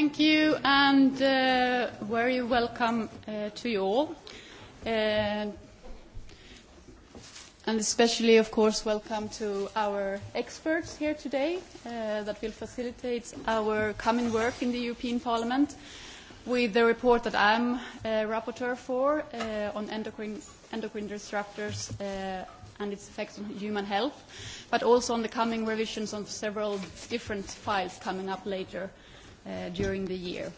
Thank you and very welcome to you all. And especially, of course, welcome to our experts here today that will facilitate our coming work in the European Parliament with the report that I'm rapporteur for on endocrine disruptors and its effects on human health, but also on the coming revisions on several different files coming up later during the year.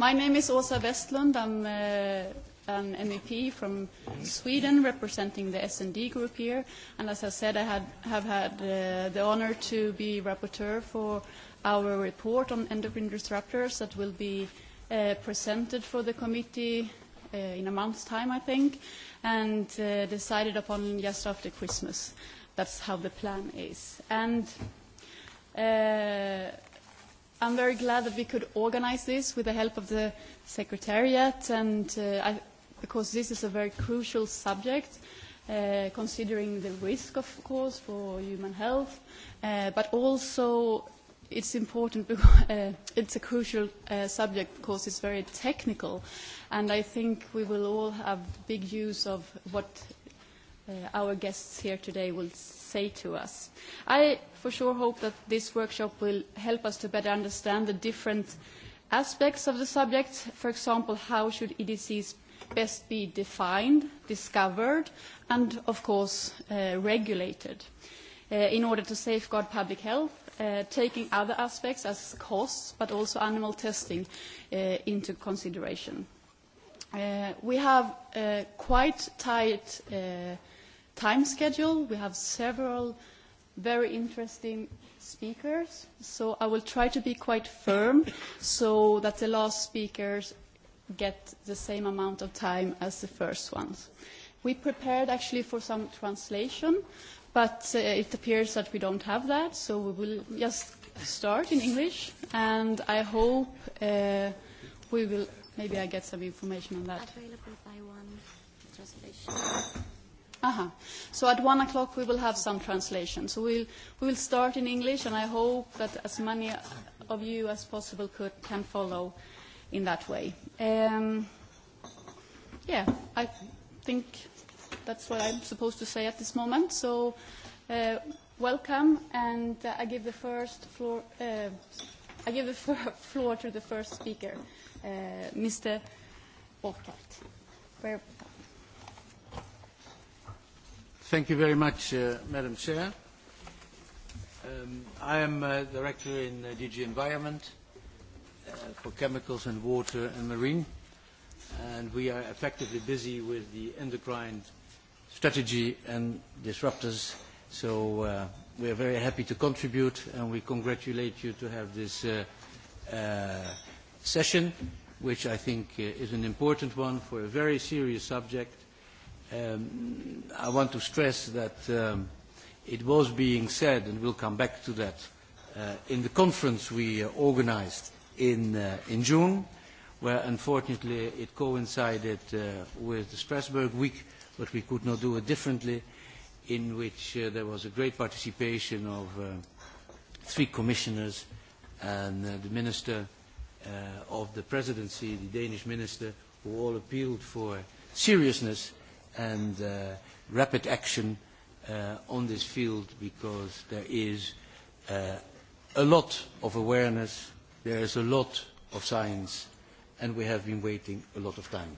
My name is Åsa Westlund. I'm an MEP from Sweden representing the S&D group here. And as I said, I have had the honor to be rapporteur for our report on endocrine disruptors that will be presented for the committee in a month's time, I think, and decided upon just after Christmas. That's how the plan is. And I'm very glad that we could organize this with the help of the Secretariat, and because this is a very crucial subject, considering the risk, of course, for human health, but also it's important it's a crucial subject because it's very technical, and I think we will all have big use of what our guests here today will say to us. I for sure hope that this workshop will help us to better understand the different aspects of the subject, for example, how should EDCs best be defined, discovered and, of course, regulated in order to safeguard public health, taking other aspects as costs but also animal testing into consideration. We have quite tight time schedule. We have several very interesting speakers, so I will try to be quite firm so that the last speakers get the same amount of time as the first ones. We prepared actually for some translation, but it appears that we don't have that, so we will just start in English, and I hope we will, maybe I get some information on that. Aha. So at one o'clock we will have some translation. So we'll will start in English, and I hope that as many of you as possible could can follow in that way. Um, yeah, I think that's what I'm supposed to say at this moment. So welcome, and I give the first floor. Uh, I give the floor to the first speaker, uh, Mr. Bockert. Thank you very much, Madam Chair. I am Director in DG Environment for Chemicals and Water and Marine, and we are effectively busy with the endocrine strategy and disruptors. So we are very happy to contribute, and we congratulate you to have this session, which I think is an important one for a very serious subject I want to stress that it was being said, and we'll come back to that, in the conference we organized in June, where unfortunately it coincided with the Strasbourg week, but we could not do it differently, in which there was a great participation of three commissioners and the minister of the presidency, the Danish minister, who all appealed for seriousness and rapid action on this field because there is a lot of awareness, there is a lot of science, and we have been waiting a lot of time.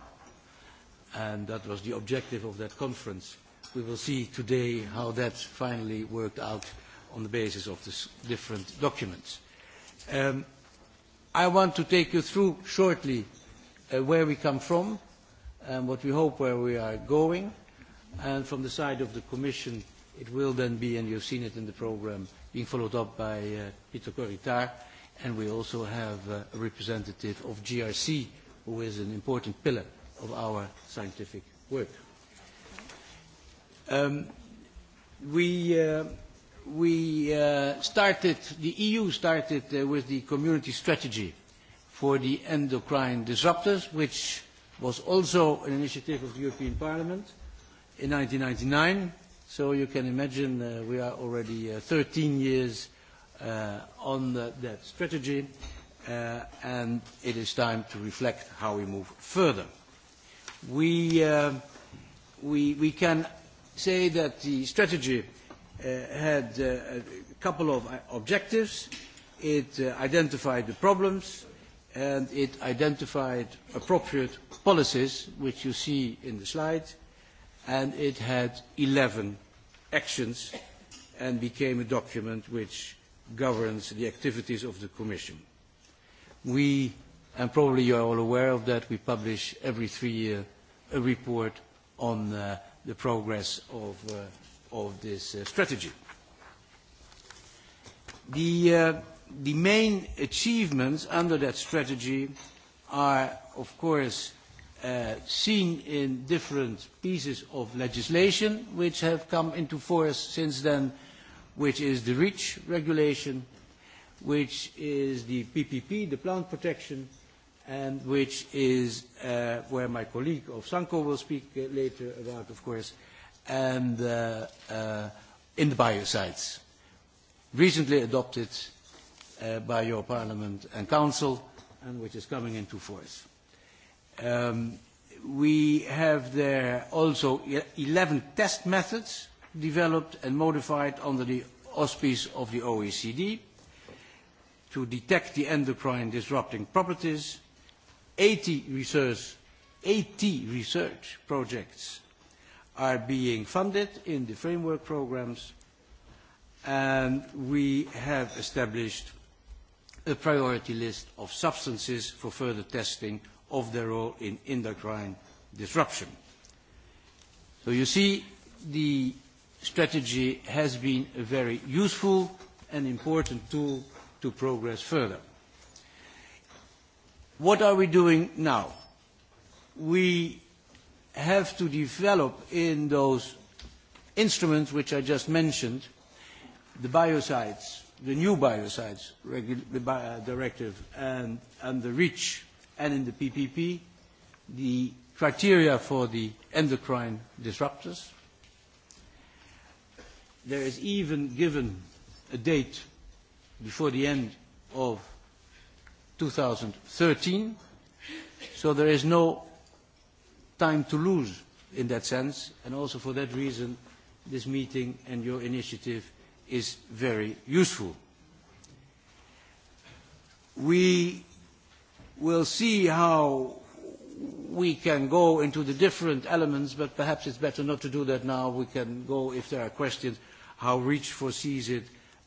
And that was the objective of that conference. We will see today how that finally worked out on the basis of the different documents. I want to take you through shortly where we come from and what we hope where we are going. And from the side of the Commission, it will then be, and you've seen it in the program, being followed up by Peter Coritar, and we also have a representative of GRC, who is an important pillar of our scientific work. We started, the EU started with the community strategy for the endocrine disruptors, which was also an initiative of the European Parliament in 1999. So you can imagine we are already 13 years on that strategy, and it is time to reflect how we move further. We we can say that the strategy had a couple of objectives. It identified the problems and it identified appropriate policies, which you see in the slide, and it had 11 actions and became a document which governs the activities of the Commission. We, and probably you are all aware of that, we publish every three years a report on the progress of this strategy. The the main achievements under that strategy are, of course, seen in different pieces of legislation which have come into force since then, which is the REACH regulation, which is the PPP, the plant protection, and which is where my colleague of Sanko will speak later about, of course, and in the biocides, recently adopted by your Parliament and Council, and which is coming into force. We have there also 11 test methods developed and modified under the auspice of the OECD to detect the endocrine disrupting properties, 80 research projects are being funded in the framework programs, and we have established a priority list of substances for further testing of their role in endocrine disruption. So you see, the strategy has been a very useful and important tool to progress further. What are we doing now? We have to develop in those instruments which I just mentioned, the biocides, the new biocides directive and the REACH and in the PPP, the criteria for the endocrine disruptors. There is even given a date before the end of 2013, so there is no time to lose in that sense, and also for that reason, this meeting and your initiative is very useful. We will see how we can go into the different elements, but perhaps it's better not to do that now. We can go, if there are questions, how REACH foresees it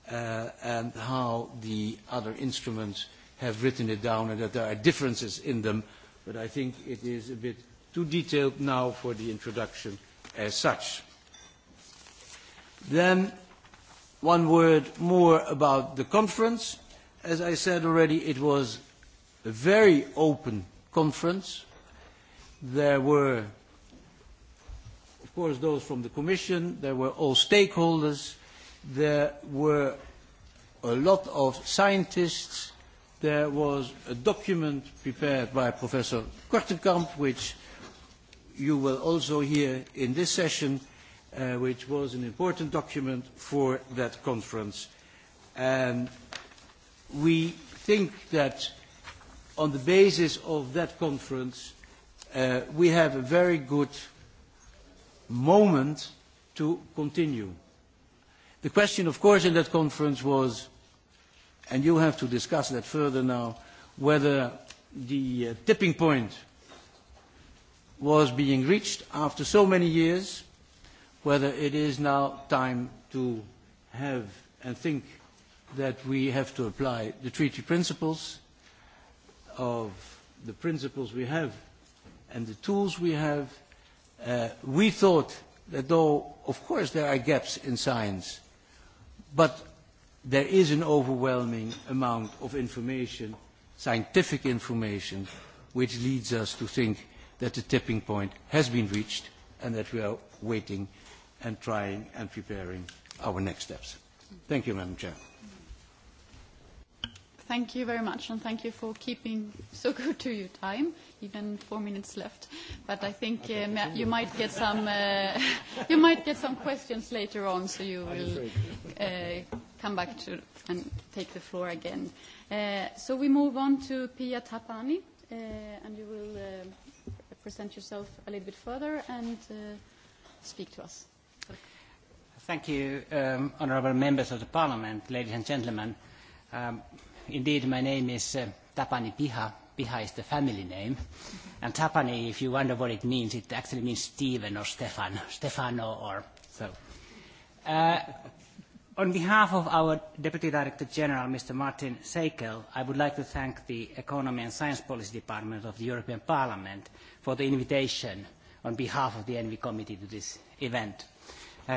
and how the other instruments have written it down and that there are differences in them. But I think it is a bit too detailed now for the introduction as such. Then One word more about the conference. As I said already, it was a very open conference. There were, of course, those from the Commission. There were all stakeholders. There were a lot of scientists. There was a document prepared by Professor Kortenkamp, which you will also hear in this session which was an important document for that conference. And we think that on the basis of that conference, we have a very good moment to continue. The question, of course, in that conference was, and you have to discuss that further now, whether the tipping point was being reached after so many years whether it is now time to have and think that we have to apply the treaty principles of the principles we have and the tools we have. We thought that though, of course, there are gaps in science, but there is an overwhelming amount of information, scientific information, which leads us to think that the tipping point has been reached and that we are waiting and trying and preparing our next steps. Thank you, Madam Chair. Thank you very much, and thank you for keeping so good to your time, even four minutes left. But I think you might get some you might get some questions later on, so you will come back to and take the floor again. So we move on to Pia Tapani, and you will present yourself a little bit further and speak to us. Thank you, honourable members of the Parliament, ladies and gentlemen. Indeed, my name is Tapani Piha. Piha is the family name. And Tapani, if you wonder what it means, it actually means Stephen or Stefan, Stefano or so. On behalf of our Deputy Director General, Mr. Martin Seikel, I would like to thank the Economy and Science Policy Department of the European Parliament for the invitation on behalf of the ENVI Committee to this event.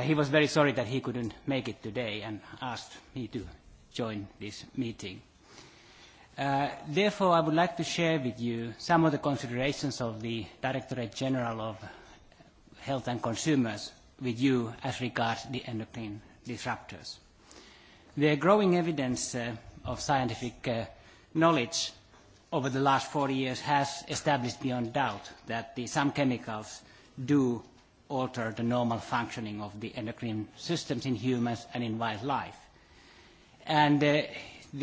He was very sorry that he couldn't make it today and asked me to join this meeting. Therefore, I would like to share with you some of the considerations of the Directorate General of Health and Consumers with you as regards the endocrine disruptors. The growing evidence of scientific knowledge over the last 40 years has established beyond doubt that some chemicals do alter the normal functioning of the endocrine systems in humans and in wildlife. And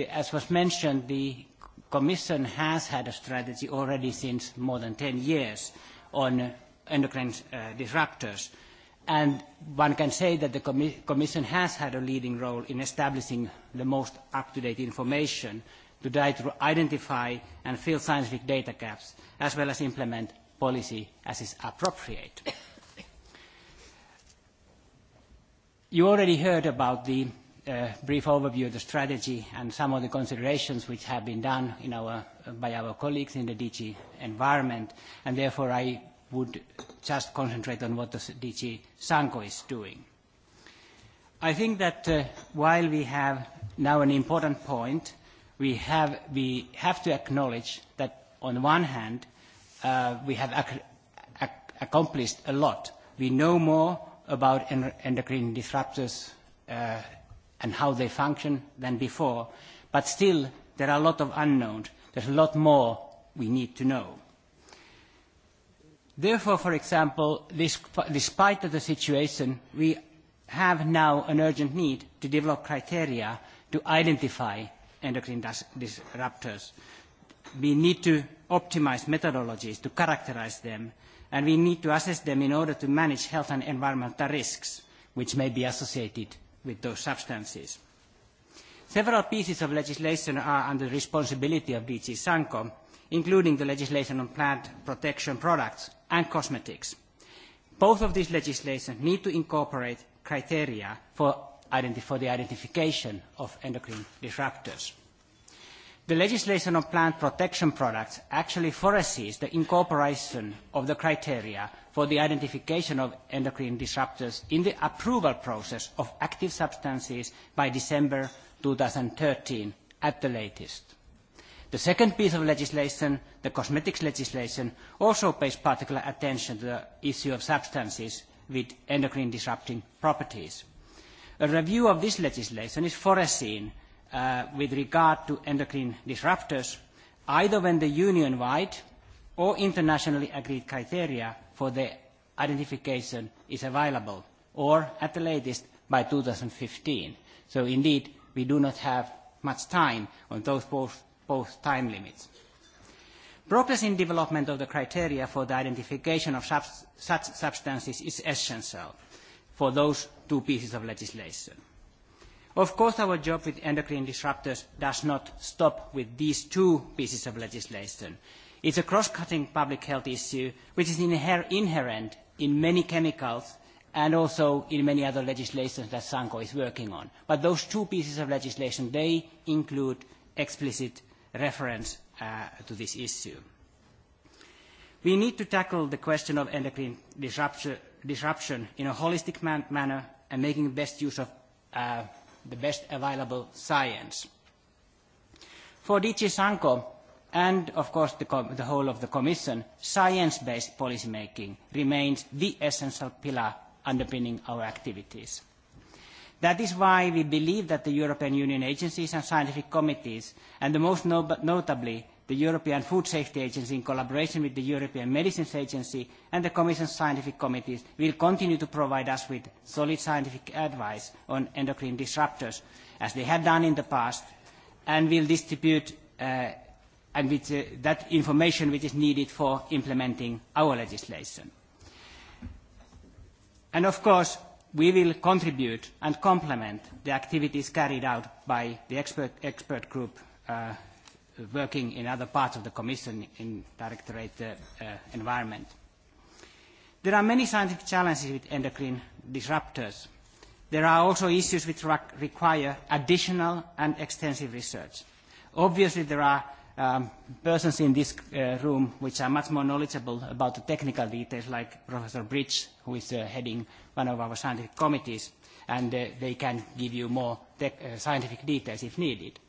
as was mentioned, the Commission has had a strategy already since more than 10 years on endocrine disruptors. And one can say that the Commission has had a leading role in establishing the most up-to-date information to try to identify and fill scientific data gaps, as well as implement policy as is appropriate. You already heard about the brief overview of the strategy and some of the considerations which have been done by our colleagues in the DG environment, and therefore I would just concentrate on what the DG Sanko is doing. I think that while we have now an important point, we have to acknowledge that on one hand we have accomplished a lot. We know more about endocrine disruptors and how they function than before, but still there are a lot of unknowns. There's a lot more we need to know. Therefore, for example, despite the situation, we have now an urgent need to develop criteria to identify endocrine disruptors. We need to optimize methodologies to characterize them and we need to assess them in order to manage health and environmental risks which may be associated with those substances. Several pieces of legislation are under the responsibility of DG SANCO, including the legislation on plant protection products and cosmetics. Both of these legislations need to incorporate criteria for the identification of endocrine disruptors. The legislation on plant protection products actually foresees the incorporation of the criteria for the identification of endocrine disruptors in the approval process of active substances by December 2013 at the latest. The second piece of legislation, the cosmetics legislation, also pays particular attention to the issue of substances with endocrine disrupting properties. A review of this legislation is foreseen with regard to endocrine disruptors, either when the union-wide or internationally agreed criteria for their identification is available, or at the latest by 2015. So indeed, we do not have much time on those both time limits. Progress in development of the criteria for the identification of such substances is essential for those two pieces of legislation. Of course, our job with endocrine disruptors does not stop with these two pieces of legislation. It's a cross-cutting public health issue which is inherent in many chemicals and also in many other legislations that Sanko is working on. But those two pieces of legislation, they include explicit reference to this issue. We need to tackle the question of endocrine disruption in a holistic manner and making best use of the best available science. For DG Sanco and, of course, the whole of the Commission, science-based policymaking remains the essential pillar underpinning our activities. That is why we believe that the European Union agencies and scientific committees, and most notably the European Food Safety Agency in collaboration with the European Medicines Agency and the Commission's scientific committees will continue to provide us with solid scientific advice on endocrine disruptors, as they have done in the past, and will distribute that information which is needed for implementing our legislation. And of course, we will contribute and complement the activities carried out by the expert group working in other parts of the Commission in Directorate Environment. There are many scientific challenges with endocrine disruptors. There are also issues which require additional and extensive research. Obviously, there are persons in this room which are much more knowledgeable about the technical details, like Professor Bridge, who is heading one of our scientific committees, and they can give you more scientific details if needed.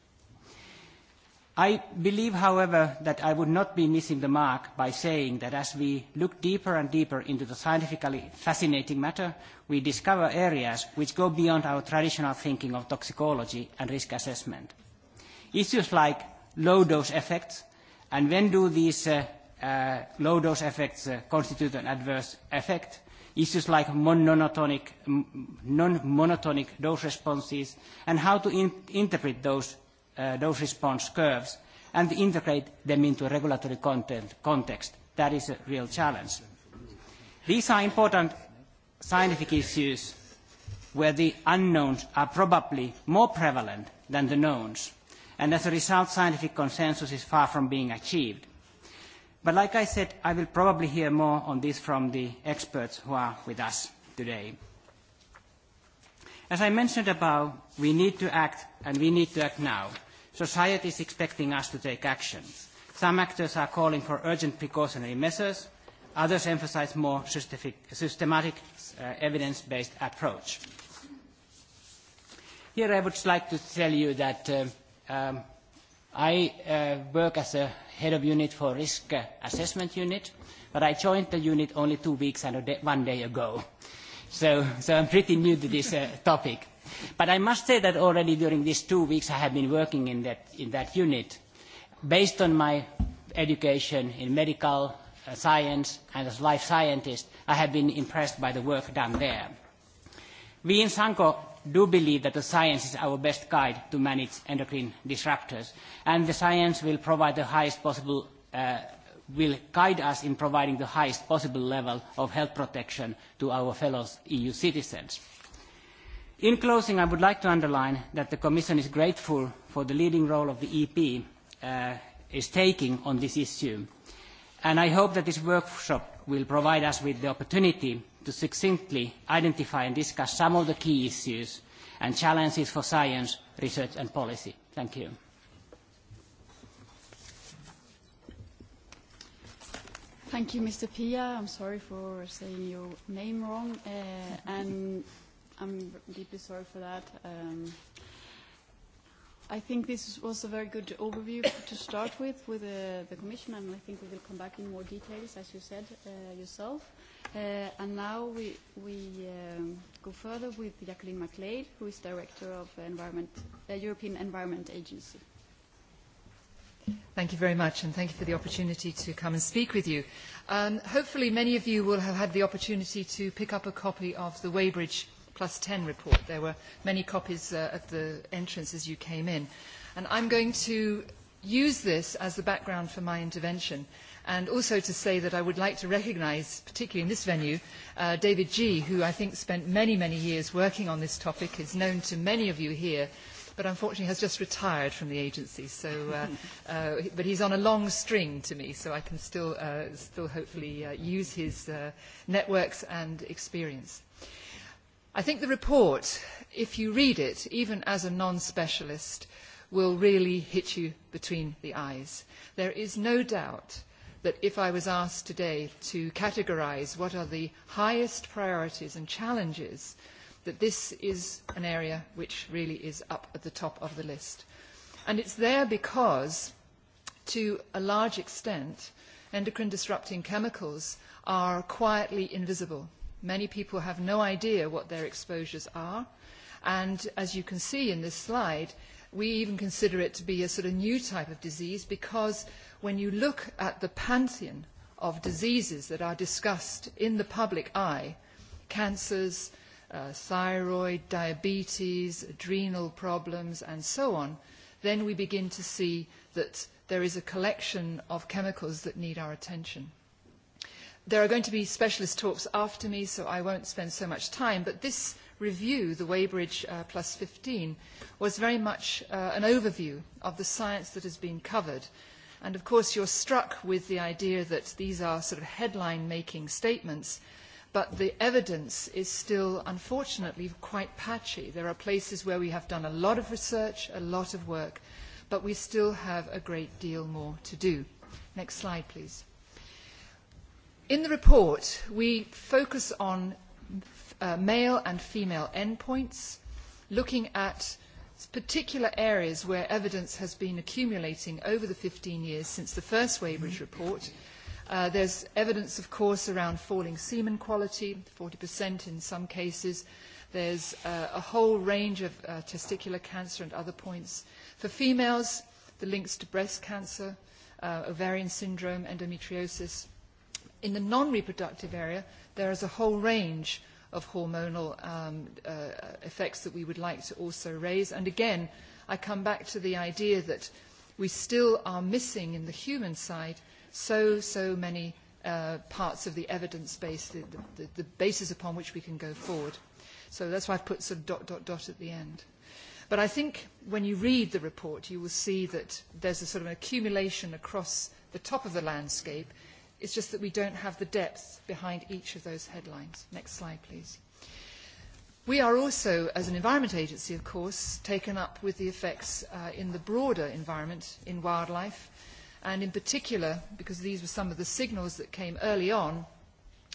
I believe, however, that I would not be missing the mark by saying that as we look deeper and deeper into the scientifically fascinating matter, we discover areas which go beyond our traditional thinking of toxicology and risk assessment. Issues like low-dose effects and when do these low-dose effects constitute an adverse effect, issues like non-monotonic dose responses and how to interpret those those response curves and integrate them into a regulatory context. That is a real challenge. These are important scientific issues where the unknowns are probably more prevalent than the knowns, and as a result scientific consensus is far from being achieved. But like I said, I will probably hear more on this from the experts who are with us today. As I mentioned above, we need to act, and we need to act now. Society is expecting us to take action. Some actors are calling for urgent precautionary measures. Others emphasize more systematic evidence-based approach. Here I would like to tell you that I work as a head of unit for risk assessment unit, but I joined the unit only two weeks and one day ago. So I'm pretty new to this topic. But I must say that already during these two weeks I have been working in that unit, based on my education in medical science and as life scientist, I have been impressed by the work done there. We in Sanko do believe that the science is our best guide to manage endocrine disruptors, and the science will provide the highest possible will guide us in providing the highest possible level of health protection to our fellow EU citizens. In closing, I would like to underline that the Commission is grateful for the leading role of the EP is taking on this issue, and I hope that this workshop will provide us with the opportunity to succinctly identify and discuss some of the key issues and challenges for science, research and policy. Thank you. Thank you, Mr. Pia. I'm sorry for saying your name wrong. And I'm deeply sorry for that. I think this was a very good overview to start with, with the Commission, and I think we will come back in more details, as you said yourself. And now we go further with Jacqueline MacLeod, who is Director of the European Environment Agency. Thank you very much, and thank you for the opportunity to come and speak with you. Hopefully many of you will have had the opportunity to pick up a copy of the Weybridge plus 10 report. There were many copies at the entrance as you came in. And I'm going to use this as the background for my intervention and also to say that I would like to recognise, particularly in this venue, David G, who I think spent many, many years working on this topic, is known to many of you here, but unfortunately has just retired from the agency. But he's on a long string to me, so I can still hopefully use his networks and experience. I think the report, if you read it, even as a non-specialist, will really hit you between the eyes. There is no doubt that if I was asked today to categorise what are the highest priorities and challenges, that this is an area which really is up at the top of the list. And it's there because, to a large extent, endocrine-disrupting chemicals are quietly invisible Many people have no idea what their exposures are, and as you can see in this slide, we even consider it to be a sort of new type of disease because when you look at the pantheon of diseases that are discussed in the public eye, cancers, thyroid, diabetes, adrenal problems, and so on, then we begin to see that there is a collection of chemicals that need our attention. There are going to be specialist talks after me, so I won't spend so much time, but this review, the Weybridge Plus 15, was very much an overview of the science that has been covered. And of course you're struck with the idea that these are sort of headline-making statements, but the evidence is still, unfortunately, quite patchy. There are places where we have done a lot of research, a lot of work, but we still have a great deal more to do. Next slide, please. In the report, we focus on male and female endpoints, looking at particular areas where evidence has been accumulating over the 15 years since the first Weybridge report. There's evidence, of course, around falling semen quality, 40% in some cases. There's a whole range of testicular cancer and other points. For females, the links to breast cancer, ovarian syndrome, endometriosis in the non-reproductive area, there is a whole range of hormonal effects that we would like to also raise. And again, I come back to the idea that we still are missing in the human side so, so many parts of the evidence base, the basis upon which we can go forward. So that's why I've put sort dot, dot, dot at the end. But I think when you read the report, you will see that there's a sort of accumulation across the top of the landscape It's just that we don't have the depth behind each of those headlines. Next slide, please. We are also, as an environment agency, of course, taken up with the effects in the broader environment in wildlife, and in particular, because these were some of the signals that came early on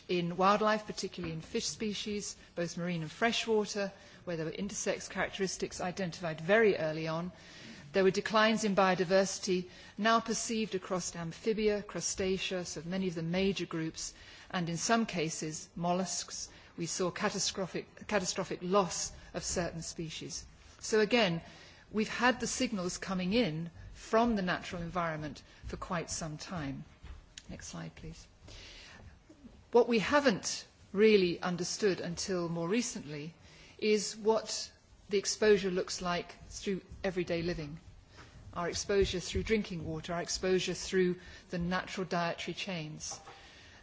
in wildlife, particularly in fish species, both marine and freshwater, where there were intersex characteristics identified very early on, There were declines in biodiversity now perceived across amphibia, crustacea, so many of the major groups, and in some cases, mollusks. We saw catastrophic loss of certain species. So again, we've had the signals coming in from the natural environment for quite some time. Next slide, please. What we haven't really understood until more recently is what the exposure looks like through everyday living, our exposure through drinking water, our exposure through the natural dietary chains.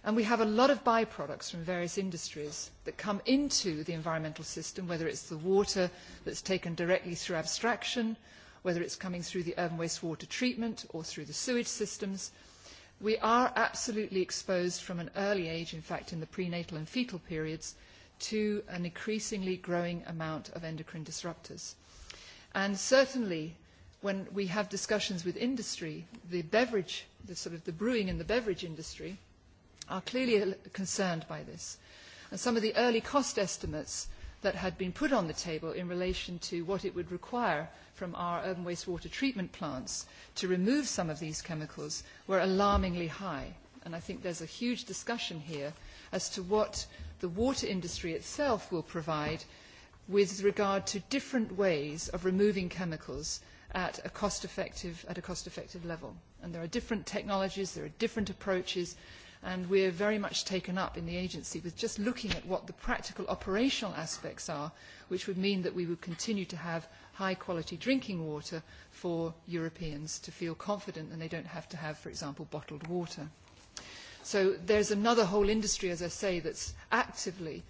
And we have a lot of byproducts from various industries that come into the environmental system, whether it's the water that's taken directly through abstraction, whether it's coming through the urban wastewater treatment or through the sewage systems. We are absolutely exposed from an early age, in fact in the prenatal and fetal periods, to an increasingly growing amount of endocrine disruptors. And certainly when we have discussions with industry, the beverage, the sort of the brewing and the beverage industry are clearly concerned by this. And some of the early cost estimates that had been put on the table in relation to what it would require from our urban wastewater treatment plants to remove some of these chemicals were alarmingly high. And I think there's a huge discussion here as to what the water industry itself will provide with regard to different ways of removing chemicals at a cost effective level. There are different technologies, there are different approaches, and we are very much taken up in the agency with just looking at what the practical operational aspects are, which would mean that we would continue to have high quality drinking water for Europeans to feel confident and they don't have to have, for example, bottled water. So there's another whole industry, as I say, that's actively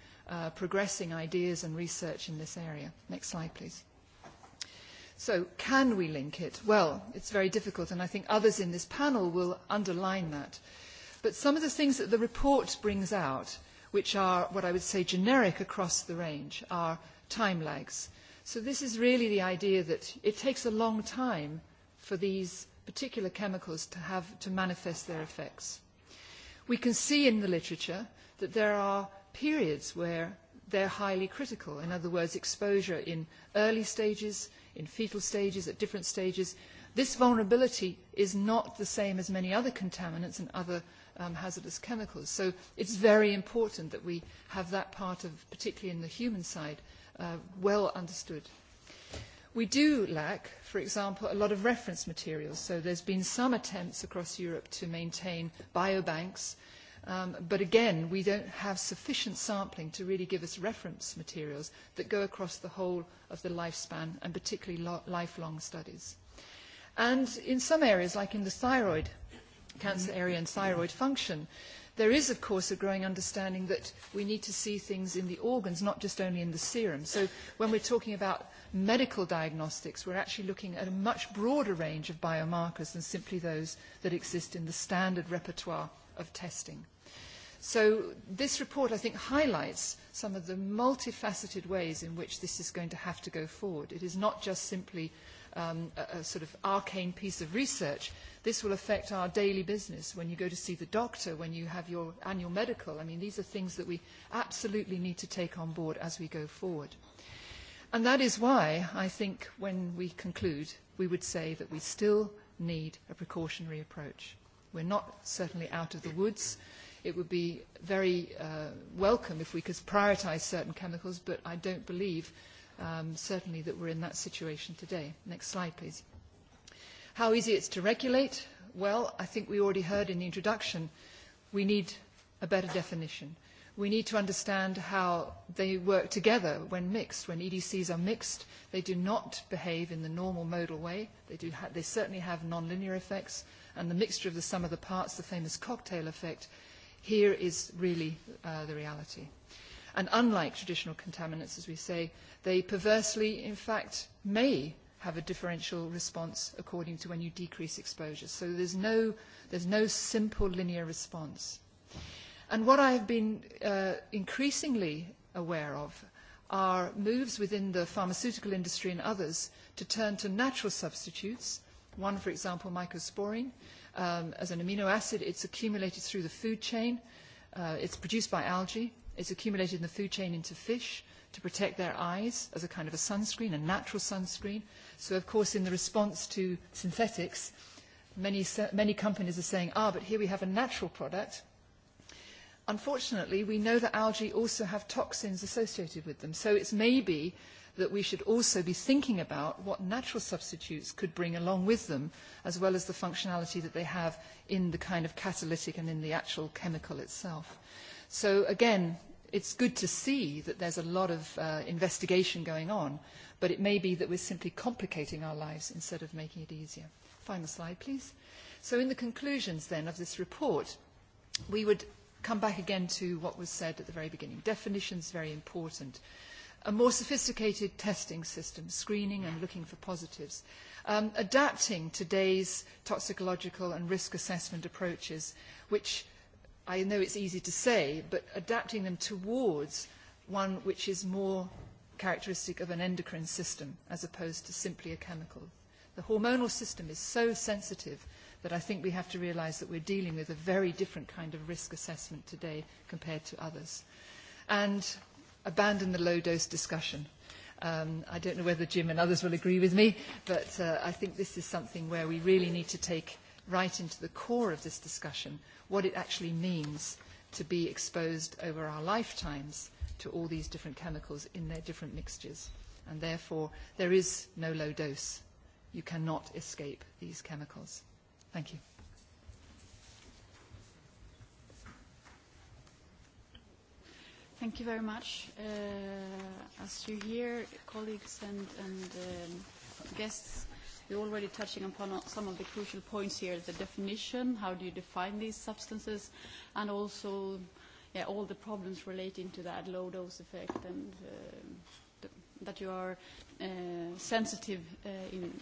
progressing ideas and research in this area. Next slide, please. So can we link it? Well, it's very difficult, and I think others in this panel will underline that. But some of the things that the report brings out, which are what I would say generic across the range, are time lags. So this is really the idea that it takes a long time for these particular chemicals to manifest their effects. We can see in the literature that there are periods where they're highly critical. In other words, exposure in early stages, in fetal stages, at different stages. This vulnerability is not the same as many other contaminants and other hazardous chemicals. So it's very important that we have that part of, particularly in the human side, well understood. We do lack, for example, a lot of reference materials. So there's been some attempts across Europe to maintain biobanks, but again, we don't have sufficient sampling to really give us reference materials that go across the whole of the lifespan and particularly lifelong studies. And in some areas, like in the thyroid cancer area and thyroid function, there is, of course, a growing understanding that we need to see things in the organs, not just only in the serum. So when we're talking about medical diagnostics, we're actually looking at a much broader range of biomarkers than simply those that exist in the standard repertoire of testing. So this report, I think, highlights some of the multifaceted ways in which this is going to have to go forward. It is not just simply a sort of arcane piece of research, this will affect our daily business when you go to see the doctor, when you have your annual medical. I mean, these are things that we absolutely need to take on board as we go forward. And that is why I think when we conclude, we would say that we still need a precautionary approach. We're not certainly out of the woods. It would be very welcome if we could prioritise certain chemicals, but I don't believe certainly that we're in that situation today. Next slide, please. How easy it's to regulate? Well, I think we already heard in the introduction, we need a better definition. We need to understand how they work together when mixed. When EDCs are mixed, they do not behave in the normal modal way. They certainly have nonlinear effects, and the mixture of the sum of the parts, the famous cocktail effect, here is really the reality and unlike traditional contaminants, as we say, they perversely, in fact, may have a differential response according to when you decrease exposure. So there's no simple linear response. And what I have been increasingly aware of are moves within the pharmaceutical industry and others to turn to natural substitutes, one, for example, mycosporine. As an amino acid, it's accumulated through the food chain. It's produced by algae. It's accumulated in the food chain into fish to protect their eyes as a kind of a sunscreen, a natural sunscreen. So, of course, in the response to synthetics, many companies are saying, ah, but here we have a natural product. Unfortunately, we know that algae also have toxins associated with them. So it's maybe that we should also be thinking about what natural substitutes could bring along with them, as well as the functionality that they have in the kind of catalytic and in the actual chemical itself. So again, It's good to see that there's a lot of investigation going on, but it may be that we're simply complicating our lives instead of making it easier. Final slide, please. So in the conclusions then of this report, we would come back again to what was said at the very beginning. Definitions very important. A more sophisticated testing system, screening and looking for positives. Adapting today's toxicological and risk assessment approaches, which I know it's easy to say, but adapting them towards one which is more characteristic of an endocrine system as opposed to simply a chemical. The hormonal system is so sensitive that I think we have to realise that we're dealing with a very different kind of risk assessment today compared to others. And abandon the low-dose discussion. I don't know whether Jim and others will agree with me, but I think this is something where we really need to take right into the core of this discussion what it actually means to be exposed over our lifetimes to all these different chemicals in their different mixtures. And therefore, there is no low dose. You cannot escape these chemicals. Thank you. Thank you very much. As you hear, colleagues and guests, You're already touching upon some of the crucial points here, the definition, how do you define these substances, and also all the problems relating to that low dose effect and that you are sensitive in,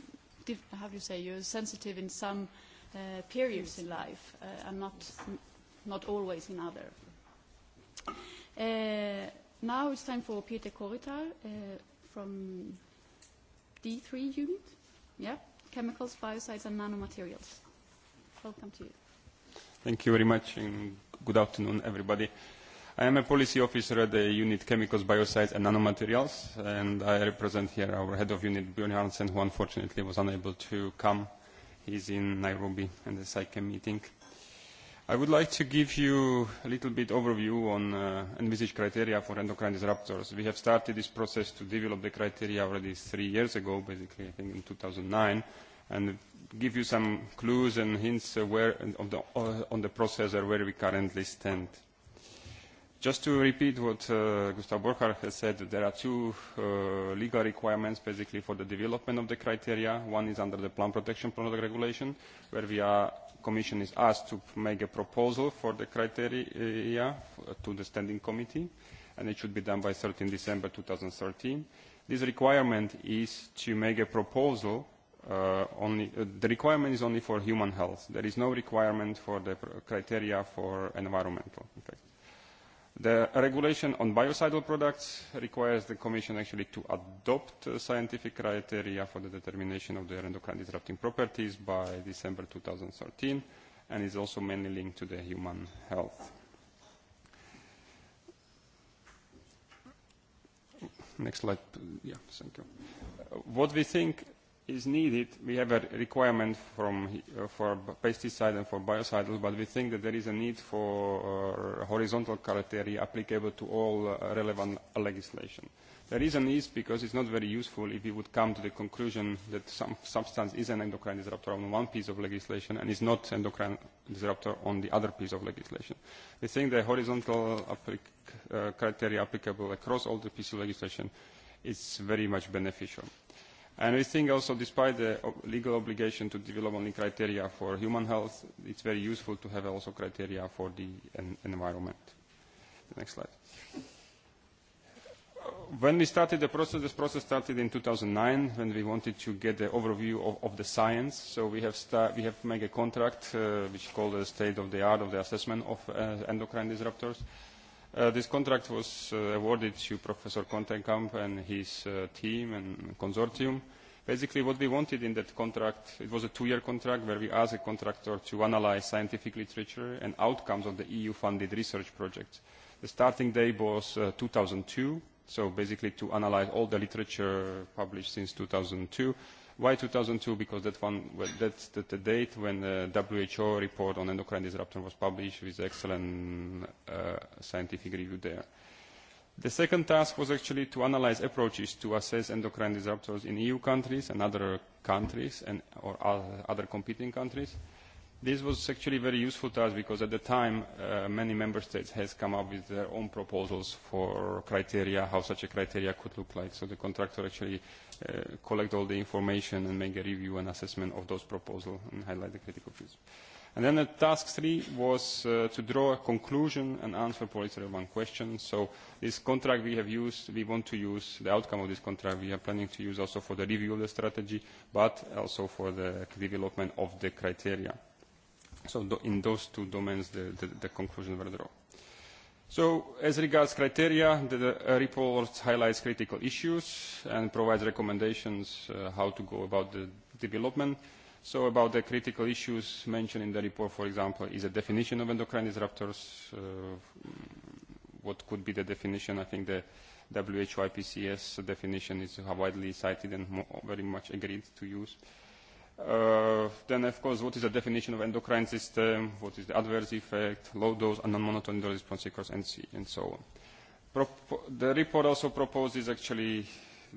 how do you say, you're sensitive in some periods in life and not not always in other. Now it's time for Peter Koritar from D3 unit. Yeah, chemicals, biocides and nanomaterials. Welcome to you. Thank you very much and good afternoon everybody. I am a policy officer at the unit Chemicals, Biocides and Nanomaterials and I represent here our head of unit Björn Hansen who unfortunately was unable to come. He is in Nairobi and the SciChem meeting. I would like to give you a little bit overview on envisaged criteria for endocrine disruptors. We have started this process to develop the criteria already three years ago, basically I think in 2009, and give you some clues and hints on the process or where we currently stand. Just to repeat what Gustav Borchardt has said, there are two legal requirements basically for the development of the criteria. One is under the Plant Protection Product Regulation, where we are Commission is asked to make a proposal for the criteria to the Standing Committee, and it should be done by 13 December 2013. This requirement is to make a proposal only the requirement is only for human health. There is no requirement for the criteria for environmental. The regulation on biocidal products requires the Commission actually to adopt scientific criteria for the determination of their endocrine disrupting properties by December 2013 and is also mainly linked to the human health. Next slide. Yeah, thank you. What we think is needed. We have a requirement for pesticides and for biocides, but we think that there is a need for horizontal criteria applicable to all relevant legislation. The reason is because it's not very useful if we would come to the conclusion that some substance is an endocrine disruptor on one piece of legislation and is not endocrine disruptor on the other piece of legislation. We think the horizontal criteria applicable across all the pieces of legislation is very much beneficial. And we think also despite the legal obligation to develop only criteria for human health, it's very useful to have also criteria for the environment. Next slide. When we started the process, this process started in 2009 when we wanted to get the overview of the science. So we have we have made a contract which is called the state of the art of the assessment of endocrine disruptors This contract was awarded to Professor Kontenkamp and his team and consortium. Basically, what we wanted in that contract, it was a two-year contract where we asked the contractor to analyze scientific literature and outcomes of the EU-funded research projects. The starting day was 2002, so basically to analyze all the literature published since 2002 Why 2002? Because that one, that's the, date when the WHO report on endocrine disruptors was published with excellent scientific review there. The second task was actually to analyze approaches to assess endocrine disruptors in EU countries and other countries and or other competing countries. This was actually very useful to us because at the time many member states had come up with their own proposals for criteria, how such a criteria could look like. So the contractor actually collect all the information and make a review and assessment of those proposals and highlight the critical views. And then the task three was to draw a conclusion and answer policy relevant questions. So this contract we have used, we want to use the outcome of this contract. We are planning to use also for the review of the strategy, but also for the development of the criteria. So in those two domains, the, the, the conclusion were drawn. So as regards criteria, the report highlights critical issues and provides recommendations how to go about the development. So about the critical issues mentioned in the report, for example, is a definition of endocrine disruptors. What could be the definition? I think the WHO IPCS definition is widely cited and very much agreed to use. Then, of course, what is the definition of endocrine system, what is the adverse effect, low dose and non-monotone dose response sequence, and so on. The report also proposes actually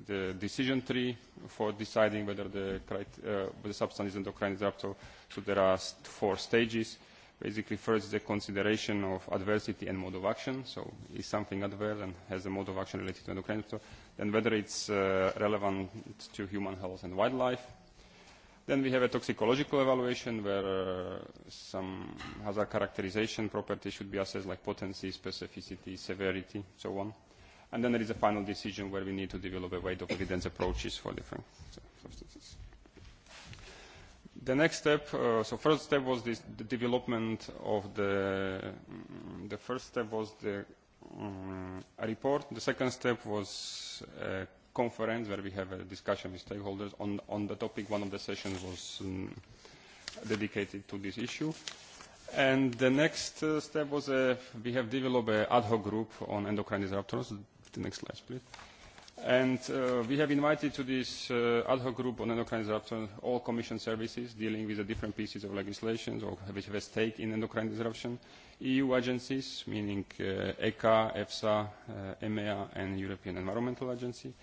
the decision tree for deciding whether the substance is endocrine disruptor. So there are four stages. Basically, first the consideration of adversity and mode of action. So is something adverse and has a mode of action related to endocrine disruptor, then whether it's relevant to human health and wildlife Then we have a toxicological evaluation where some hazard characterization properties should be assessed like potency, specificity, severity, so on. And then there is a final decision where we need to develop a weight of evidence approaches for different substances. The next step, so first step was this, the development of the, the first step was the report. The second step was conference where we have a discussion with stakeholders on on the topic. One of the sessions was dedicated to this issue. And the next step was we have developed an ad hoc group on endocrine disruptors. The next slide, please. And we have invited to this ad hoc group on endocrine disruptors all Commission services dealing with the different pieces of legislation or which have a stake in endocrine disruption, EU agencies, meaning ECA, EFSA, EMEA, and European Environmental Agency,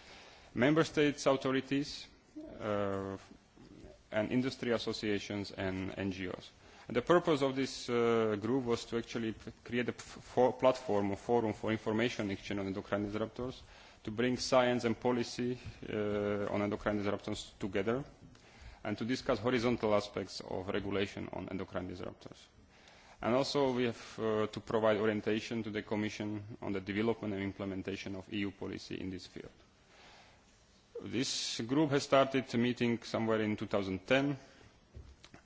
member states authorities and industry associations and ngos the purpose of this group was to actually create a platform a forum for information exchange on endocrine disruptors to bring science and policy on endocrine disruptors together and to discuss horizontal aspects of regulation on endocrine disruptors and also we have to provide orientation to the commission on the development and implementation of eu policy in this field This group has started meeting somewhere in 2010,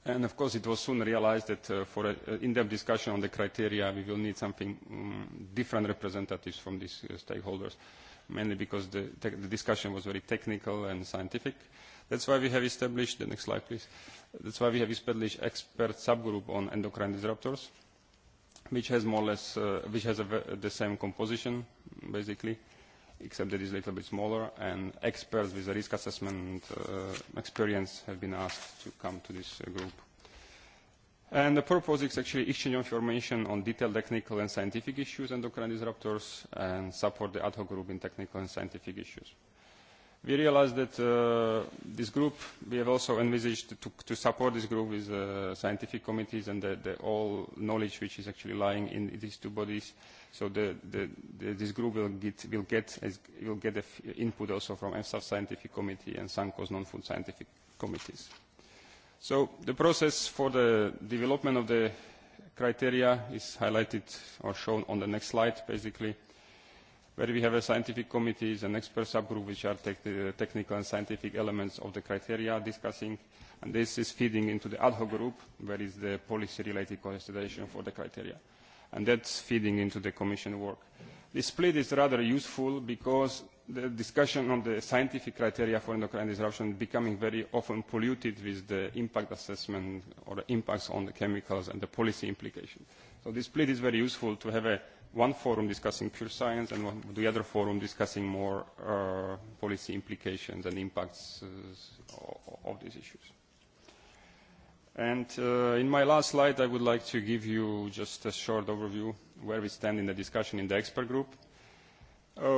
and of course it was soon realized that for an in-depth discussion on the criteria we will need something different representatives from these stakeholders, mainly because the discussion was very technical and scientific. That's why we have established, the next slide please, that's why we have established expert subgroup on endocrine disruptors, which has more or less, which has the same composition basically except that it is a little bit smaller, and experts with risk assessment experience have been asked to come to this group. And the purpose is actually exchange information on detailed technical and scientific issues and endocrine disruptors and support the ad hoc group in technical and scientific issues. We realized that this group, we have also envisaged to support this group with scientific committees and the all knowledge which is actually lying in these two bodies. So this group will get input also from EFSA's scientific committee and SANCO's non-food scientific committees. So the process for the development of the criteria is highlighted or shown on the next slide, basically where we have a scientific committee, and expert subgroup which are the technical and scientific elements of the criteria discussing, and this is feeding into the ad hoc group, where is the policy-related consideration for the criteria, and that's feeding into the Commission work. This split is rather useful because the discussion on the scientific criteria for endocrine disruption is becoming very often polluted with the impact assessment or the impacts on the chemicals and the policy implications. So this split is very useful to have a one forum discussing pure science and the other forum discussing more policy implications and impacts of these issues. And in my last slide, I would like to give you just a short overview where we stand in the discussion in the expert group.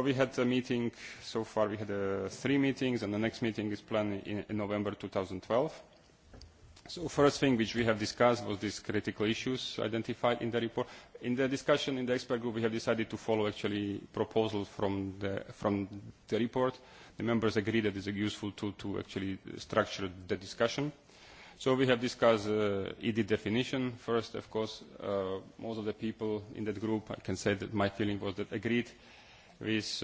We had a meeting so far. We had three meetings, and the next meeting is planned in November 2012. So first thing which we have discussed was these critical issues identified in the report. In the discussion in the expert group, we have decided to follow actually proposals from the from the report. The members agreed that is a useful tool to actually structure the discussion. So we have discussed ED definition first. Of course, most of the people in that group, I can say that my feeling was that agreed with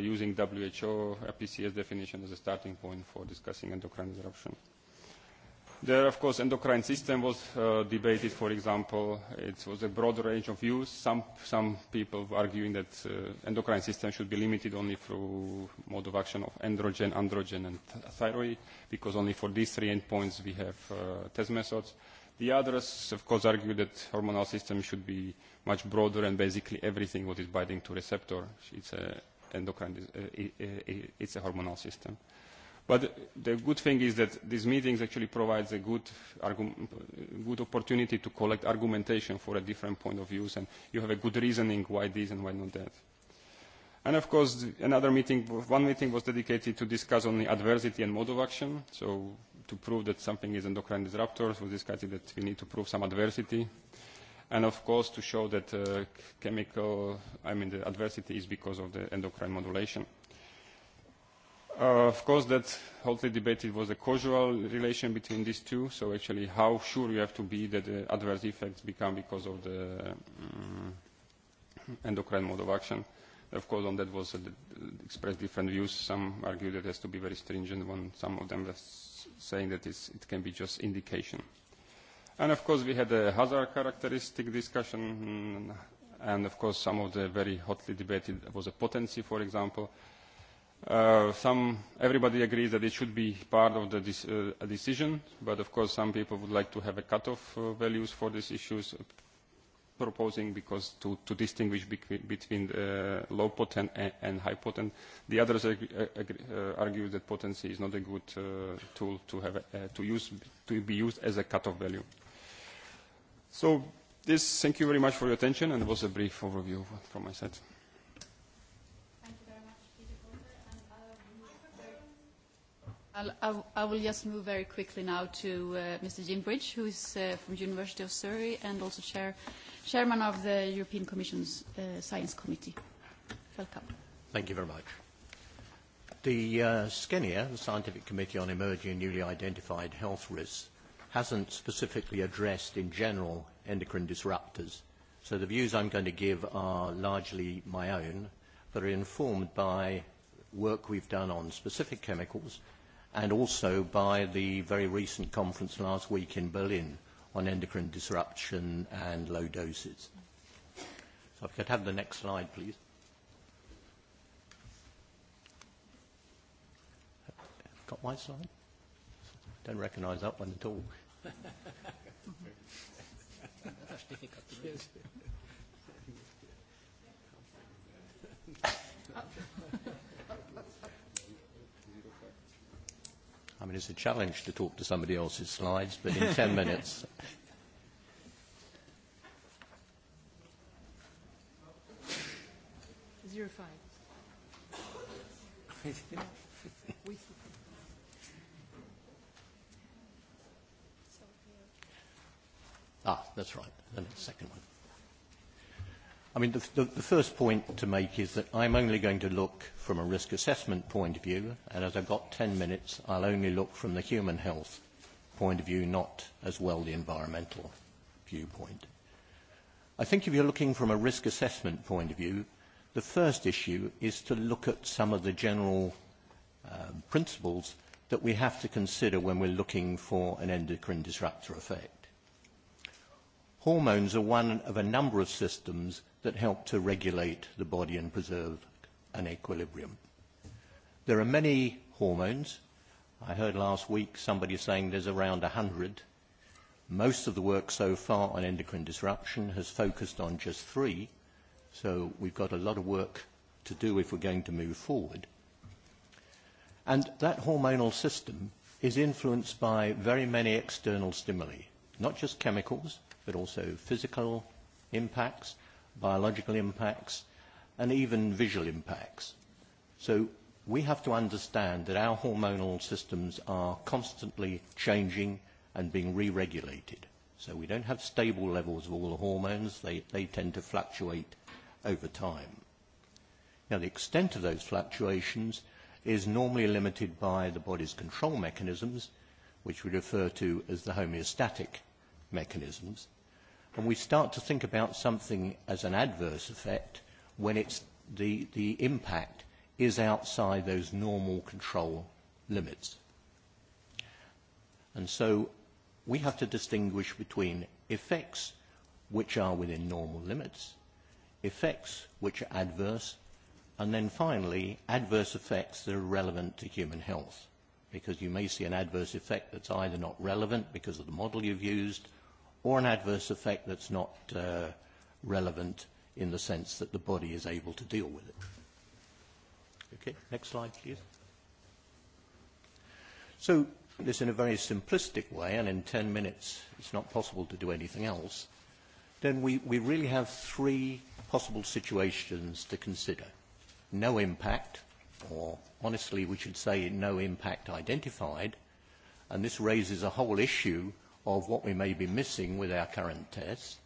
using WHO, PCS definition as a starting point for discussing endocrine disruption. There, of course, endocrine system was debated, for example. It was a broad range of views. Some people arguing that endocrine system should be limited only through mode of action of androgen, androgen, and thyroid, because only for these three endpoints we have test methods. The others, of course, argue that hormonal system should be much broader and basically everything what is binding to receptor, it's a hormonal system. But the good thing is that these meetings actually provides a good good opportunity to collect argumentation for a different point of views, and you have a good reasoning why this and why not that. And of course, another meeting, one meeting was dedicated to discuss only adversity and mode of action. So to prove that something is endocrine disruptors, we discussed that we need to prove some adversity, and of course to show that chemical, I mean, the adversity is because of the endocrine modulation. Of course, that hotly debated was the causal relation between these two, so actually how sure you have to be that the adverse effects become because of the endocrine mode of action. Of course, on that was expressed different views. Some argued that it has to be very stringent, when some of them were saying that it can be just indication. And of course, we had a hazard characteristic discussion, and of course, some of the very hotly debated was a potency, for example Some everybody agrees that it should be part of the decision, but of course some people would like to have a cut-off values for these issues, proposing because to distinguish between low potent and high potent. The others argue that potency is not a good tool to have to use to be used as a cut-off value. So, this thank you very much for your attention, and it was a brief overview from my side. I will just move very quickly now to Mr. Jim Bridge, who is from the University of Surrey and also chairman of the European Commission's Science Committee. Welcome. Thank you very much. The SCENIA, the Scientific Committee on Emerging and Newly Identified Health Risks, hasn't specifically addressed in general endocrine disruptors. So the views I'm going to give are largely my own, but are informed by work we've done on specific chemicals and also by the very recent conference last week in Berlin on endocrine disruption and low doses. So if you could have the next slide, please. Got my slide? Don't recognize that one at all. I mean, it's a challenge to talk to somebody else's slides, but in 10 minutes. Zero five. ah, that's right. the second one. I mean, the first point to make is that I'm only going to look from a risk assessment point of view, and as I've got 10 minutes, I'll only look from the human health point of view, not as well the environmental viewpoint. I think if you're looking from a risk assessment point of view, the first issue is to look at some of the general principles that we have to consider when we're looking for an endocrine disruptor effect. Hormones are one of a number of systems that help to regulate the body and preserve an equilibrium. There are many hormones. I heard last week somebody saying there's around 100. Most of the work so far on endocrine disruption has focused on just three, so we've got a lot of work to do if we're going to move forward. And that hormonal system is influenced by very many external stimuli, not just chemicals, but also physical impacts, biological impacts, and even visual impacts. So we have to understand that our hormonal systems are constantly changing and being re-regulated. So we don't have stable levels of all the hormones. They, they tend to fluctuate over time. Now, the extent of those fluctuations is normally limited by the body's control mechanisms, which we refer to as the homeostatic mechanisms and we start to think about something as an adverse effect when it's the the impact is outside those normal control limits and so we have to distinguish between effects which are within normal limits effects which are adverse and then finally adverse effects that are relevant to human health because you may see an adverse effect that's either not relevant because of the model you've used or an adverse effect that's not relevant in the sense that the body is able to deal with it. Okay, next slide, please. So this in a very simplistic way, and in 10 minutes it's not possible to do anything else, then we, we really have three possible situations to consider. No impact, or honestly we should say no impact identified, and this raises a whole issue of what we may be missing with our current tests,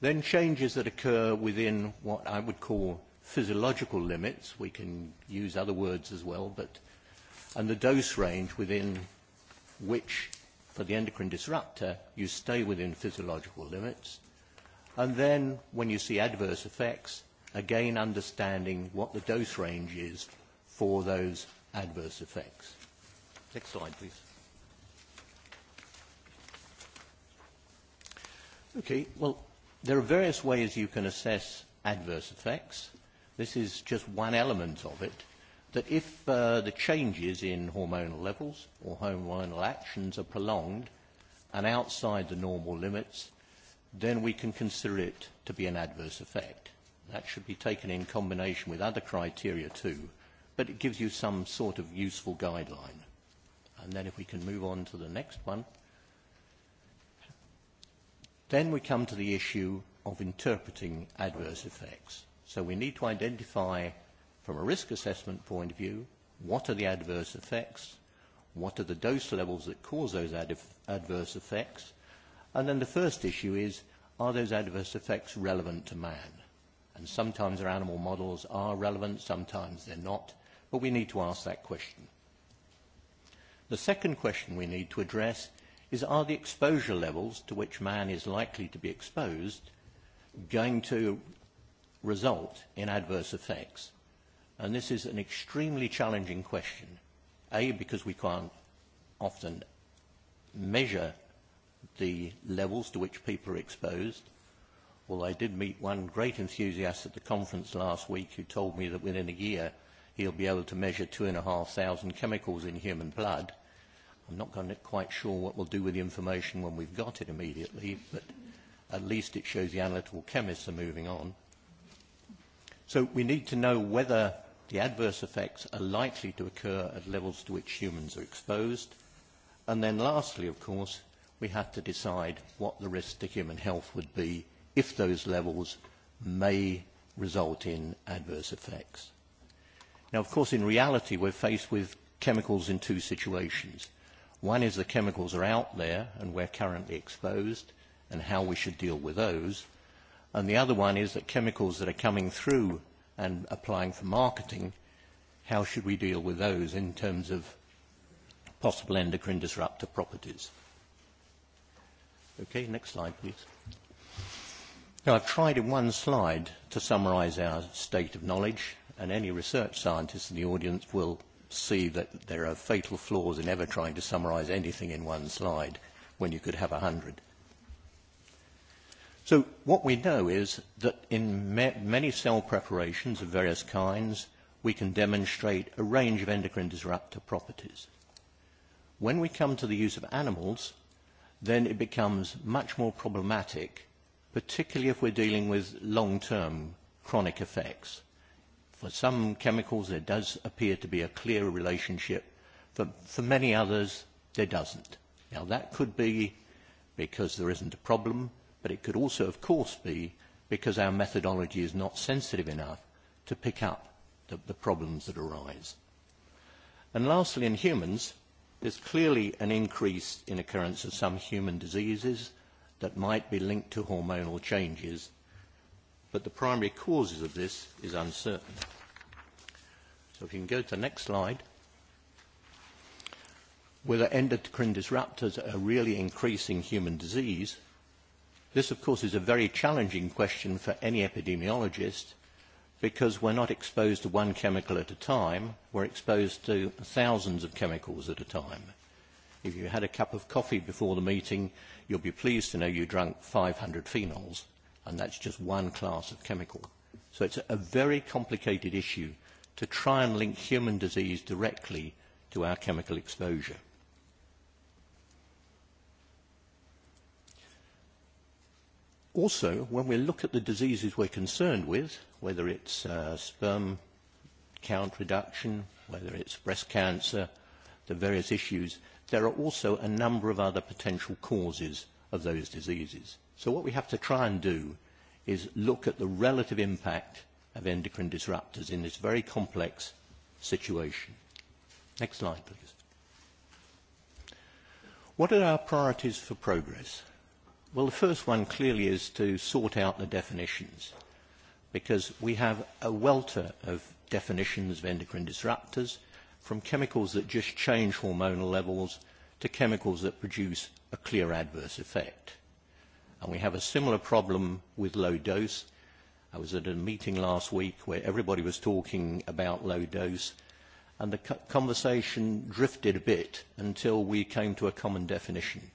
then changes that occur within what I would call physiological limits, we can use other words as well, but, and the dose range within which, for the endocrine disruptor, you stay within physiological limits. And then, when you see adverse effects, again understanding what the dose range is for those adverse effects. Next slide, please. Okay, well, there are various ways you can assess adverse effects. This is just one element of it, that if the changes in hormonal levels or hormonal actions are prolonged and outside the normal limits, then we can consider it to be an adverse effect. That should be taken in combination with other criteria too, but it gives you some sort of useful guideline. And then if we can move on to the next one. Then we come to the issue of interpreting adverse effects. So we need to identify, from a risk assessment point of view, what are the adverse effects, what are the dose levels that cause those adverse effects, and then the first issue is, are those adverse effects relevant to man? And sometimes our animal models are relevant, sometimes they're not, but we need to ask that question. The second question we need to address is are the exposure levels to which man is likely to be exposed going to result in adverse effects? And this is an extremely challenging question. A, because we can't often measure the levels to which people are exposed. Well, I did meet one great enthusiast at the conference last week who told me that within a year he'll be able to measure two and a half thousand chemicals in human blood I'm not quite sure what we'll do with the information when we've got it immediately, but at least it shows the analytical chemists are moving on. So we need to know whether the adverse effects are likely to occur at levels to which humans are exposed. And then lastly, of course, we have to decide what the risk to human health would be if those levels may result in adverse effects. Now, of course, in reality, we're faced with chemicals in two situations. One is the chemicals are out there and we're currently exposed and how we should deal with those. And the other one is that chemicals that are coming through and applying for marketing, how should we deal with those in terms of possible endocrine disruptor properties? Okay, next slide, please. Now, I've tried in one slide to summarize our state of knowledge, and any research scientist in the audience will see that there are fatal flaws in ever trying to summarise anything in one slide when you could have a hundred. So what we know is that in many cell preparations of various kinds, we can demonstrate a range of endocrine disruptor properties. When we come to the use of animals, then it becomes much more problematic, particularly if we're dealing with long-term chronic effects For some chemicals there does appear to be a clear relationship. For many others there doesn't. Now that could be because there isn't a problem, but it could also of course be because our methodology is not sensitive enough to pick up the problems that arise. And lastly, in humans, there's clearly an increase in occurrence of some human diseases that might be linked to hormonal changes but the primary causes of this is uncertain. So if you can go to the next slide. Whether endocrine disruptors are really increasing human disease, this of course is a very challenging question for any epidemiologist because we're not exposed to one chemical at a time, we're exposed to thousands of chemicals at a time. If you had a cup of coffee before the meeting, you'll be pleased to know you drank 500 phenols and that's just one class of chemical. So it's a very complicated issue to try and link human disease directly to our chemical exposure. Also, when we look at the diseases we're concerned with, whether it's sperm count reduction, whether it's breast cancer, the various issues, there are also a number of other potential causes of those diseases. So what we have to try and do is look at the relative impact of endocrine disruptors in this very complex situation. Next slide, please. What are our priorities for progress? Well, the first one clearly is to sort out the definitions because we have a welter of definitions of endocrine disruptors from chemicals that just change hormonal levels to chemicals that produce a clear adverse effect. And we have a similar problem with low dose. I was at a meeting last week where everybody was talking about low dose, and the conversation drifted a bit until we came to a common definition.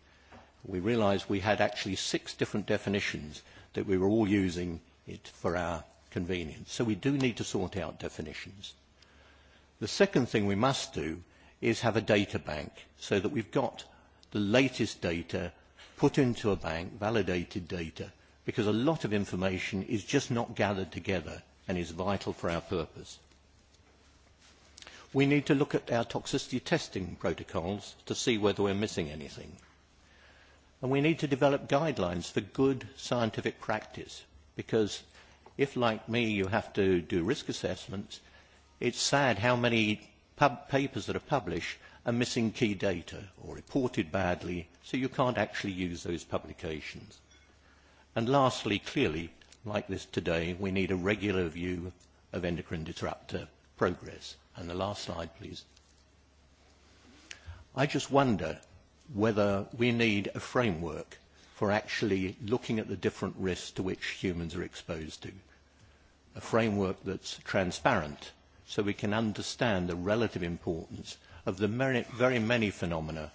We realized we had actually six different definitions that we were all using it for our convenience. So we do need to sort out definitions. The second thing we must do is have a data bank so that we've got the latest data put into a bank validated data because a lot of information is just not gathered together and is vital for our purpose. We need to look at our toxicity testing protocols to see whether we're missing anything. And we need to develop guidelines for good scientific practice because if, like me, you have to do risk assessments, it's sad how many papers that are published And missing key data or reported badly, so you can't actually use those publications. And lastly, clearly, like this today, we need a regular view of endocrine disruptor progress. And the last slide, please. I just wonder whether we need a framework for actually looking at the different risks to which humans are exposed to. A framework that's transparent so we can understand the relative importance of the very many phenomena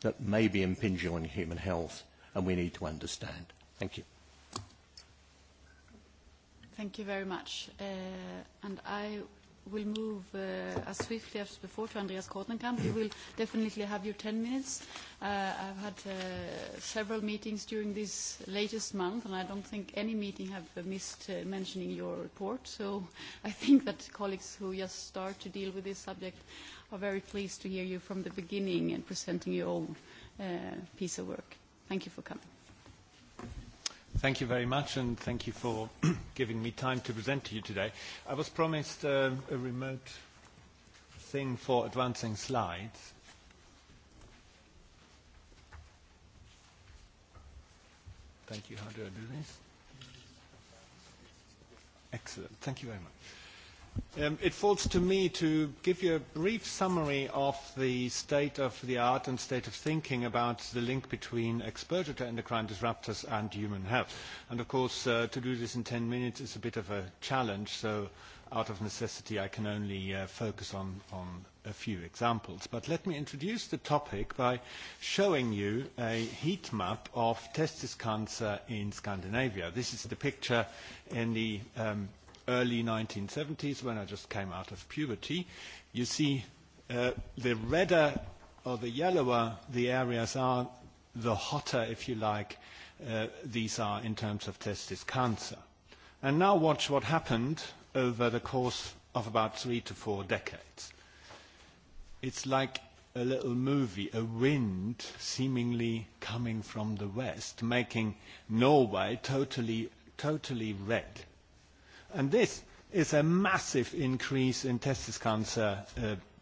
that may be impinging on human health and we need to understand. Thank you. Thank you very much. And I will move as swiftly as before to Andreas Kortenkamp. You will definitely have your 10 minutes. I've had several meetings during this latest month, and I don't think any meeting have missed mentioning your report. So I think that colleagues who just start to deal with this subject are very pleased to hear you from the beginning and presenting your own piece of work. Thank you for coming. Thank you very much, and thank you for giving me time to present to you today. I was promised a remote thing for advancing slides. Thank you. How do I do this? Excellent. Thank you very much. It falls to me to give you a brief summary of the state of the art and state of thinking about the link between exposure to endocrine disruptors and human health. And of course, to do this in 10 minutes is a bit of a challenge, so out of necessity I can only focus on a few examples. But let me introduce the topic by showing you a heat map of testis cancer in Scandinavia. This is the picture in the early 1970s, when I just came out of puberty, you see the redder or the yellower the areas are, the hotter, if you like, these are in terms of testis cancer. And now watch what happened over the course of about three to four decades. It's like a little movie, a wind seemingly coming from the west, making Norway totally, totally red. And this is a massive increase in testis cancer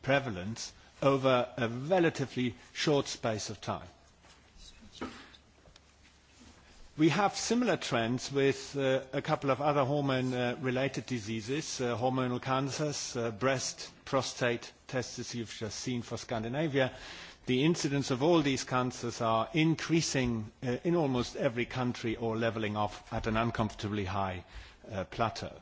prevalence over a relatively short space of time. We have similar trends with a couple of other hormone-related diseases, hormonal cancers, breast, prostate, testis you've just seen for Scandinavia. The incidence of all these cancers are increasing in almost every country or leveling off at an uncomfortably high plateau.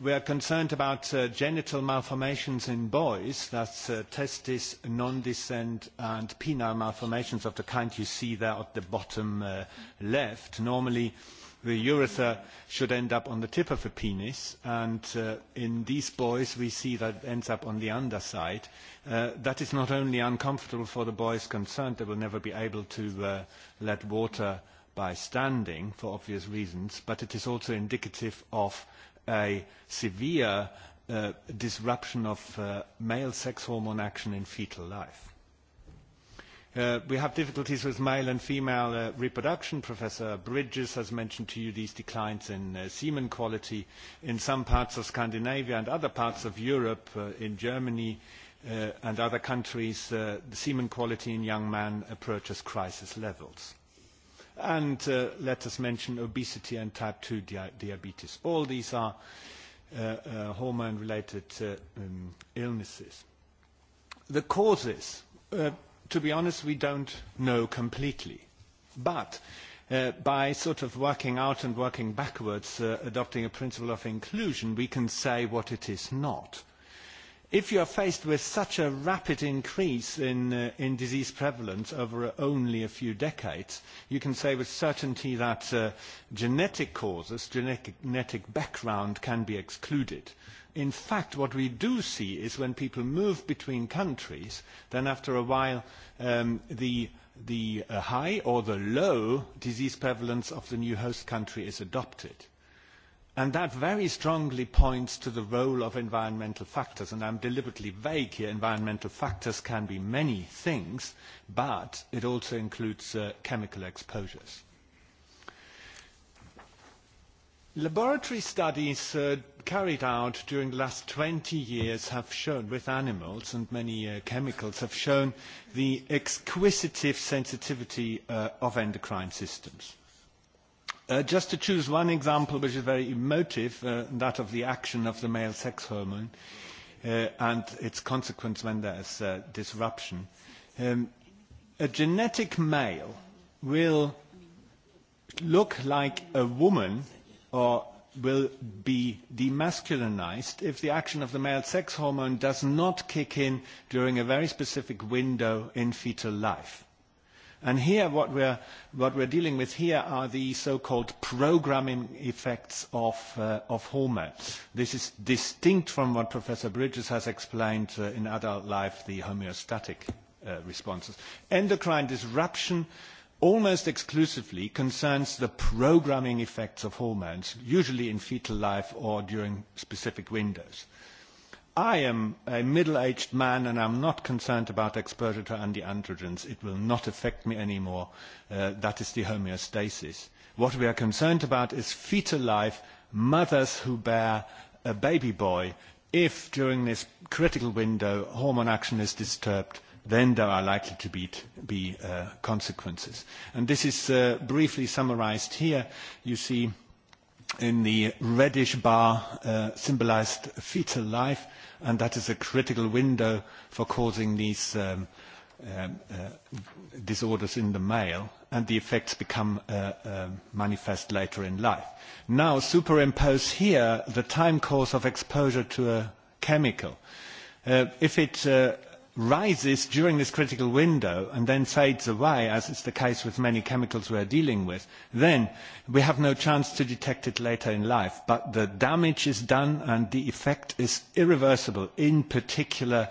We are concerned about genital malformations in boys, that's testis, non-descent and penile malformations of the kind you see there at the bottom left. Normally the urethra should end up on the tip of the penis and in these boys we see that it ends up on the underside. That is not only uncomfortable for the boys concerned, they will never be able to let water by standing for obvious reasons, but it is also indicative of a severe disruption of male sex hormone action in fetal life. We have difficulties with male and female reproduction. Professor Bridges has mentioned to you these declines in semen quality in some parts of Scandinavia and other parts of Europe, in Germany and other countries. The semen quality in young men approaches crisis levels. And let us mention obesity and type 2 diabetes. All these are hormone-related illnesses. The causes, to be honest, we don't know completely. But by sort of working out and working backwards, adopting a principle of inclusion, we can say what it is not. If you are faced with such a rapid increase in disease prevalence over only a few decades, you can say with certainty that genetic causes, genetic background can be excluded. In fact, what we do see is when people move between countries, then after a while the high or the low disease prevalence of the new host country is adopted. And that very strongly points to the role of environmental factors, and I'm deliberately vague here. Environmental factors can be many things, but it also includes chemical exposures. Laboratory studies carried out during the last 20 years have shown, with animals and many chemicals, have shown the exquisite sensitivity of endocrine systems. Just to choose one example which is very emotive, that of the action of the male sex hormone and its consequence when there is disruption. A genetic male will look like a woman or will be demasculinized if the action of the male sex hormone does not kick in during a very specific window in fetal life. And here what we're dealing with here are the so-called programming effects of hormones. This is distinct from what Professor Bridges has explained in adult life, the homeostatic responses. Endocrine disruption almost exclusively concerns the programming effects of hormones, usually in fetal life or during specific windows. I am a middle-aged man and I am not concerned about exposure to the androgens It will not affect me anymore. That is the homeostasis. What we are concerned about is fetal life, mothers who bear a baby boy. If during this critical window hormone action is disturbed, then there are likely to be consequences. And this is briefly summarized here. You see in the reddish bar symbolized fetal life, and that is a critical window for causing these disorders in the male, and the effects become manifest later in life. Now superimpose here the time course of exposure to a chemical. If it rises during this critical window and then fades away, as is the case with many chemicals we are dealing with, then we have no chance to detect it later in life. But the damage is done and the effect is irreversible, in particular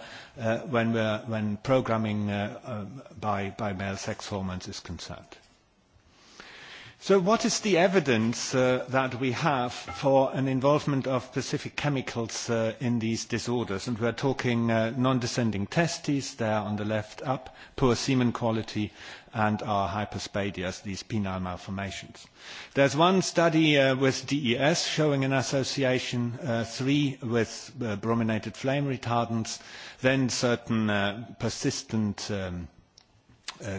when programming by male sex hormones is concerned. So what is the evidence that we have for an involvement of specific chemicals in these disorders? And are talking non-descending testes, there on the left up, poor semen quality, and our hyperspadias, these penile malformations. There's one study with DES showing an association, three with brominated flame retardants, then certain persistent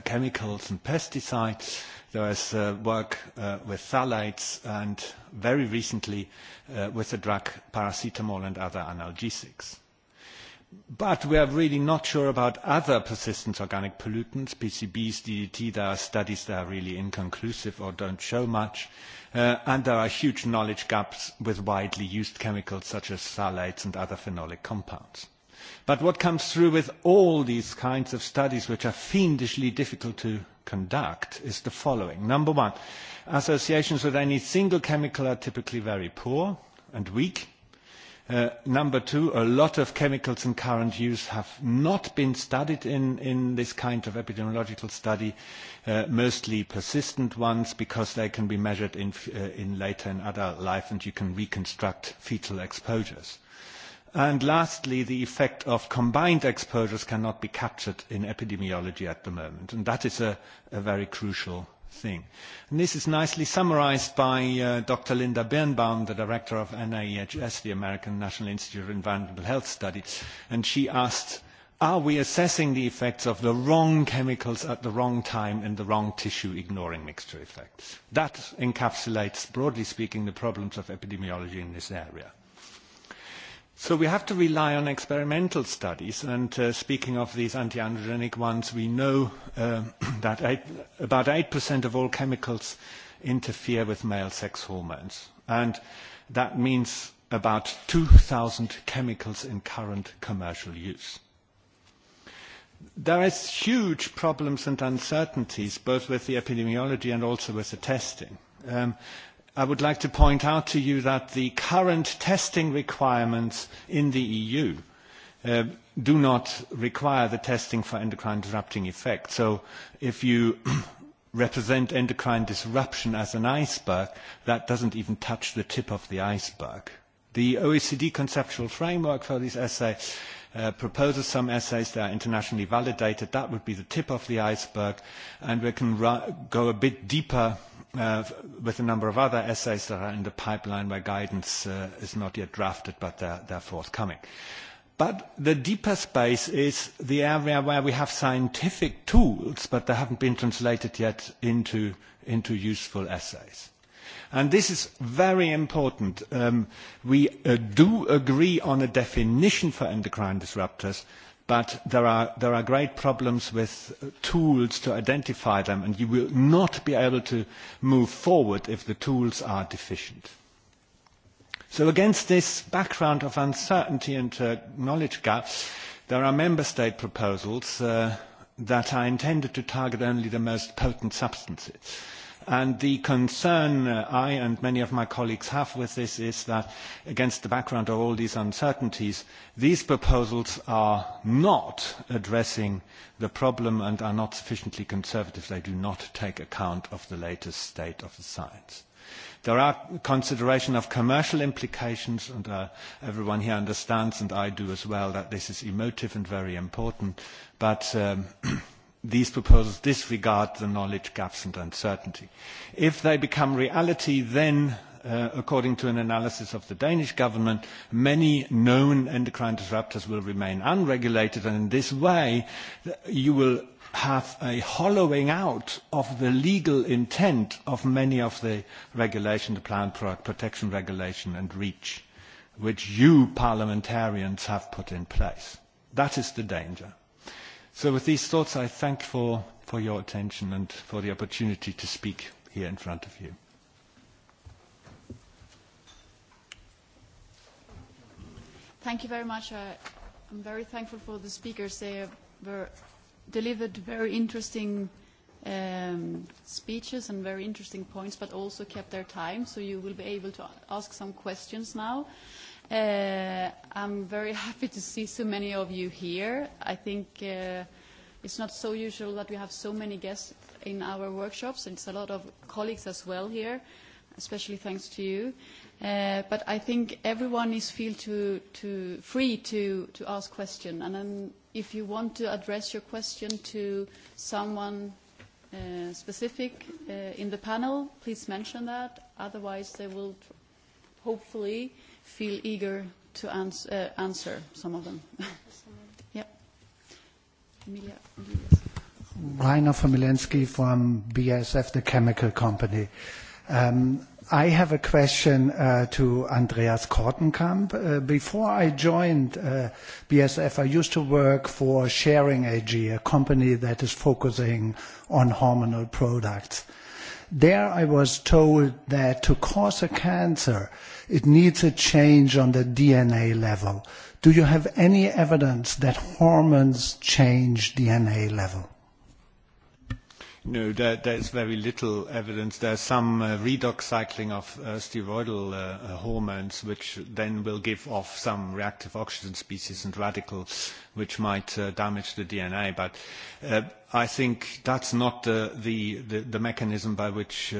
chemicals and pesticides, There is work with phthalates and very recently with the drug paracetamol and other analgesics. But we are really not sure about other persistent organic pollutants, PCBs, DDT. There are studies that are really inconclusive or don't show much. And there are huge knowledge gaps with widely used chemicals such as phthalates and other phenolic compounds. But what comes through with all these kinds of studies, which are fiendishly difficult to conduct is the following. Number one, associations with any single chemical are typically very poor and weak. Number two, a lot of chemicals in current use have not been studied in this kind of epidemiological study, mostly persistent ones, because they can be measured in later in adult life and you can reconstruct fetal exposures. And lastly, the effect of combined exposures cannot be captured in epidemiology at the moment, and that is a very crucial thing. And this is nicely summarized by Dr. Linda Birnbaum, the director of NIEHS, the American National Institute of Environmental Health Studies, and she asked, are we assessing the effects of the wrong chemicals at the wrong time in the wrong tissue, ignoring mixture effects? That encapsulates, broadly speaking, the problems of epidemiology in this area. So we have to rely on experimental studies, and speaking of these anti-androgenic ones, we know that about 8% of all chemicals interfere with male sex hormones, and that means about 2,000 chemicals in current commercial use. There is huge problems and uncertainties, both with the epidemiology and also with the testing. I would like to point out to you that the current testing requirements in the EU do not require the testing for endocrine disrupting effects. So if you represent endocrine disruption as an iceberg, that doesn't even touch the tip of the iceberg. The OECD conceptual framework for these essays proposes some essays that are internationally validated. That would be the tip of the iceberg, and we can go a bit deeper with a number of other essays that are in the pipeline where guidance is not yet drafted, but are forthcoming. But the deeper space is the area where we have scientific tools, but they haven't been translated yet into useful essays. And this is very important. We do agree on a definition for endocrine disruptors, but there are great problems with tools to identify them, and you will not be able to move forward if the tools are deficient. So against this background of uncertainty and knowledge gaps, there are member state proposals that are intended to target only the most potent substances. And the concern I and many of my colleagues have with this is that, against the background of all these uncertainties, these proposals are not addressing the problem and are not sufficiently conservative. They do not take account of the latest state of the science. There are consideration of commercial implications, and everyone here understands, and I do as well, that this is emotive and very important. But these proposals disregard the knowledge gaps and uncertainty. If they become reality, then, according to an analysis of the Danish government, many known endocrine disruptors will remain unregulated, and in this way, you will have a hollowing out of the legal intent of many of the regulation, the plant protection regulation and REACH, which you parliamentarians have put in place. That is the danger. So with these thoughts, I thank for for your attention and for the opportunity to speak here in front of you. Thank you very much. I'm very thankful for the speakers. They were delivered very interesting speeches and very interesting points, but also kept their time, so you will be able to ask some questions now. I'm very happy to see so many of you here. I think it's not so usual that we have so many guests in our workshops, and it's a lot of colleagues as well here, especially thanks to you. But I think everyone is feel to free to to ask questions, and if you want to address your question to someone specific in the panel, please mention that. Otherwise, they will hopefully feel eager to answer some of them. Rainer Familensky from BSF, the chemical company. I have a question to Andreas Kortenkamp. Before I joined BSF, I used to work for Sharing AG, a company that is focusing on hormonal products. There I was told that to cause a cancer, it needs a change on the DNA level. Do you have any evidence that hormones change DNA level? No, there is very little evidence. There is some redox cycling of steroidal hormones, which then will give off some reactive oxygen species and radicals, which might damage the DNA. But I think that's not the mechanism by which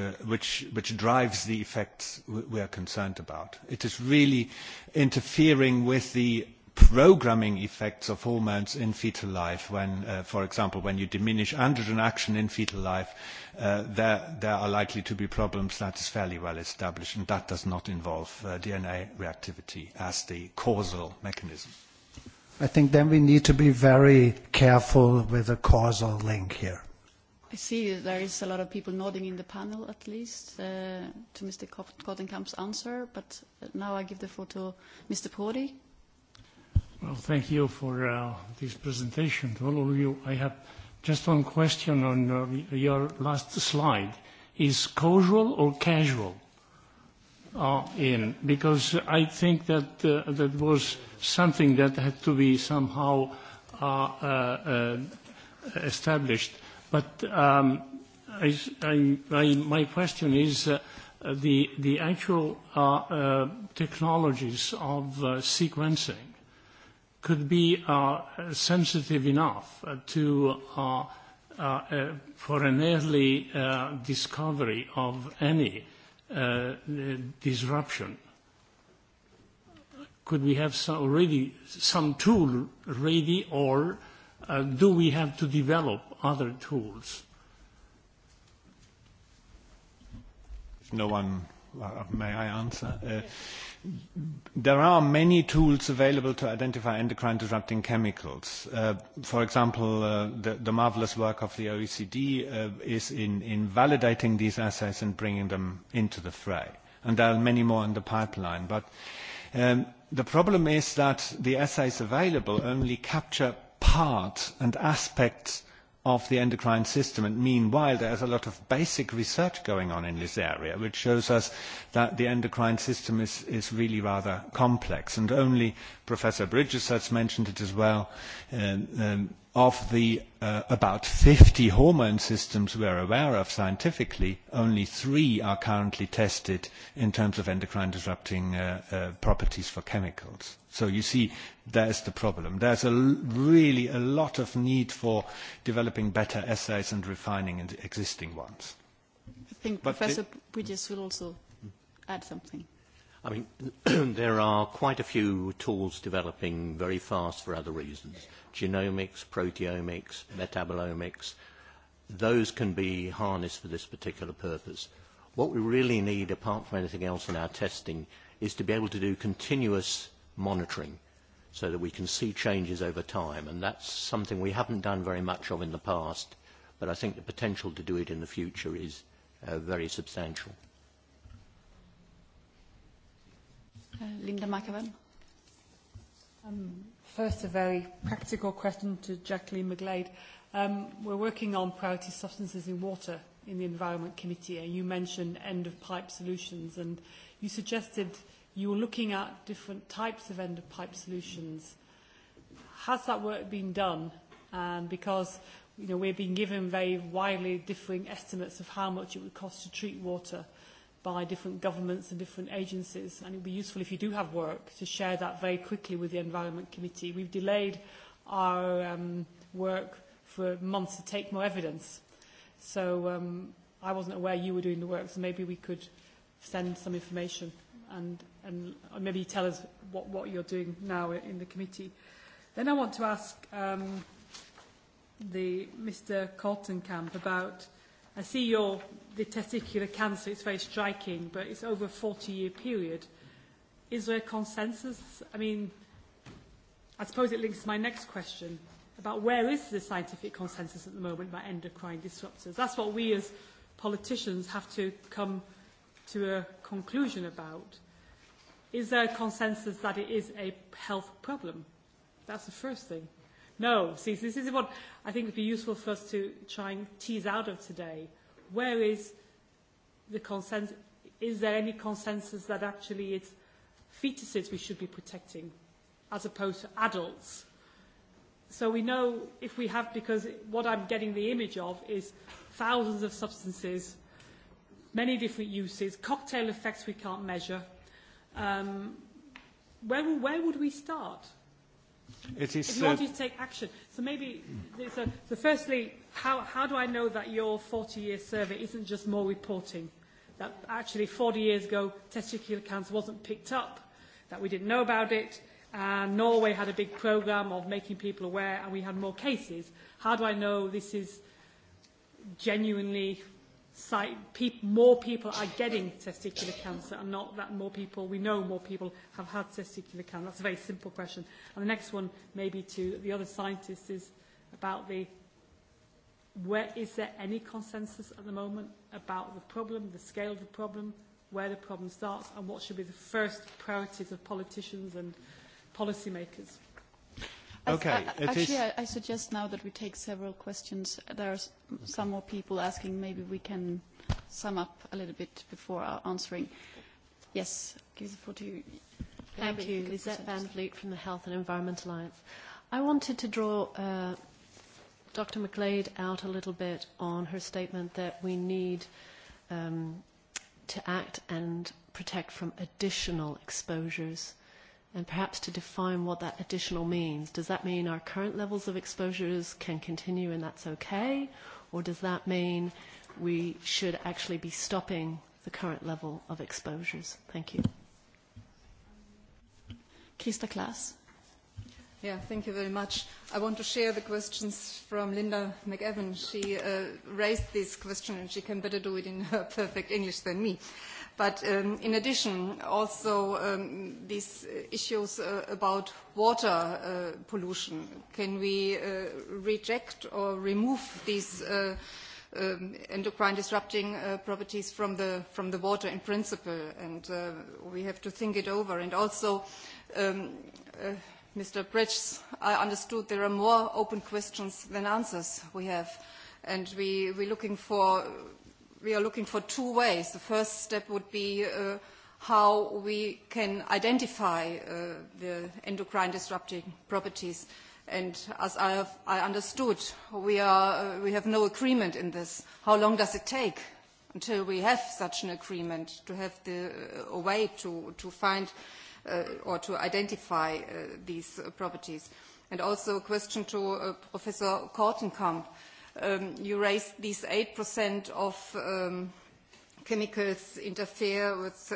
drives the effects we are concerned about. It is really interfering with the programming effects of hormones in fetal life when for example when you diminish androgen action in fetal life there there are likely to be problems that is fairly well established and that does not involve dna reactivity as the causal mechanism i think then we need to be very careful with the causal link here i see there is a lot of people nodding in the panel at least to mr Kottenkamp's answer but now i give the floor to mr Pori. Well, thank you for this presentation to all of you. I have just one question on your last slide. Is causal or casual in? Because I think that that was something that had to be somehow established. But my question is the actual technologies of sequencing could be sensitive enough to for an early discovery of any disruption. Could we have already some tool ready, or do we have to develop other tools? no one may I answer? There are many tools available to identify endocrine-disrupting chemicals. For example, the marvelous work of the OECD is in validating these assays and bringing them into the fray. And there are many more in the pipeline. But the problem is that the assays available only capture part and aspects of the endocrine system. And meanwhile, there is a lot of basic research going on in this area, which shows us that the endocrine system is really rather complex. And only Professor Bridges has mentioned it as well. Of the about 50 hormone systems we are aware of scientifically, only three are currently tested in terms of endocrine disrupting properties for chemicals. So you see, there's the problem. There's really a lot of need for developing better essays and refining existing ones. I think Professor Bridges will also add something. I mean, there are quite a few tools developing very fast for other reasons. Genomics, proteomics, metabolomics, those can be harnessed for this particular purpose. What we really need, apart from anything else in our testing, is to be able to do continuous monitoring so that we can see changes over time. And that's something we haven't done very much of in the past, but I think the potential to do it in the future is very substantial. Linda McEwan. First, a very practical question to Jacqueline McGlade. Um We're working on priority substances in water in the Environment Committee, and you mentioned end-of-pipe solutions, and you suggested you were looking at different types of end-of-pipe solutions. Has that work been done? Because you know, we've been given very widely differing estimates of how much it would cost to treat water by different governments and different agencies. And it would be useful if you do have work to share that very quickly with the Environment Committee. We've delayed our work for months to take more evidence. So I wasn't aware you were doing the work, so maybe we could send some information. And and maybe tell us what, what you're doing now in the committee. Then I want to ask um, the, Mr. Camp about, I see your, the testicular cancer, it's very striking, but it's over a 40-year period. Is there a consensus? I mean, I suppose it links to my next question about where is the scientific consensus at the moment about endocrine disruptors. That's what we as politicians have to come to a conclusion about Is there a consensus that it is a health problem? That's the first thing. No. See, this is what I think would be useful for us to try and tease out of today. Where is the consensus? Is there any consensus that actually it's fetuses we should be protecting as opposed to adults? So we know if we have, because what I'm getting the image of is thousands of substances, many different uses, cocktail effects we can't measure, Where where would we start? It is. If you wanted to take action, so maybe so. Firstly, how how do I know that your 40-year survey isn't just more reporting? That actually 40 years ago, testicular cancer wasn't picked up, that we didn't know about it, and Norway had a big program of making people aware, and we had more cases. How do I know this is genuinely more people are getting testicular cancer and not that more people, we know more people have had testicular cancer. That's a very simple question. And the next one, maybe to the other scientists, is about the where is there any consensus at the moment about the problem, the scale of the problem, where the problem starts, and what should be the first priorities of politicians and policymakers? Okay. Actually, I suggest now that we take several questions. There are some more people asking. Maybe we can sum up a little bit before answering. Yes, give the floor to you. Thank you. Lisette Van Vliet from the Health and Environment Alliance. I wanted to draw Dr. McLeod out a little bit on her statement that we need to act and protect from additional exposures and perhaps to define what that additional means. Does that mean our current levels of exposures can continue and that's okay? Or does that mean we should actually be stopping the current level of exposures? Thank you. Krista Klaas. Yeah, thank you very much. I want to share the questions from Linda McEwan. She raised this question and she can better do it in her perfect English than me. But in addition, also these issues about water pollution, can we reject or remove these endocrine disrupting properties from the from the water in principle? And we have to think it over. And also, Mr. Bridges, I understood there are more open questions than answers we have. And we we're looking for we are looking for two ways. The first step would be how we can identify the endocrine disrupting properties. And as I understood, we have no agreement in this. How long does it take until we have such an agreement to have a way to find or to identify these properties? And also a question to Professor Kortenkamp You raised these 8% of chemicals interfere with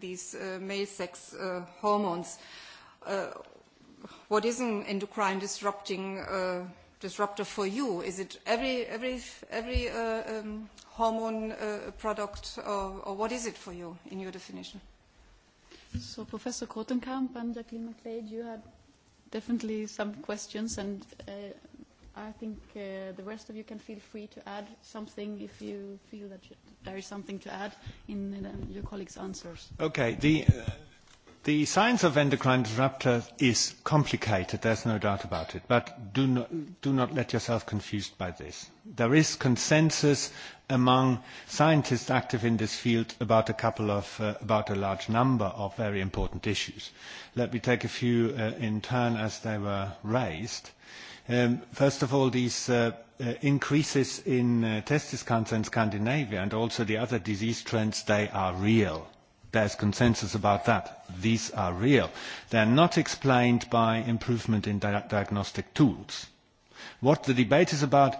these male sex hormones. What is an endocrine disrupting disruptor for you? Is it every every every hormone product or what is it for you in your definition? So Professor Kortenkamp and Jacqueline McLeod, you had definitely some questions and I think the rest of you can feel free to add something if you feel that there is something to add in your colleagues' answers. Okay. The the science of endocrine disruptors is complicated. There's no doubt about it. But do not do not let yourself confused by this. There is consensus among scientists active in this field about a couple of about a large number of very important issues. Let me take a few in turn as they were raised. First of all, these increases in testis cancer in Scandinavia and also the other disease trends, they are real. There's consensus about that. These are real. They are not explained by improvement in diagnostic tools. What the debate is about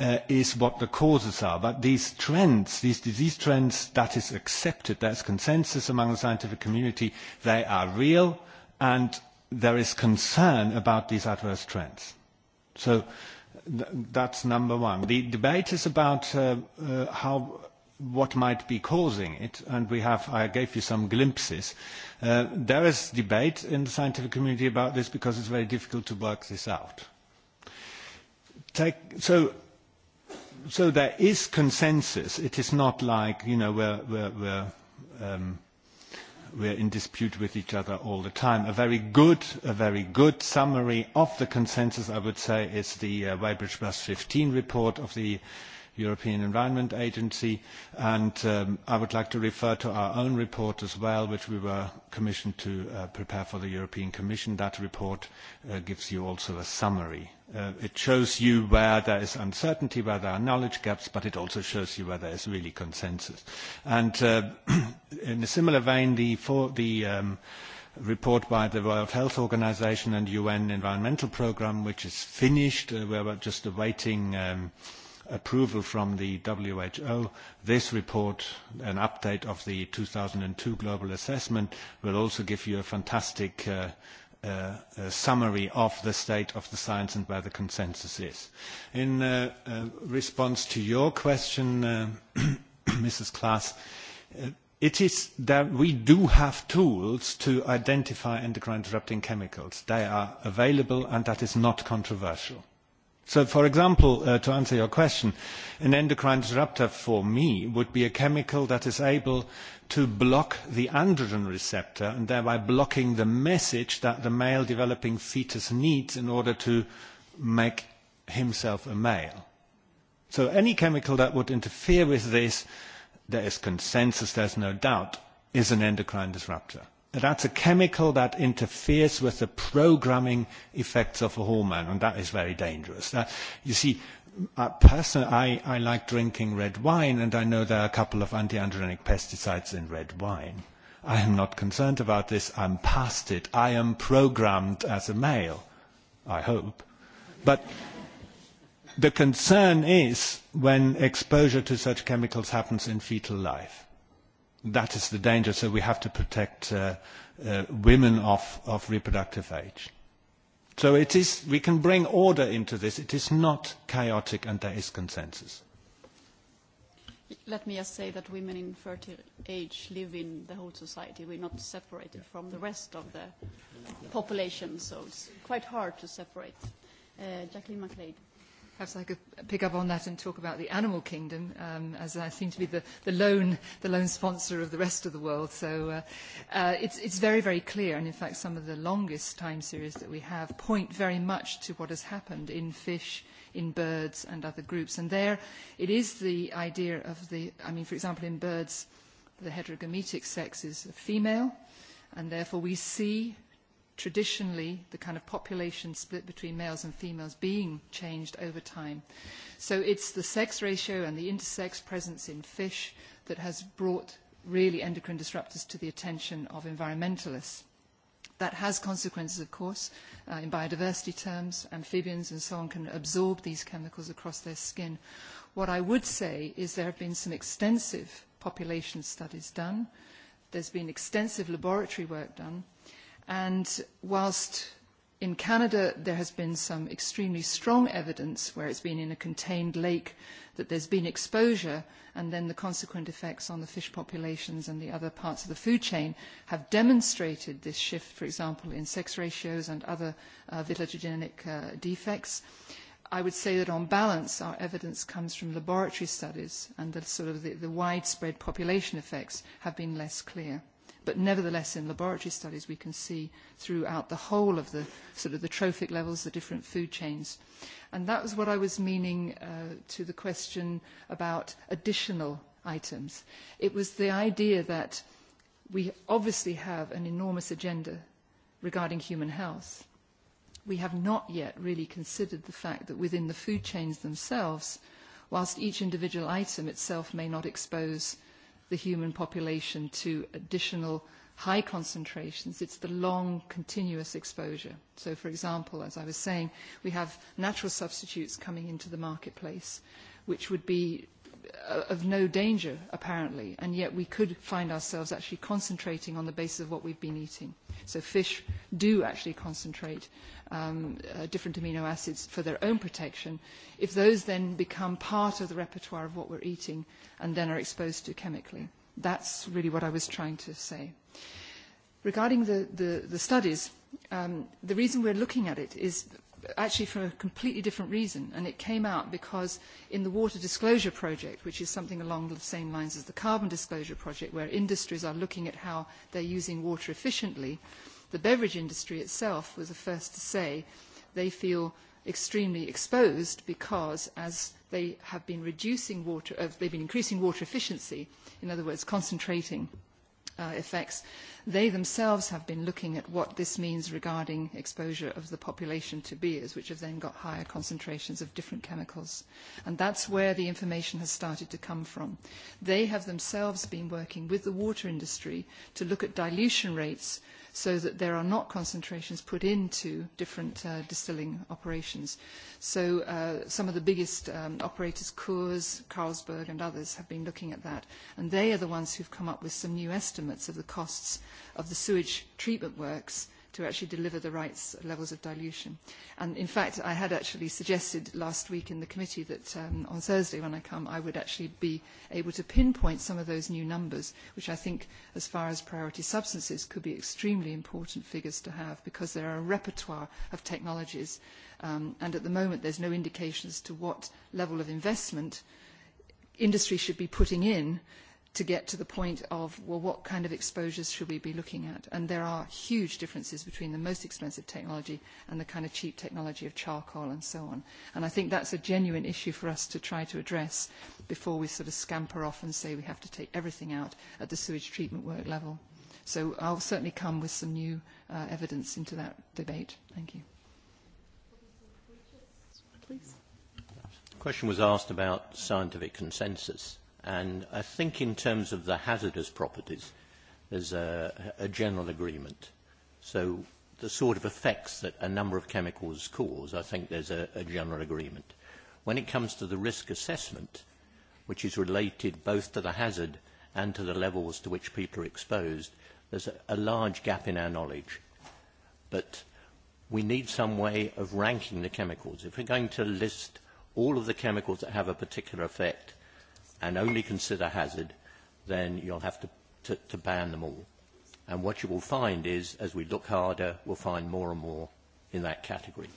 is what the causes are. But these trends, these disease trends, that is accepted. There's consensus among the scientific community. They are real, and there is concern about these adverse trends. So that's number one. The debate is about how what might be causing it, and we have, I gave you some glimpses. There is debate in the scientific community about this because it's very difficult to work this out. So there is consensus. It is not like, you know, we're we are in dispute with each other all the time. A very good, a very good summary of the consensus, I would say, is the Weybridge Plus 15 report of the European Environment Agency, and I would like to refer to our own report as well, which we were commissioned to prepare for the European Commission. That report gives you also a summary It shows you where there is uncertainty, where there are knowledge gaps, but it also shows you where there is really consensus. And in a similar vein, the report by the World Health Organization and UN Environmental Programme, which is finished, we we're just awaiting approval from the WHO. This report, an update of the 2002 global assessment, will also give you a fantastic summary of the state of the science and where the consensus is. In response to your question, Mrs. Klaas, it is that we do have tools to identify endocrine disrupting chemicals. They are available and that is not controversial. So, for example, to answer your question, an endocrine disruptor for me would be a chemical that is able to block the androgen receptor and thereby blocking the message that the male developing fetus needs in order to make himself a male. So any chemical that would interfere with this, there is consensus, there is no doubt, is an endocrine disruptor. That's a chemical that interferes with the programming effects of a hormone, and that is very dangerous. You see, personally, I like drinking red wine, and I know there are a couple of antiandrogenic pesticides in red wine. I am not concerned about this. I'm past it. I am programmed as a male, I hope. But the concern is when exposure to such chemicals happens in fetal life that is the danger, so we have to protect women of reproductive age. So it is, we can bring order into this. It is not chaotic and there is consensus. Let me just say that women in fertile age live in the whole society. We're not separated from the rest of the population, so it's quite hard to separate. Jacqueline Macleod. Perhaps I could pick up on that and talk about the animal kingdom, as I seem to be the the lone sponsor of the rest of the world. So it's it's very, very clear, and in fact some of the longest time series that we have point very much to what has happened in fish, in birds and other groups. And there it is the idea of the, I mean, for example, in birds, the heterogametic sex is a female, and therefore we see traditionally the kind of population split between males and females being changed over time. So it's the sex ratio and the intersex presence in fish that has brought really endocrine disruptors to the attention of environmentalists. That has consequences, of course, in biodiversity terms. Amphibians and so on can absorb these chemicals across their skin. What I would say is there have been some extensive population studies done. There's been extensive laboratory work done And whilst in Canada there has been some extremely strong evidence where it's been in a contained lake that there's been exposure and then the consequent effects on the fish populations and the other parts of the food chain have demonstrated this shift, for example, in sex ratios and other vitellogenic defects. I would say that on balance our evidence comes from laboratory studies and the sort of the widespread population effects have been less clear. But nevertheless, in laboratory studies, we can see throughout the whole of the sort of the trophic levels, the different food chains. And that was what I was meaning to the question about additional items. It was the idea that we obviously have an enormous agenda regarding human health. We have not yet really considered the fact that within the food chains themselves, whilst each individual item itself may not expose the human population to additional high concentrations. It's the long, continuous exposure. So, for example, as I was saying, we have natural substitutes coming into the marketplace, which would be of no danger, apparently, and yet we could find ourselves actually concentrating on the basis of what we've been eating. So fish do actually concentrate different amino acids for their own protection. If those then become part of the repertoire of what we're eating and then are exposed to chemically, that's really what I was trying to say. Regarding the studies, the reason we're looking at it is actually for a completely different reason, and it came out because in the Water Disclosure Project, which is something along the same lines as the Carbon Disclosure Project, where industries are looking at how they're using water efficiently, the beverage industry itself was the first to say they feel extremely exposed because as they have been reducing water, they've been increasing water efficiency, in other words, concentrating effects. They themselves have been looking at what this means regarding exposure of the population to beers, which have then got higher concentrations of different chemicals. And that's where the information has started to come from. They have themselves been working with the water industry to look at dilution rates so that there are not concentrations put into different distilling operations. So some of the biggest operators, Coors, Carlsberg and others, have been looking at that. And they are the ones who have come up with some new estimates of the costs of the sewage treatment works to actually deliver the right levels of dilution. And in fact, I had actually suggested last week in the committee that on Thursday when I come, I would actually be able to pinpoint some of those new numbers, which I think, as far as priority substances, could be extremely important figures to have because there are a repertoire of technologies. And at the moment, there's no indication as to what level of investment industry should be putting in to get to the point of, well, what kind of exposures should we be looking at? And there are huge differences between the most expensive technology and the kind of cheap technology of charcoal and so on. And I think that's a genuine issue for us to try to address before we sort of scamper off and say we have to take everything out at the sewage treatment work level. So I'll certainly come with some new evidence into that debate. Thank you. The question was asked about scientific consensus And I think in terms of the hazardous properties, there's a general agreement. So the sort of effects that a number of chemicals cause, I think there's a general agreement. When it comes to the risk assessment, which is related both to the hazard and to the levels to which people are exposed, there's a large gap in our knowledge. But we need some way of ranking the chemicals. If we're going to list all of the chemicals that have a particular effect, and only consider hazard, then you'll have to to ban them all. And what you will find is, as we look harder, we'll find more and more in that category.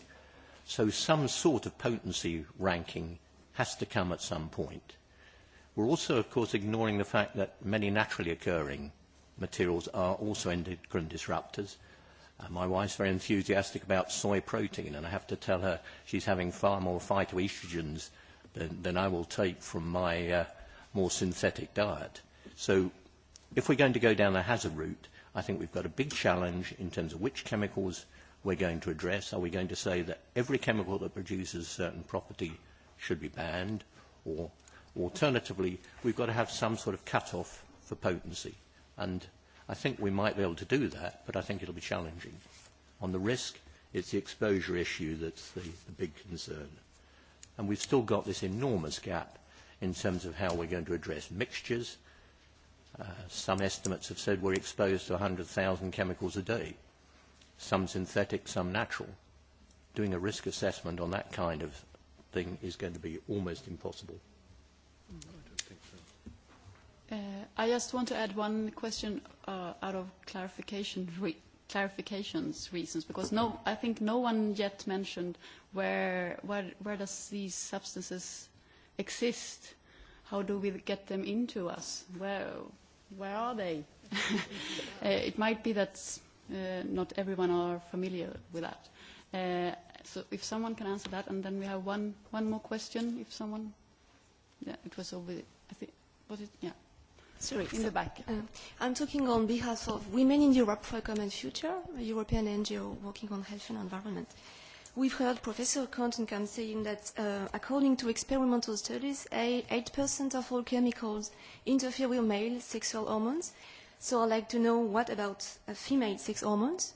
So some sort of potency ranking has to come at some point. We're also, of course, ignoring the fact that many naturally occurring materials are also endocrine disruptors. My wife's very enthusiastic about soy protein, and I have to tell her she's having far more phytoestrogens than I will take from my more synthetic diet. So if we're going to go down the hazard route, I think we've got a big challenge in terms of which chemicals we're going to address. Are we going to say that every chemical that produces a certain property should be banned? Or alternatively, we've got to have some sort of cut-off for potency. And I think we might be able to do that, but I think it'll be challenging. On the risk, it's the exposure issue that's the big concern and we've still got this enormous gap in terms of how we're going to address mixtures. Some estimates have said we're exposed to 100,000 chemicals a day, some synthetic, some natural. Doing a risk assessment on that kind of thing is going to be almost impossible. I just want to add one question out of clarification clarifications reasons, because no, I think no one yet mentioned where where where does these substances exist, how do we get them into us, where where are they? It might be that not everyone are familiar with that. So if someone can answer that, and then we have one one more question, if someone, yeah, it was over, I think, was it, yeah. Sorry, in the back. I'm talking on behalf of Women in Europe for a Common Future, a European NGO working on health and environment. We've heard Professor Kontenkamp saying that according to experimental studies, 8% of all chemicals interfere with male sexual hormones. So I'd like to know what about female sex hormones?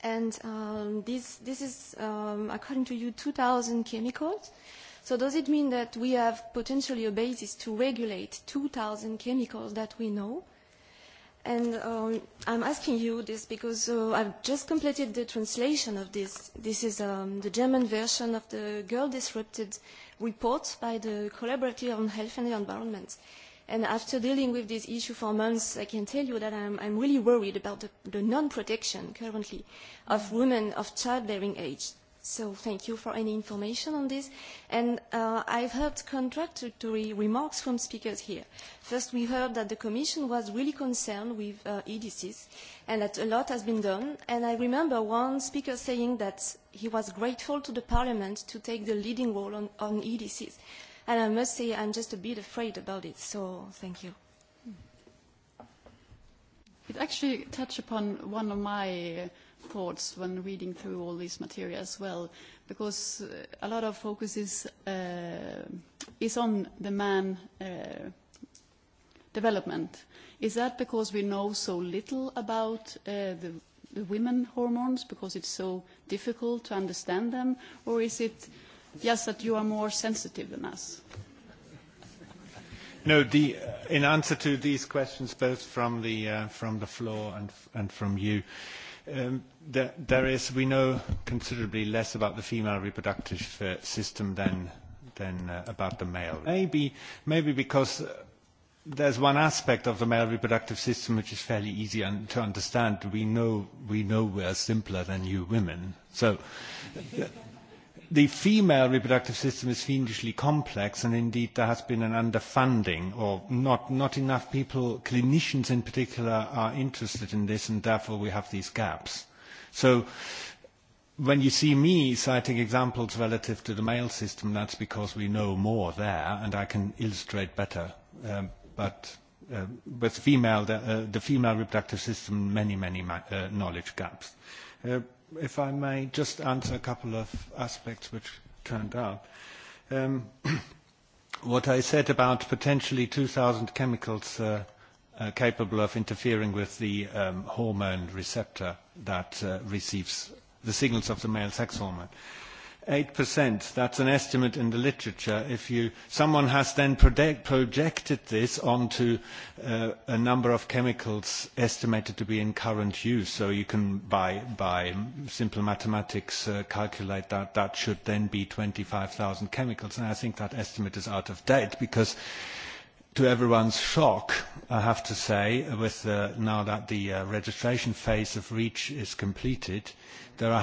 And this is, according to you, 2,000 chemicals. So does it mean that we have potentially a basis to regulate 2,000 chemicals that we know? And I'm asking you this because I've just completed the translation of this. This is the German version of the Girl Disrupted report by the Collaborative on Health and the Environment. And after dealing with this issue for months, I can tell you that I'm really worried about the non-protection currently of women of childbearing age. So thank you for any information on this. And I've heard contradictory remarks from speakers here. First, we heard that the Commission was really concerned with EDCs and that a lot has been done. And I remember one speaker saying that he was grateful to the Parliament to take the leading role on EDCs. And I must say I'm just a bit afraid about it. So thank you. It actually touched upon one of my thoughts when reading through all this material as well, because a lot of focus is is on the man development. Is that because we know so little about the women hormones, because it's so difficult to understand them, or is it just that you are more sensitive than us? No, in answer to these questions, both from the floor and from you, There is, we know considerably less about the female reproductive system than about the male. Maybe maybe because there's one aspect of the male reproductive system which is fairly easy to understand. We know we are simpler than you women. So The female reproductive system is fiendishly complex, and indeed there has been an underfunding, or not not enough people, clinicians in particular, are interested in this, and therefore we have these gaps. So when you see me citing examples relative to the male system, that's because we know more there, and I can illustrate better. But with female, the female reproductive system, many, many knowledge gaps if I may just answer a couple of aspects which turned out. What I said about potentially 2,000 chemicals capable of interfering with the hormone receptor that receives the signals of the male sex hormone. 8%. That's an estimate in the literature. If you, someone has then projected this onto a number of chemicals estimated to be in current use. So you can, by simple mathematics, calculate that that should then be 25,000 chemicals. And I think that estimate is out of date because to everyone's shock, I have to say, with now that the registration phase of REACH is completed, there are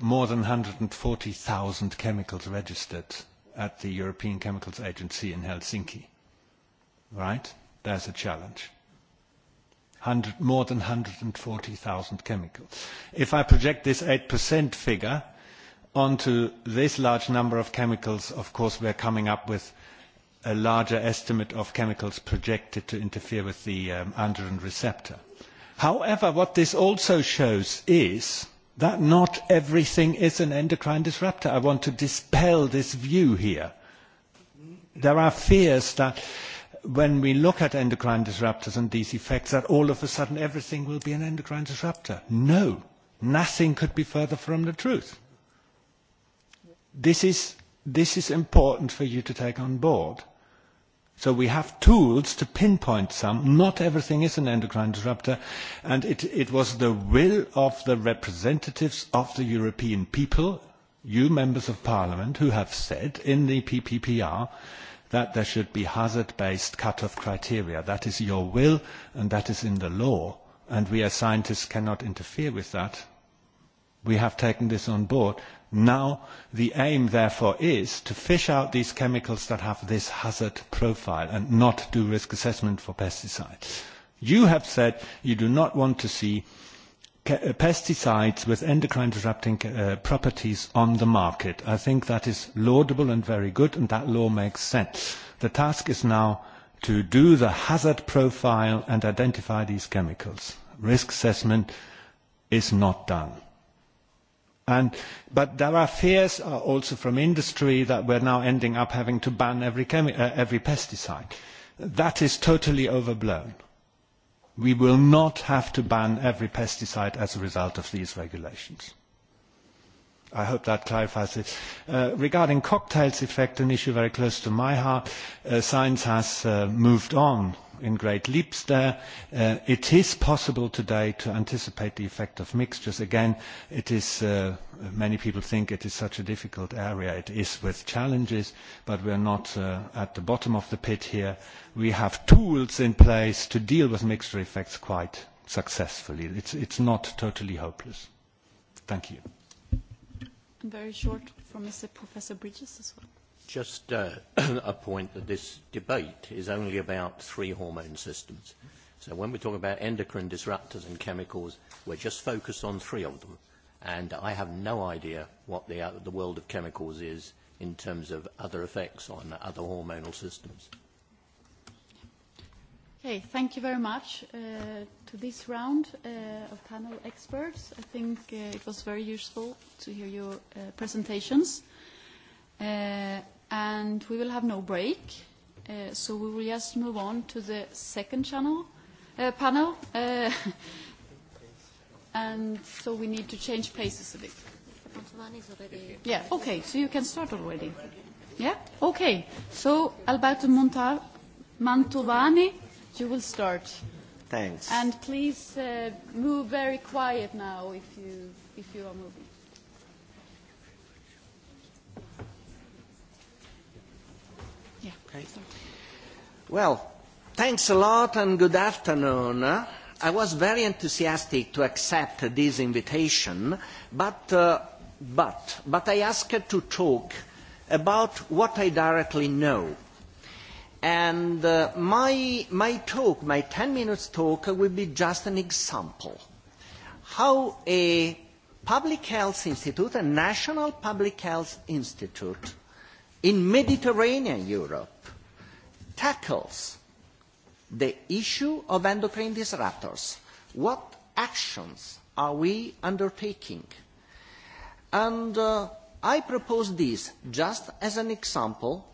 more than 140,000 chemicals registered at the European Chemicals Agency in Helsinki. Right? There's a challenge. More than 140,000 chemicals. If I project this 8% figure onto this large number of chemicals, of course, we are coming up with a larger estimate of chemicals projected to interfere with the androgen receptor. However, what this also shows is that not everything is an endocrine disruptor. I want to dispel this view here. There are fears that when we look at endocrine disruptors and these effects, that all of a sudden everything will be an endocrine disruptor. No, nothing could be further from the truth. This is important for you to take on board. So we have tools to pinpoint some. Not everything is an endocrine disruptor, and it was the will of the representatives of the European people, you members of Parliament, who have said in the PPPR that there should be hazard-based cut-off criteria. That is your will, and that is in the law, and we as scientists cannot interfere with that. We have taken this on board, Now, the aim, therefore, is to fish out these chemicals that have this hazard profile and not do risk assessment for pesticides. You have said you do not want to see pesticides with endocrine-disrupting properties on the market. I think that is laudable and very good, and that law makes sense. The task is now to do the hazard profile and identify these chemicals. Risk assessment is not done. But there are fears also from industry that we're now ending up having to ban every pesticide. That is totally overblown. We will not have to ban every pesticide as a result of these regulations. I hope that clarifies it. Regarding cocktails effect, an issue very close to my heart, science has moved on in great leaps there. It is possible today to anticipate the effect of mixtures. Again, it is many people think it is such a difficult area. It is with challenges, but we are not at the bottom of the pit here. We have tools in place to deal with mixture effects quite successfully. It's not totally hopeless. Thank you. Very short from Mr. Professor Bridges as well. Just a point that this debate is only about three hormone systems. So when we talk about endocrine disruptors and chemicals, we're just focused on three of them. And I have no idea what the, the world of chemicals is in terms of other effects on other hormonal systems. Okay, thank you very much to this round of panel experts. I think it was very useful to hear your presentations and we will have no break, so we will just move on to the second channel panel, and so we need to change places a bit. Yeah, okay, so you can start already. Yeah, okay. So Alberto Mantovani, you will start. Thanks. And please move very quiet now if you if you are moving. Well, thanks a lot and good afternoon. I was very enthusiastic to accept this invitation, but but I asked to talk about what I directly know. And my talk, my 10 minutes talk, will be just an example. How a public health institute, a national public health institute, in Mediterranean Europe tackles the issue of endocrine disruptors. What actions are we undertaking? And I propose this just as an example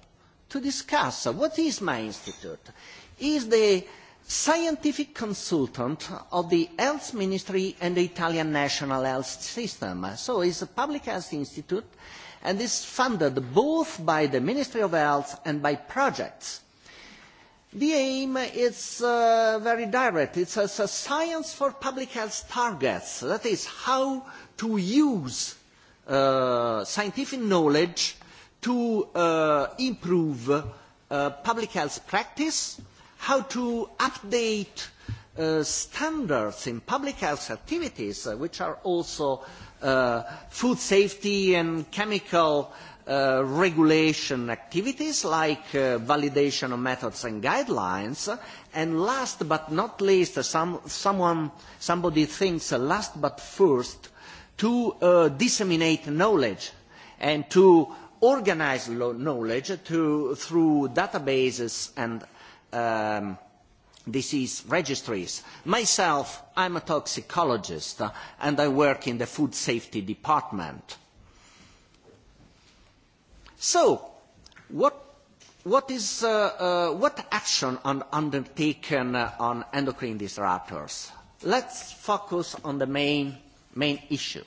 to discuss what is my institute. Is the scientific consultant of the Health Ministry and the Italian National Health System. So it's a public health institute and is funded both by the Ministry of Health and by projects. The aim is very direct. It's a science for public health targets. That is how to use scientific knowledge to improve public health practice, how to update standards in public health activities, which are also food safety and chemical regulation activities like validation of methods and guidelines. And last but not least, somebody thinks last but first, to disseminate knowledge and to organise knowledge through databases and disease registries. Myself, I am a toxicologist and I work in the food safety department. So, what action are undertaken on endocrine disruptors? Let's focus on the main issue.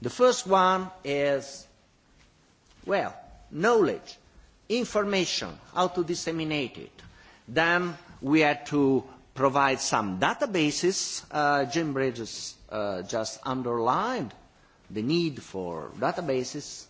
The first one is, well, knowledge, information, how to disseminate it. Then we had to provide some databases. Jim Bridges just underlined the need for databases.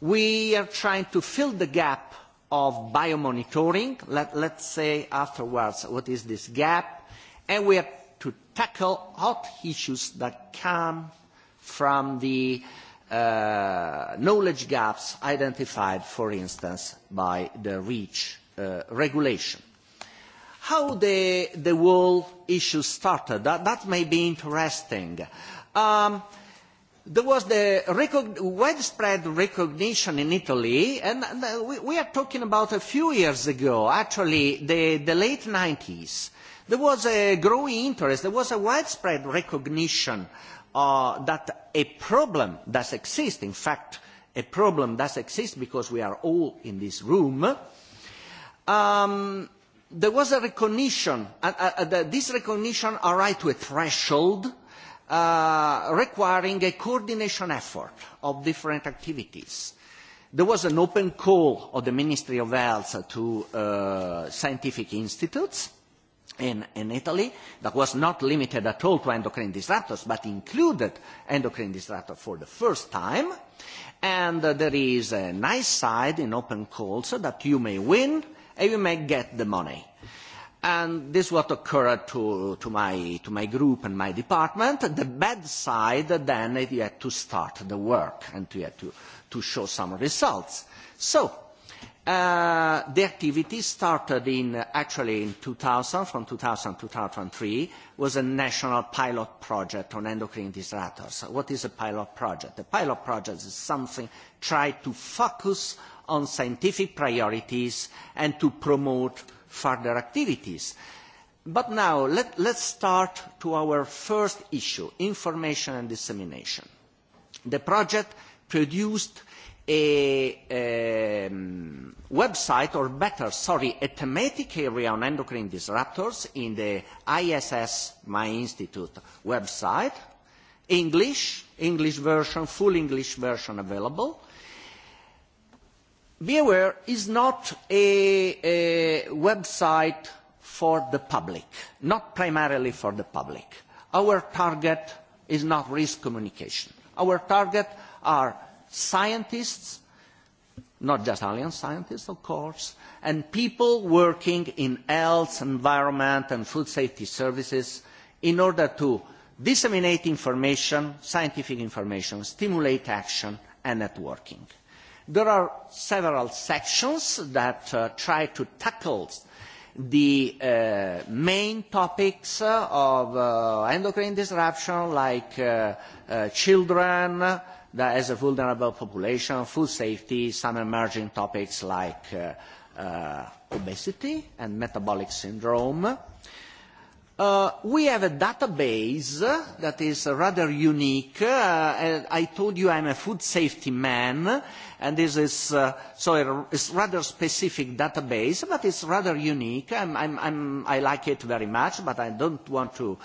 We are trying to fill the gap of biomonitoring. Let's say afterwards what is this gap. And we have to tackle hot issues that come from the knowledge gaps identified, for instance, by the REACH regulation how the the wall issue started. That may be interesting. There was the widespread recognition in Italy, and we are talking about a few years ago, actually the late 90s. There was a growing interest, there was a widespread recognition that a problem does exist, in fact, a problem does exist because we are all in this room there was a recognition, and this recognition arrived to a threshold requiring a coordination effort of different activities. There was an open call of the Ministry of Health to scientific institutes in Italy that was not limited at all to endocrine disruptors, but included endocrine disruptors for the first time. And there is a nice side in open calls that you may win and you may get the money. And this is what occurred to my group and my department. The bad side, then, you had to start the work and you had to show some results. So, the activity started in, actually in 2000, from 2000 to 2003, was a national pilot project on endocrine disruptors. What is a pilot project? A pilot project is something try to focus on scientific priorities and to promote further activities. But now let's start to our first issue, information and dissemination. The project produced a website, or better, sorry, a thematic area on endocrine disruptors in the ISS, my institute, website. English, English version, full English version available aware is not a website for the public not primarily for the public our target is not risk communication our target are scientists not just alien scientists of course and people working in health environment and food safety services in order to disseminate information scientific information stimulate action and networking There are several sections that try to tackle the main topics of endocrine disruption like children as a vulnerable population, food safety, some emerging topics like obesity and metabolic syndrome We have a database that is rather unique. I told you I'm a food safety man, and this is so it's rather specific database, but it's rather unique. I like it very much, but I don't want to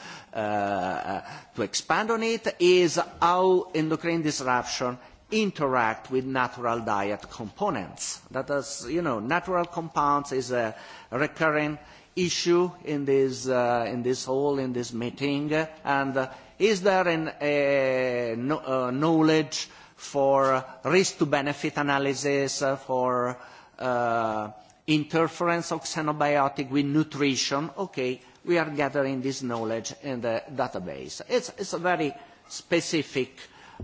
expand on it. Is how endocrine disruption interact with natural diet components. That is, you know, natural compounds is a recurring issue in this in this hall in this meeting and is there a knowledge for risk to benefit analysis for interference of xenobiotic with nutrition okay we are gathering this knowledge in the database it's it's a very specific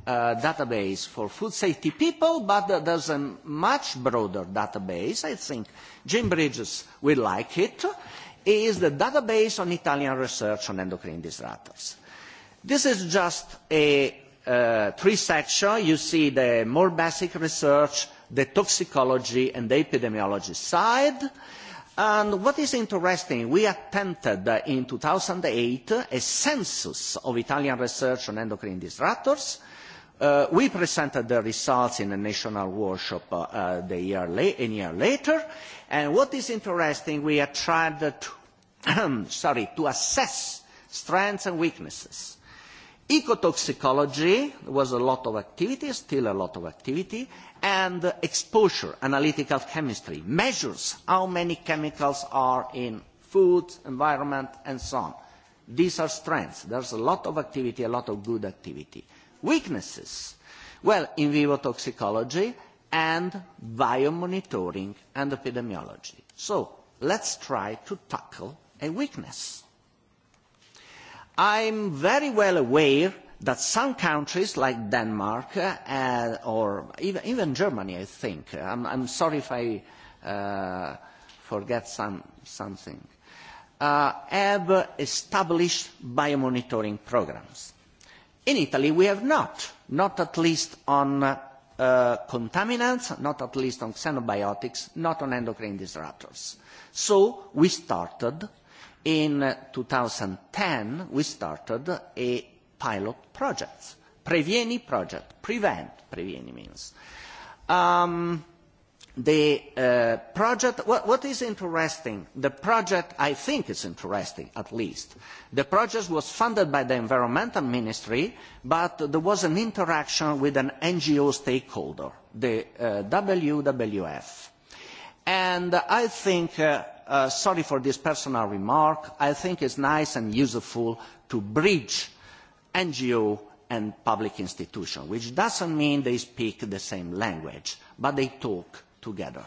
database for food safety people, but there's a much broader database. I think Jim Bridges will like it is the database on Italian research on endocrine disruptors. This is just a three-section. You see the more basic research, the toxicology and the epidemiology side. And what is interesting, we attempted in 2008 a census of Italian research on endocrine disruptors We presented the results in a national workshop a year later, and what is interesting, we have tried to assess strengths and weaknesses. Ecotoxicology was a lot of activity, still a lot of activity, and exposure, analytical chemistry, measures how many chemicals are in food, environment, and so on. These are strengths. There's a lot of activity, a lot of good activity weaknesses? Well, in vivo toxicology and biomonitoring and epidemiology. So let's try to tackle a weakness. I'm very well aware that some countries like Denmark or even Germany, I think, I'm sorry if I forget something, have established biomonitoring programmes. In Italy we have not, not at least on contaminants, not at least on xenobiotics, not on endocrine disruptors. So we started in 2010 we started a pilot project, Previeni project, prevent Previeni means The project, what is interesting, the project I think is interesting at least. The project was funded by the Environmental Ministry, but there was an interaction with an NGO stakeholder, the WWF. And I think, sorry for this personal remark, I think it's nice and useful to bridge NGO and public institution, which doesn't mean they speak the same language, but they talk together.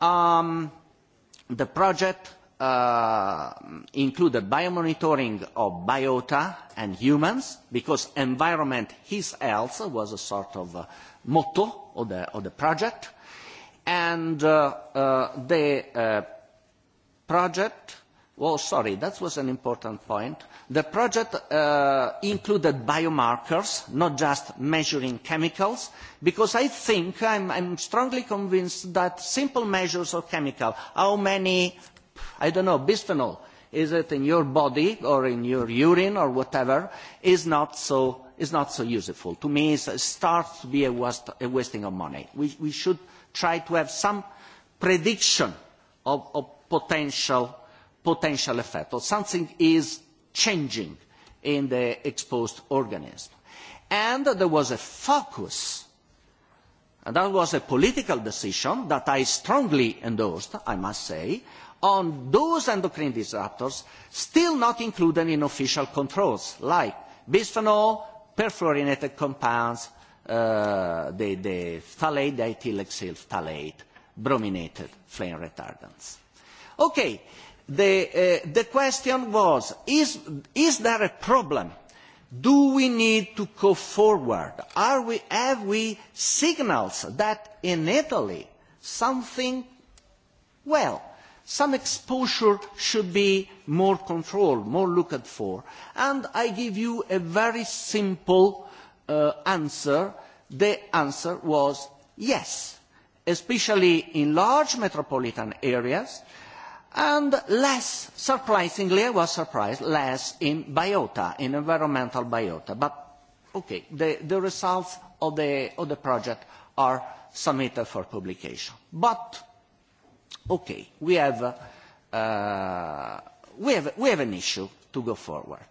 The project included biomonitoring of biota and humans, because environment is health was a sort of motto of the project, and the project, well, sorry, that was an important point The project included biomarkers, not just measuring chemicals, because I think, I'm strongly convinced that simple measures of chemicals, how many, I don't know, bisphenol, is it in your body or in your urine or whatever, is not so useful. To me, it starts to be a wasting of money. We should try to have some prediction of potential effect, or something is changing in the exposed organism. And there was a focus, and that was a political decision that I strongly endorsed, I must say, on those endocrine disruptors still not included in official controls, like bisphenol, perfluorinated compounds, the phthalate, the ethylexyl phthalate, brominated flame retardants. Okay, The question was, is there a problem? Do we need to go forward? Have we signals that in Italy something, well, some exposure should be more controlled, more looked for? And I give you a very simple answer. The answer was yes, especially in large metropolitan areas and less surprisingly i was surprised less in biota in environmental biota but okay the results of the project are submitted for publication but okay we have we have an issue to go forward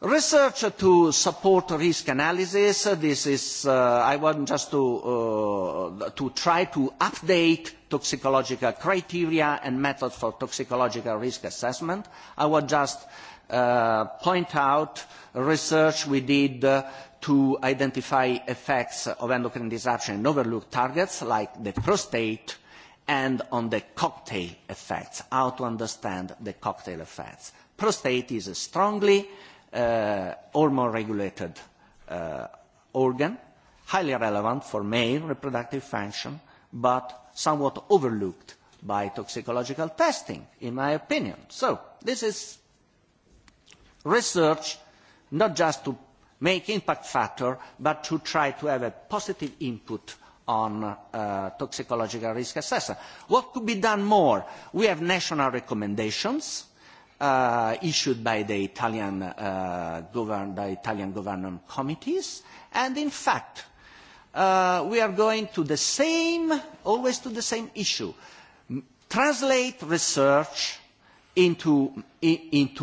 Research to support risk analysis. This is, I want just to try to update toxicological criteria and methods for toxicological risk assessment. I would just point out research we did to identify effects of endocrine disruption in overlooked targets like the prostate and on the cocktail effects, how to understand the cocktail effects. Prostate is strongly hormone-regulated organ, highly relevant for male reproductive function, but somewhat overlooked by toxicological testing, in my opinion. So this is research not just to make impact factor, but to try to have a positive input on toxicological risk assessment. What could be done more? We have national recommendations issued by the Italian government committees. And in fact, we are going to the same, always to the same issue. Translate research into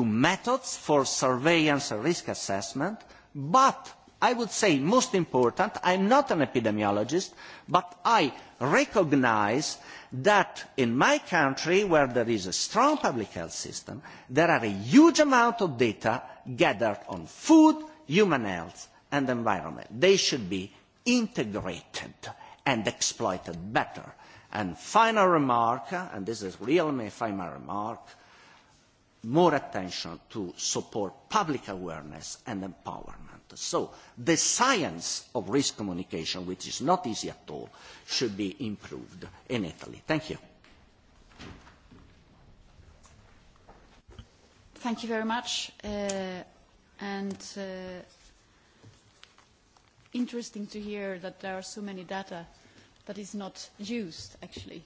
methods for surveillance and risk assessment, but I would say most important, I am not an epidemiologist, but I recognise that in my country, where there is a strong public health system, there are a huge amount of data gathered on food, human health and environment. They should be integrated and exploited better. And final remark, and this is really my final remark more attention to support public awareness and empowerment. So the science of risk communication, which is not easy at all, should be improved in Italy. Thank you. Thank you very much. And interesting to hear that there are so many data that is not used, actually.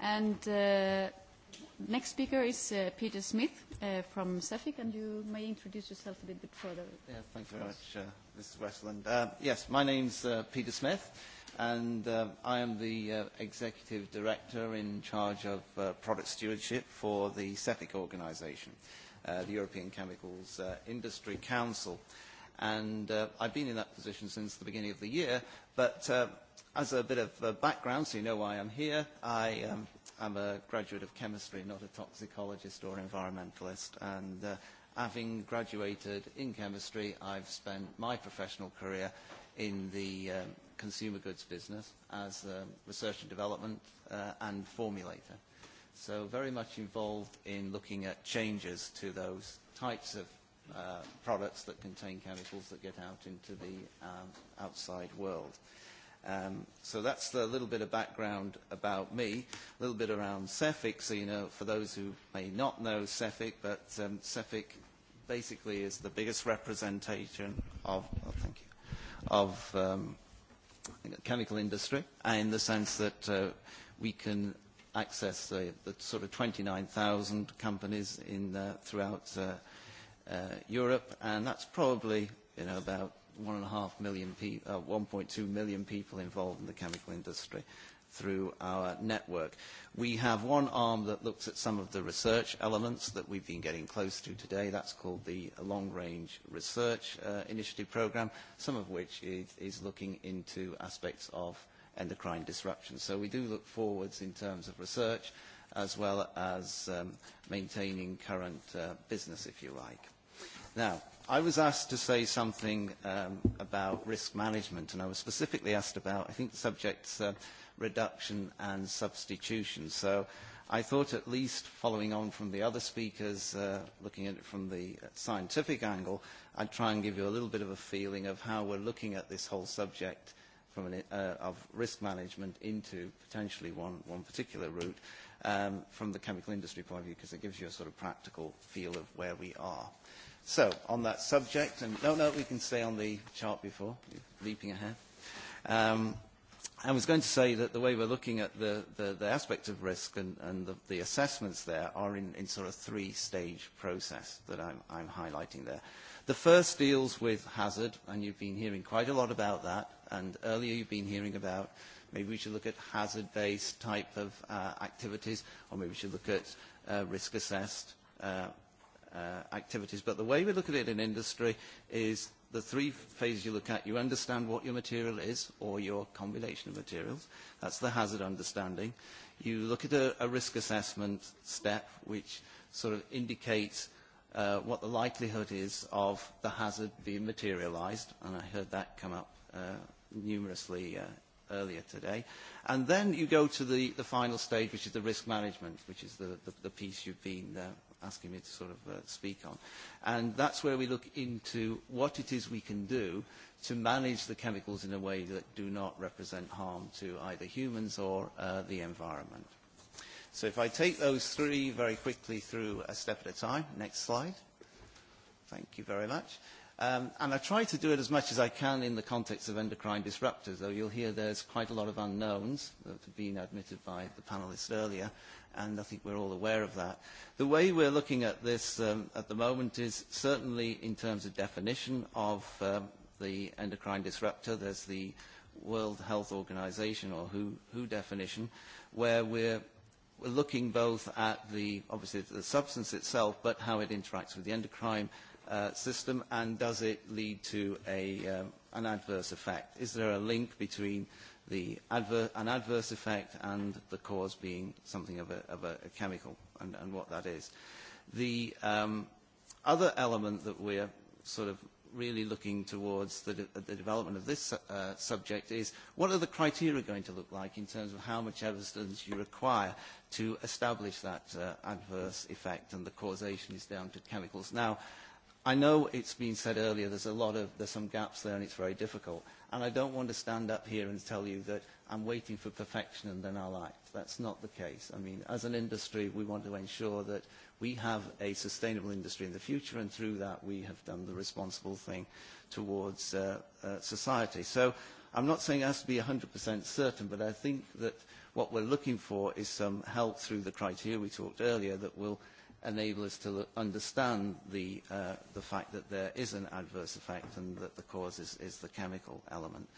And Next speaker is Peter Smith from Cefic, and you may introduce yourself a little bit further. thank you very much, Mrs. Westland. Yes, my name's Peter Smith, and I am the Executive Director in charge of product stewardship for the Cefic organisation, the European Chemicals Industry Council. And I've been in that position since the beginning of the year, but as a bit of background, so you know why I'm here, I I'm a graduate of chemistry, not a toxicologist or environmentalist, and having graduated in chemistry, I've spent my professional career in the consumer goods business as a research and development and formulator. So very much involved in looking at changes to those types of products that contain chemicals that get out into the outside world. So that's a little bit of background about me, a little bit around Cefic. So, you know, for those who may not know Cefic, but Cefic basically is the biggest representation of, thank you, of chemical industry, in the sense that we can access the sort of 29,000 companies in throughout Europe, and that's probably, you know, about 1.2 million people involved in the chemical industry through our network. We have one arm that looks at some of the research elements that we've been getting close to today. That's called the Long Range Research Initiative Program, some of which is looking into aspects of endocrine disruption. So we do look forwards in terms of research as well as maintaining current business, if you like. Now, I was asked to say something about risk management, and I was specifically asked about, I think, the subject's reduction and substitution. So I thought at least, following on from the other speakers, looking at it from the scientific angle, I'd try and give you a little bit of a feeling of how we're looking at this whole subject of risk management into potentially one particular route from the chemical industry point of view, because it gives you a sort of practical feel of where we are. So, on that subject, and no, no, we can stay on the chart before, leaping ahead. Um, I was going to say that the way we're looking at the, the, the aspect of risk and, and the, the assessments there are in, in sort of three-stage process that I'm, I'm highlighting there. The first deals with hazard, and you've been hearing quite a lot about that, and earlier you've been hearing about maybe we should look at hazard-based type of activities, or maybe we should look at risk-assessed activities. But the way we look at it in industry is the three phases you look at. You understand what your material is or your combination of materials. That's the hazard understanding. You look at a risk assessment step which sort of indicates what the likelihood is of the hazard being materialized. And I heard that come up numerously earlier today. And then you go to the final stage, which is the risk management, which is the piece you've been asking me to sort of speak on. And that's where we look into what it is we can do to manage the chemicals in a way that do not represent harm to either humans or the environment. So if I take those three very quickly through a step at a time. Next slide. Thank you very much. And I try to do it as much as I can in the context of endocrine disruptors, though you'll hear there's quite a lot of unknowns that have been admitted by the panelists earlier, and I think we're all aware of that. The way we're looking at this at the moment is certainly in terms of definition of the endocrine disruptor. There's the World Health Organization, or WHO definition, where we're looking both at the, obviously, the substance itself, but how it interacts with the endocrine system and does it lead to a an adverse effect? Is there a link between the an adverse effect and the cause being something of a chemical and what that is? The other element that we're sort of really looking towards the development of this subject is what are the criteria going to look like in terms of how much evidence you require to establish that adverse effect and the causation is down to chemicals. Now, I know it's been said earlier there's a lot of there's some gaps there and it's very difficult. And I don't want to stand up here and tell you that I'm waiting for perfection and then I'll act. That's not the case. I mean, as an industry, we want to ensure that we have a sustainable industry in the future, and through that we have done the responsible thing towards society. So I'm not saying it has to be 100% certain, but I think that what we're looking for is some help through the criteria we talked earlier that will enable us to understand the fact that there is an adverse effect and that the cause is the chemical element.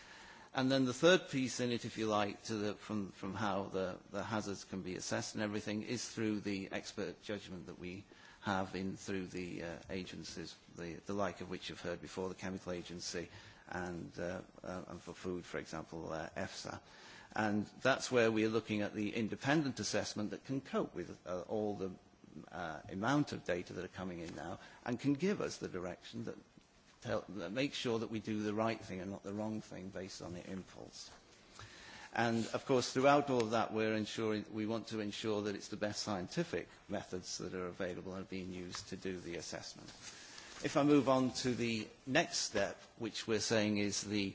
And then the third piece in it, if you like, from how the hazards can be assessed and everything, is through the expert judgment that we have in through the agencies, the like of which you've heard before, the Chemical Agency and for food, for example, EFSA. And that's where we are looking at the independent assessment that can cope with all the amount of data that are coming in now and can give us the direction that that makes sure that we do the right thing and not the wrong thing based on the impulse. And, of course, throughout all of that, we're ensuring, we want to ensure that it's the best scientific methods that are available and being used to do the assessment. If I move on to the next step, which we're saying is the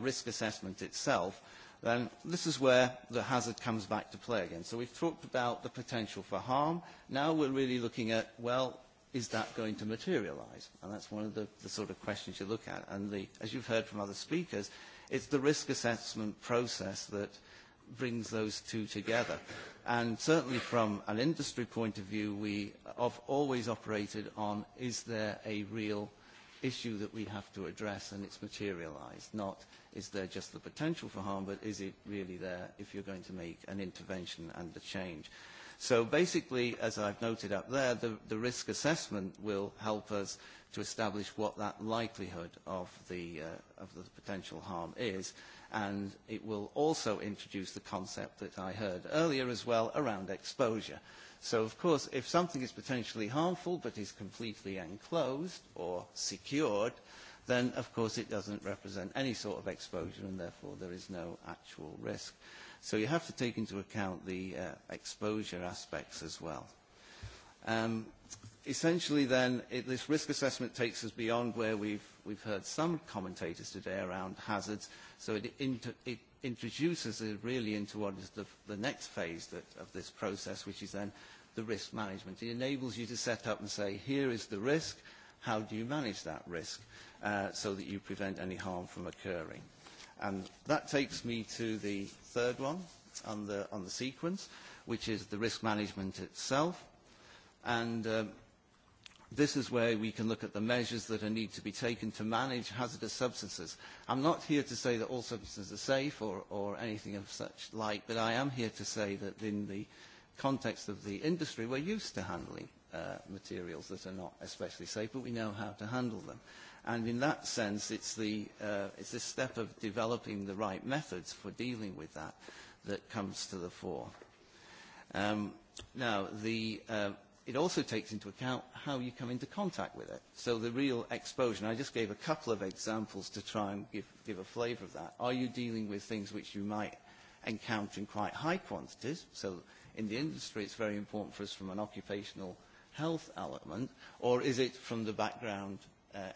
risk assessment itself, then this is where the hazard comes back to play again. So we've talked about the potential for harm. Now we're really looking at, well, is that going to materialize? And that's one of the, sort of questions you look at. And the, as you've heard from other speakers, it's the risk assessment process that brings those two together. And certainly from an industry point of view, we have always operated on, is there a real issue that we have to address and it's materialized, not is there just the potential for harm, but is it really there if you're going to make an intervention and a change. So basically, as I've noted up there, the risk assessment will help us to establish what that likelihood of the potential harm is, and it will also introduce the concept that I heard earlier as well around exposure. So, of course, if something is potentially harmful but is completely enclosed or secured, then, of course, it doesn't represent any sort of exposure and therefore there is no actual risk. So you have to take into account the exposure aspects as well. Essentially, then, this risk assessment takes us beyond where we've we've heard some commentators today around hazards. So it introduces it really into what is the next phase of this process, which is then the risk management. It enables you to set up and say, here is the risk, how do you manage that risk so that you prevent any harm from occurring. And that takes me to the third one on the sequence, which is the risk management itself. And This is where we can look at the measures that need to be taken to manage hazardous substances. I'm not here to say that all substances are safe or anything of such like, but I am here to say that in the context of the industry, we're used to handling materials that are not especially safe, but we know how to handle them. And in that sense, it's this step of developing the right methods for dealing with that that comes to the fore. Now, the it also takes into account how you come into contact with it. So the real exposure, and I just gave a couple of examples to try and give, give a flavor of that. Are you dealing with things which you might encounter in quite high quantities? So in the industry, it's very important for us from an occupational health element, or is it from the background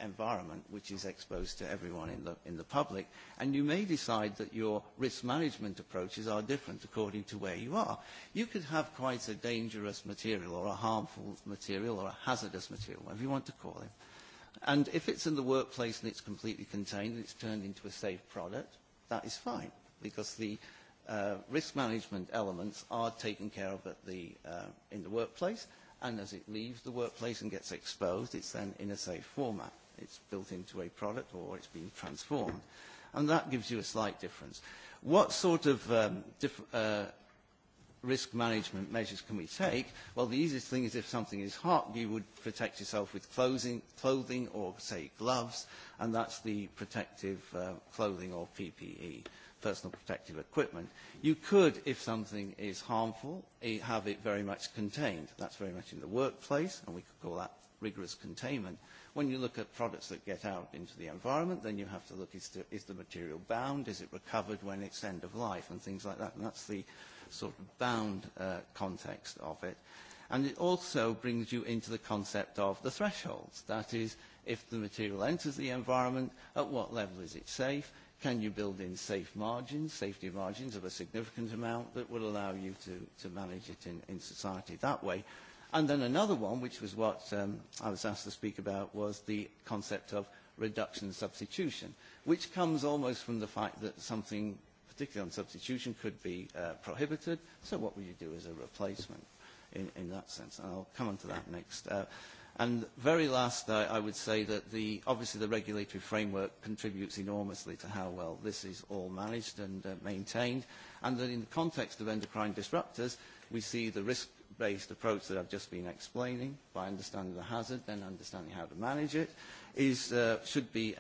environment which is exposed to everyone in the in the public and you may decide that your risk management approaches are different according to where you are you could have quite a dangerous material or a harmful material or a hazardous material whatever you want to call it and if it's in the workplace and it's completely contained and it's turned into a safe product that is fine because the risk management elements are taken care of at the in the workplace and as it leaves the workplace and gets exposed, it's then in a safe format. It's built into a product or it's been transformed. And that gives you a slight difference. What sort of risk management measures can we take? Well, the easiest thing is if something is hot, you would protect yourself with clothing or, say, gloves, and that's the protective clothing or PPE personal protective equipment, you could, if something is harmful, have it very much contained. That's very much in the workplace, and we could call that rigorous containment. When you look at products that get out into the environment, then you have to look, is the material bound? Is it recovered when it's end of life? And things like that. And that's the sort of bound context of it. And it also brings you into the concept of the thresholds. That is, if the material enters the environment, at what level is it safe? Can you build in safe margins, safety margins of a significant amount that will allow you to manage it in society that way? And then another one, which was what I was asked to speak about, was the concept of reduction substitution, which comes almost from the fact that something, particularly on substitution, could be prohibited. So what would you do as a replacement in that sense? And I'll come on to that next. And very last, I would say that the, obviously the regulatory framework contributes enormously to how well this is all managed and maintained, and that in the context of endocrine disruptors, we see the risk-based approach that I've just been explaining, by understanding the hazard, then understanding how to manage it, is, should be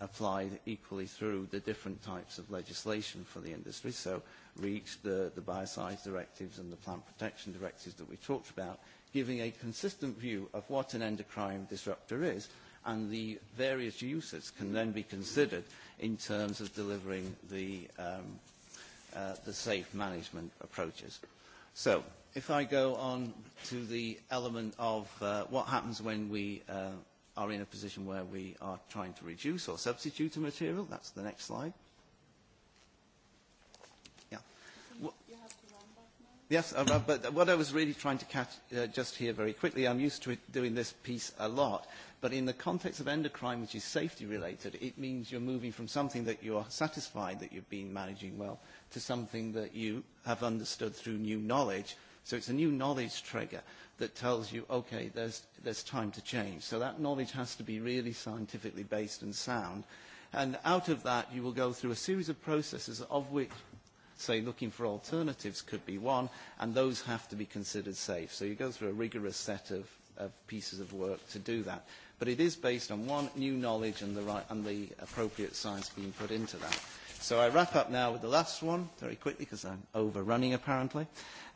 applied equally through the different types of legislation for the industry. So REACH, the, the directives and the plant protection directives that we talked about giving a consistent view of what an endocrine disruptor is, and the various uses can then be considered in terms of delivering the safe management approaches. So if I go on to the element of what happens when we are in a position where we are trying to reduce or substitute a material, that's the next slide. Yes, but what I was really trying to catch just here very quickly, I'm used to doing this piece a lot, but in the context of endocrine, which is safety related, it means you're moving from something that you are satisfied that you've been managing well to something that you have understood through new knowledge. So it's a new knowledge trigger that tells you, okay, there's, there's time to change. So that knowledge has to be really scientifically based and sound. And out of that, you will go through a series of processes of which say looking for alternatives could be one, and those have to be considered safe. So you go through a rigorous set of pieces of work to do that. But it is based on, one, new knowledge and the appropriate science being put into that. So I wrap up now with the last one, very quickly, because I'm overrunning apparently.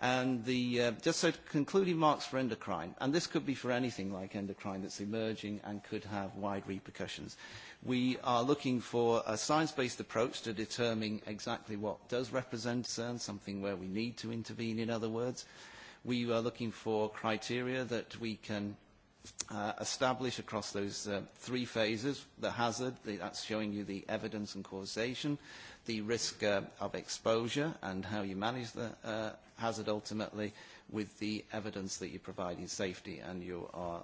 And the, just so concluding marks for endocrine, and this could be for anything like endocrine that's emerging and could have wide repercussions. We are looking for a science-based approach to determining exactly what does represent CERN, something where we need to intervene, in other words. We are looking for criteria that we can establish across those three phases, the hazard, that's showing you the evidence and causation, the risk of exposure and how you manage the hazard ultimately, with the evidence that you provide in safety and you are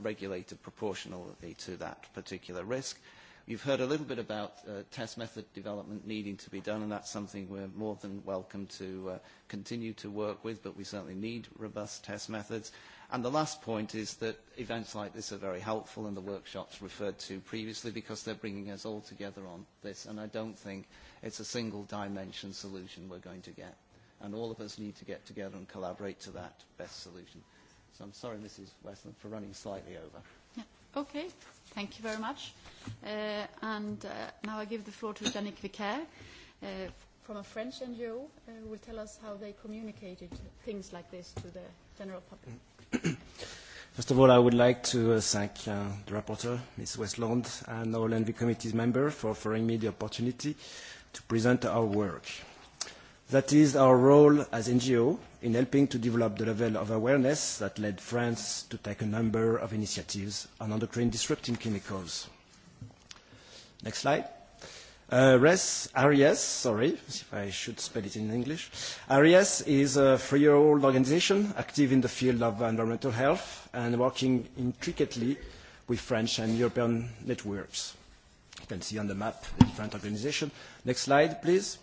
regulated proportionally to that particular risk. You've heard a little bit about test method development needing to be done and that's something we're more than welcome to continue to work with but we certainly need robust test methods. And the last point is that events like this are very helpful in the workshops referred to previously because they're bringing us all together on this and I don't think it's a single dimension solution we're going to get and all of us need to get together and collaborate to that best solution. So I'm sorry, Mrs. Westland, for running slightly over. Okay, thank you very much. And now I give the floor to Yannick Vicaire from a French NGO who will tell us how they communicated things like this to the general public. First of all, I would like to thank the rapporteur, Ms. Westland, and all NV Committee's members for offering me the opportunity to present our work. That is our role as NGO in helping to develop the level of awareness that led France to take a number of initiatives on endocrine-disrupting chemicals. Next slide. RES, sorry, if I should spell it in English. RES is a three-year-old organization active in the field of environmental health and working intricately with French and European networks. You can see on the map the different organizations. Next slide, please.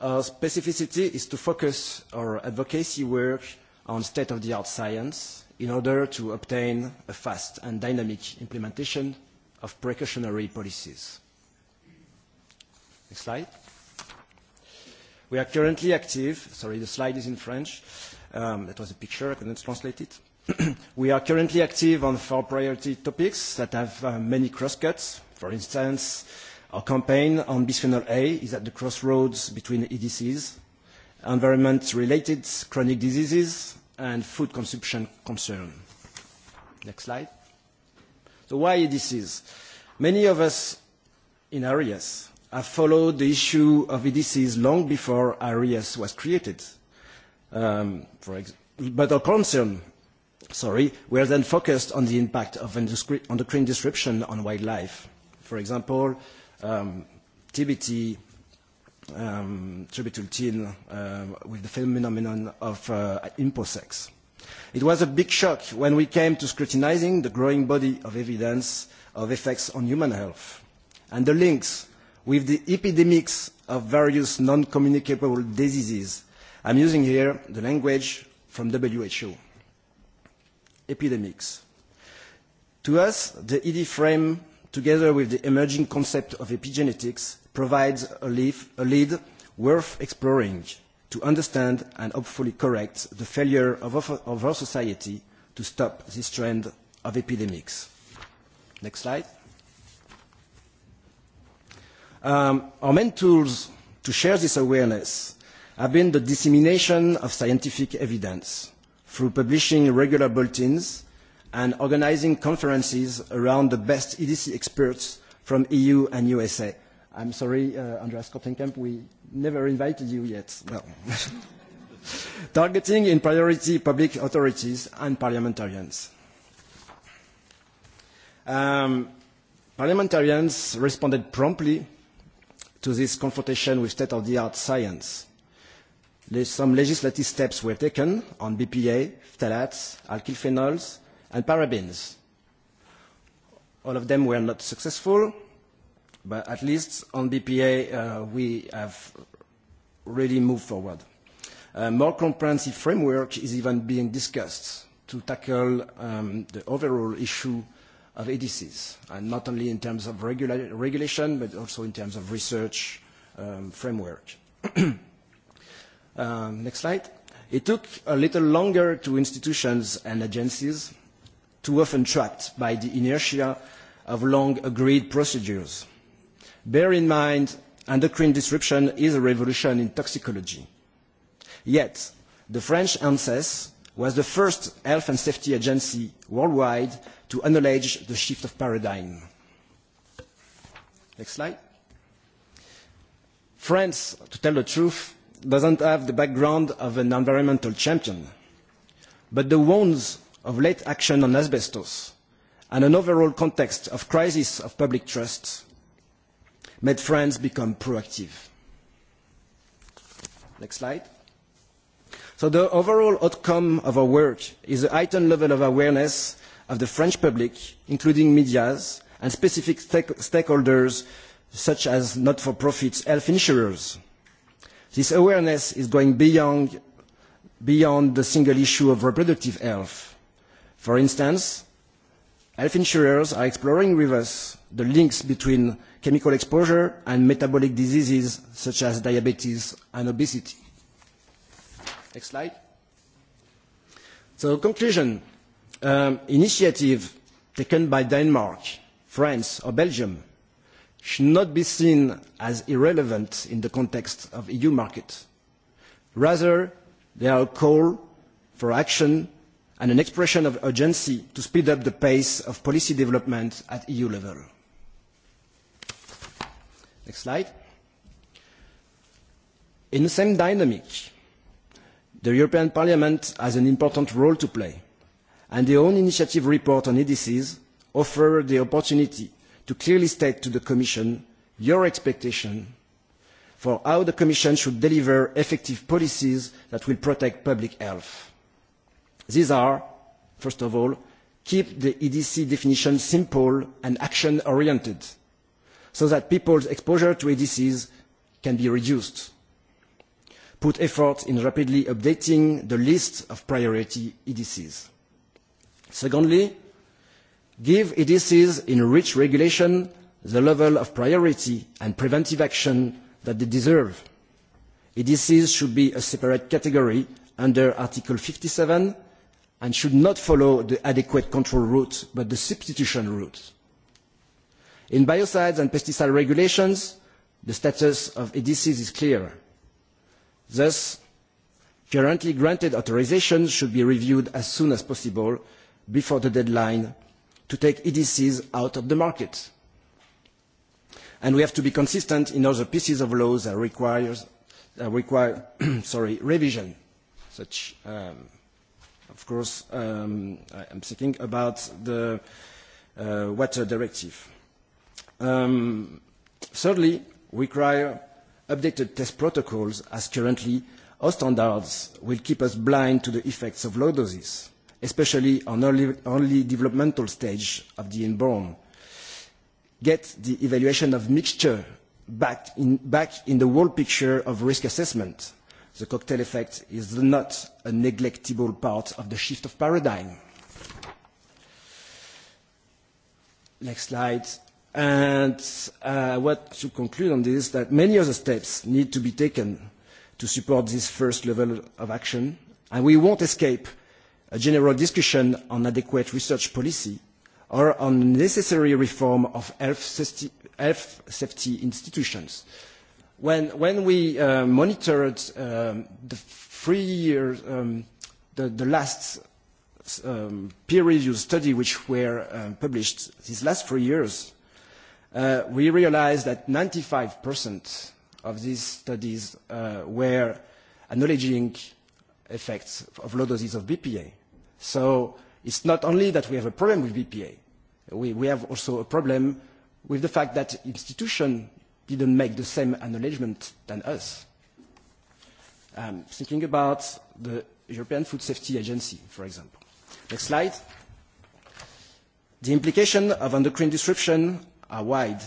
Our Specificity is to focus our advocacy work on state-of-the-art science in order to obtain a fast and dynamic implementation of precautionary policies. Next slide. We are currently active. Sorry, the slide is in French. That was a picture. I couldn't translate it. We are currently active on four priority topics that have many crosscuts. For instance, Our campaign on bisphenol A is at the crossroads between EDCs, environment-related chronic diseases, and food consumption concern. Next slide. So why EDCs? Many of us in ARIAS have followed the issue of EDCs long before ARIAS was created. But our concern, sorry, were then focused on the impact of endocrine disruption on wildlife. For example, TBT, tributyltin, with the phenomenon of imposex. It was a big shock when we came to scrutinizing the growing body of evidence of effects on human health and the links with the epidemics of various non-communicable diseases. I'm using here the language from WHO. Epidemics. To us, the ED frame together with the emerging concept of epigenetics, provides a lead worth exploring to understand and hopefully correct the failure of our society to stop this trend of epidemics. Next slide. Our main tools to share this awareness have been the dissemination of scientific evidence through publishing regular bulletins and organizing conferences around the best EDC experts from EU and USA. I'm sorry, Andreas Kottenkamp, we never invited you yet. Targeting in priority public authorities and parliamentarians. Parliamentarians responded promptly to this confrontation with state-of-the-art science. Some legislative steps were taken on BPA, phthalates, alkyl phenols, and parabens. All of them were not successful, but at least on BPA we have really moved forward. A more comprehensive framework is even being discussed to tackle the overall issue of EDCs, and not only in terms of regulation, but also in terms of research framework. Next slide. It took a little longer to institutions and agencies too often trapped by the inertia of long agreed procedures. Bear in mind, endocrine disruption is a revolution in toxicology. Yet, the French ANSES was the first health and safety agency worldwide to acknowledge the shift of paradigm. Next slide. France, to tell the truth, doesn't have the background of an environmental champion, but the wounds of late action on asbestos and an overall context of crisis of public trust made France become proactive. Next slide. So the overall outcome of our work is a heightened level of awareness of the French public, including medias and specific stakeholders such as not-for-profits health insurers. This awareness is going beyond the single issue of reproductive health For instance, health insurers are exploring with us the links between chemical exposure and metabolic diseases such as diabetes and obesity. Next slide. So, conclusion. Initiative taken by Denmark, France or Belgium should not be seen as irrelevant in the context of EU market. Rather, they are a call for action and an expression of urgency to speed up the pace of policy development at EU level. Next slide. In the same dynamic, the European Parliament has an important role to play, and the own initiative report on EDCs offers the opportunity to clearly state to the Commission your expectation for how the Commission should deliver effective policies that will protect public health. These are, first of all, keep the EDC definition simple and action-oriented so that people's exposure to EDCs can be reduced. Put effort in rapidly updating the list of priority EDCs. Secondly, give EDCs in rich regulation the level of priority and preventive action that they deserve. EDCs should be a separate category under Article 57 and should not follow the adequate control route but the substitution route. In biocides and pesticide regulations, the status of EDCs is clear. Thus, currently granted authorizations should be reviewed as soon as possible before the deadline to take EDCs out of the market. And we have to be consistent in other pieces of laws that require sorry, revision, such Of course, I'm thinking about the water directive. Thirdly, we require updated test protocols as currently our standards will keep us blind to the effects of low doses, especially on early developmental stage of the inborn. Get the evaluation of mixture back in the whole picture of risk assessment The cocktail effect is not a neglectable part of the shift of paradigm. Next slide. And what to conclude on this is that many other steps need to be taken to support this first level of action, and we won't escape a general discussion on adequate research policy or on necessary reform of health safety institutions When we monitored the three years, the last peer-reviewed study which were published these last three years, we realized that 95% of these studies were acknowledging effects of low doses of BPA. So it's not only that we have a problem with BPA, we have also a problem with the fact that institutions didn't make the same acknowledgement than us. Um, thinking about the European Food Safety Agency, for example. Next slide. The implications of endocrine disruption are wide.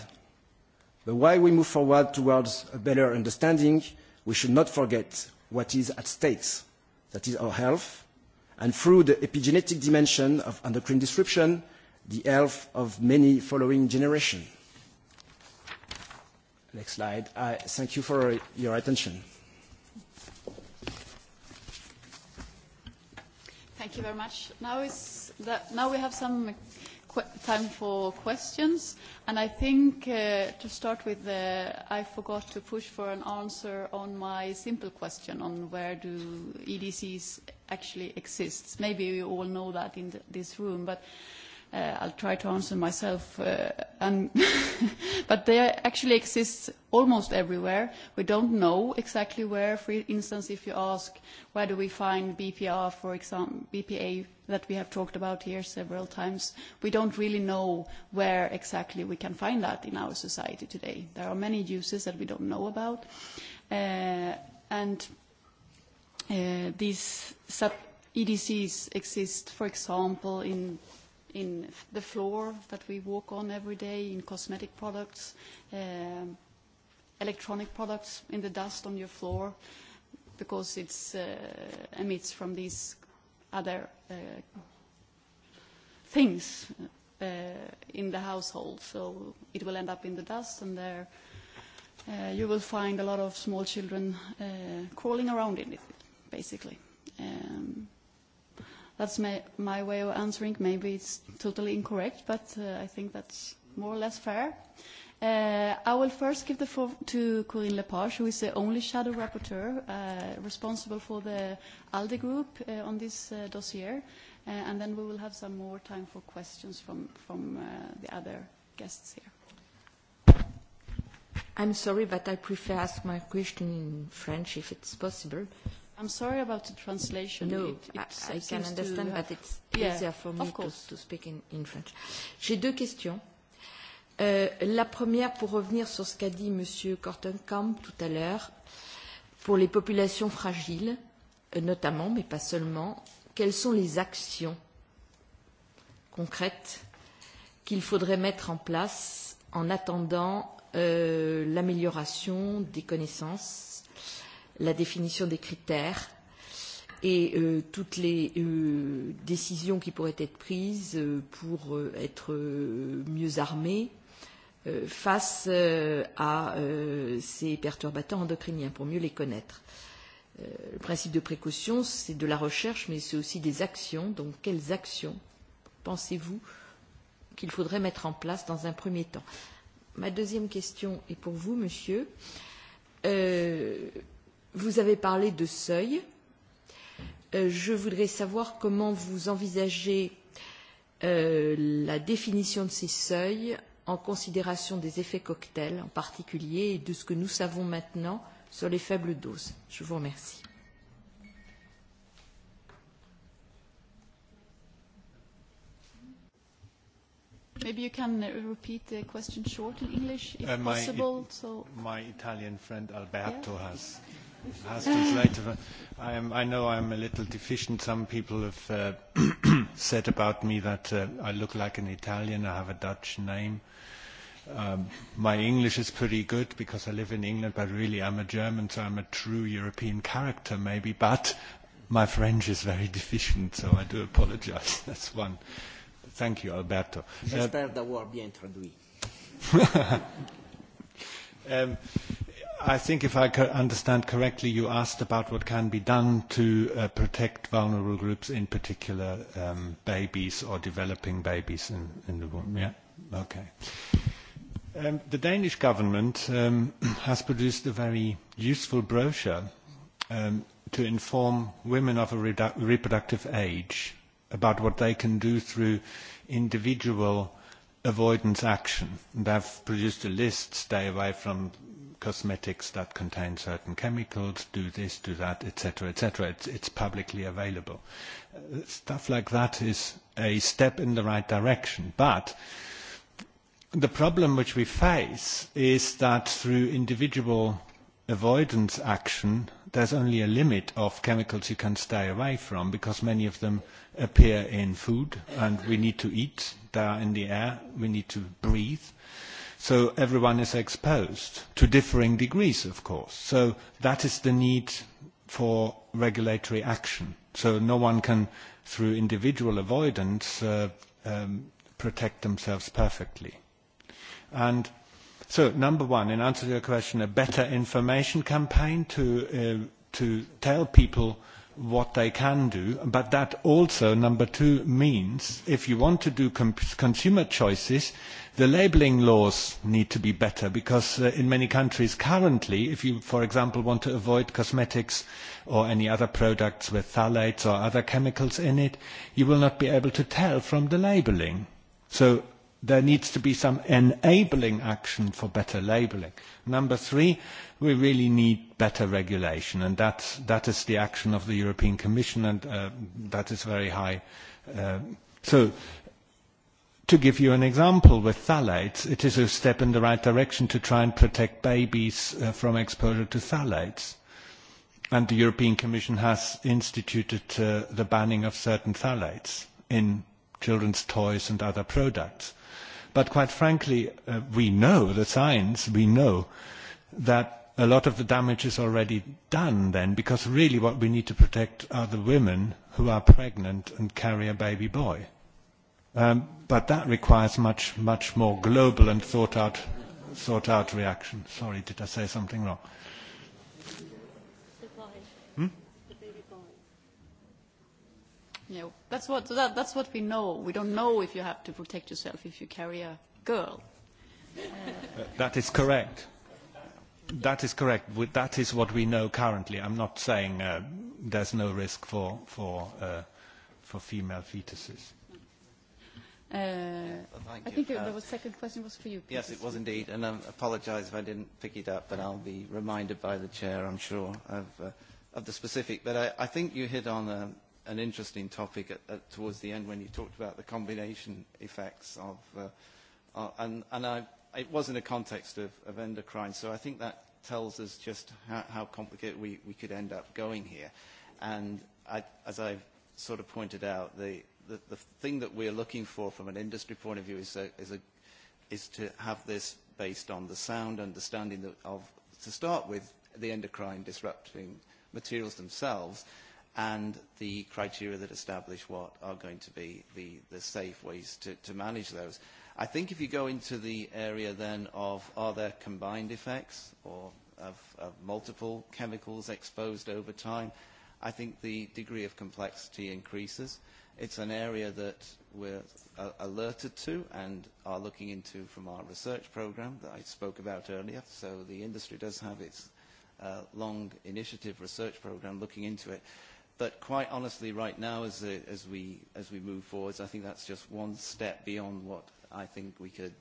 But while we move forward towards a better understanding, we should not forget what is at stake, that is our health, and through the epigenetic dimension of endocrine disruption, the health of many following generations. Next slide. Thank you for your attention. Thank you very much. Now is now we have some time for questions, and I think to start with, I forgot to push for an answer on my simple question on where do EDCs actually exist. Maybe you all know that in this room, but I'll try to answer myself. But they actually exist almost everywhere. We don't know exactly where. For instance, if you ask where do we find BPR, for example, BPA that we have talked about here several times, we don't really know where exactly we can find that in our society today. There are many uses that we don't know about. And these sub-EDCs exist, for example, in in the floor that we walk on every day, in cosmetic products, electronic products, in the dust on your floor, because it emits from these other things in the household. So it will end up in the dust, and there you will find a lot of small children crawling around in it, basically. That's my way of answering. Maybe it's totally incorrect, but I think that's more or less fair. I will first give the floor to Corinne Lepage, who is the only shadow rapporteur responsible for the ALDE group on this dossier, and then we will have some more time for questions from the other guests here. I'm sorry, but I prefer ask my question in French, if it's possible I'm sorry about the translation. No, I can understand, but it's easier for me to speak in French. J'ai deux questions. La première, pour revenir sur ce qu'a dit M. Kortenkamp tout à l'heure, pour les populations fragiles, notamment, mais pas seulement, quelles sont les actions concrètes qu'il faudrait mettre en place en attendant l'amélioration des connaissances la définition des critères et toutes les décisions qui pourraient être prises pour être mieux armés face à ces perturbateurs endocriniens, pour mieux les connaître. Le principe de précaution, c'est de la recherche, mais c'est aussi des actions. Donc, quelles actions pensez-vous qu'il faudrait mettre en place dans un premier temps Ma deuxième question est pour vous, monsieur. Vous avez parlé de seuil. Je voudrais savoir comment vous envisagez la définition de ces seuils en considération des effets cocktails en particulier et de ce que nous savons maintenant sur les faibles doses. Je vous remercie. Maybe you can repeat the question I know I am a little deficient. Some people have said about me that I look like an Italian. I have a Dutch name. My English is pretty good because I live in England, but really I'm a German, so I'm a true European character maybe. But my French is very deficient, so I do apologize. That's one. Thank you, Alberto. I think if I understand correctly, you asked about what can be done to protect vulnerable groups, in particular babies or developing babies in the womb. Yeah. Okay. The Danish government has produced a very useful brochure to inform women of a reproductive age about what they can do through individual avoidance action. They have produced a list, stay away from cosmetics that contain certain chemicals, do this, do that, etc., etc. It's publicly available. Stuff like that is a step in the right direction. But the problem which we face is that through individual avoidance action, there's only a limit of chemicals you can stay away from because many of them appear in food and we need to eat. They are in the air. We need to breathe So everyone is exposed to differing degrees, of course. So that is the need for regulatory action. So no one can, through individual avoidance, protect themselves perfectly. And so, number one, in answer to your question, a better information campaign to tell people what they can do, but that also, number two, means if you want to do consumer choices, the labelling laws need to be better because in many countries currently, if you, for example, want to avoid cosmetics or any other products with phthalates or other chemicals in it, you will not be able to tell from the labelling. So there needs to be some enabling action for better labelling. Number three, we really need better regulation, and that is the action of the European Commission, and that is very high. So, to give you an example, with phthalates, it is a step in the right direction to try and protect babies from exposure to phthalates. And the European Commission has instituted the banning of certain phthalates in children's toys and other products. But quite frankly, we know the science, we know that a lot of the damage is already done then, because really what we need to protect are the women who are pregnant and carry a baby boy. But that requires much, much more global and thought-out reaction. Sorry, did I say something wrong? That's what that's what we know. We don't know if you have to protect yourself if you carry a girl. That is correct. That is correct. That is what we know currently. I'm not saying there's no risk for for for female fetuses. I think the second question was for you. Yes, it was indeed, and I apologize if I didn't pick it up, but I'll be reminded by the chair, I'm sure, of of the specific. But I think you hit on an interesting topic towards the end when you talked about the combination effects of, and I it was in a context of endocrine, so I think that tells us just how complicated we we could end up going here. And as I've sort of pointed out, the the thing that we're looking for from an industry point of view is is to have this based on the sound understanding of, to start with, the endocrine disrupting materials themselves and the criteria that establish what are going to be the, the safe ways to, to manage those. I think if you go into the area then of are there combined effects or of, of multiple chemicals exposed over time, I think the degree of complexity increases. It's an area that we're alerted to and are looking into from our research program that I spoke about earlier. So the industry does have its long initiative research program looking into it. But quite honestly, right now, as as we move forward, I think that's just one step beyond what I think we could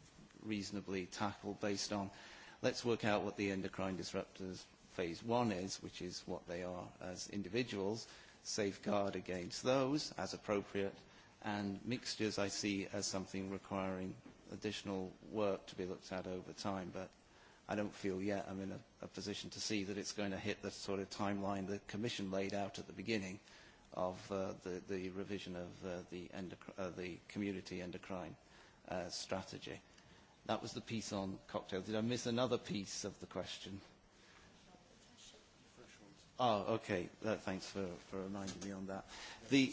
reasonably tackle based on let's work out what the endocrine disruptors phase one is, which is what they are as individuals, safeguard against those as appropriate, and mixtures I see as something requiring additional work to be looked at over time. But I don't feel yet I'm in a position to see that it's going to hit the sort of timeline the Commission laid out at the beginning of the the revision of the the community endocrine strategy. That was the piece on cocktails. Did I miss another piece of the question? Oh, okay. Thanks for for reminding me on that. The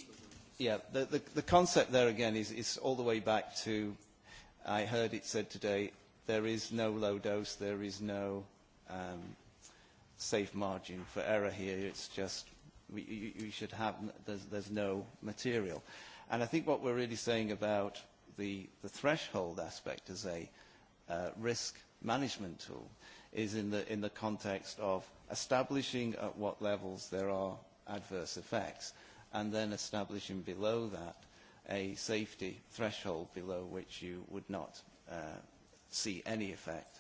yeah, the the concept there again is all the way back to I heard it said today there is no low dose, there is no safe margin for error here. It's just you should have, there's no material. And I think what we're really saying about the threshold aspect as a risk management tool is in the context of establishing at what levels there are adverse effects and then establishing below that a safety threshold below which you would not see any effect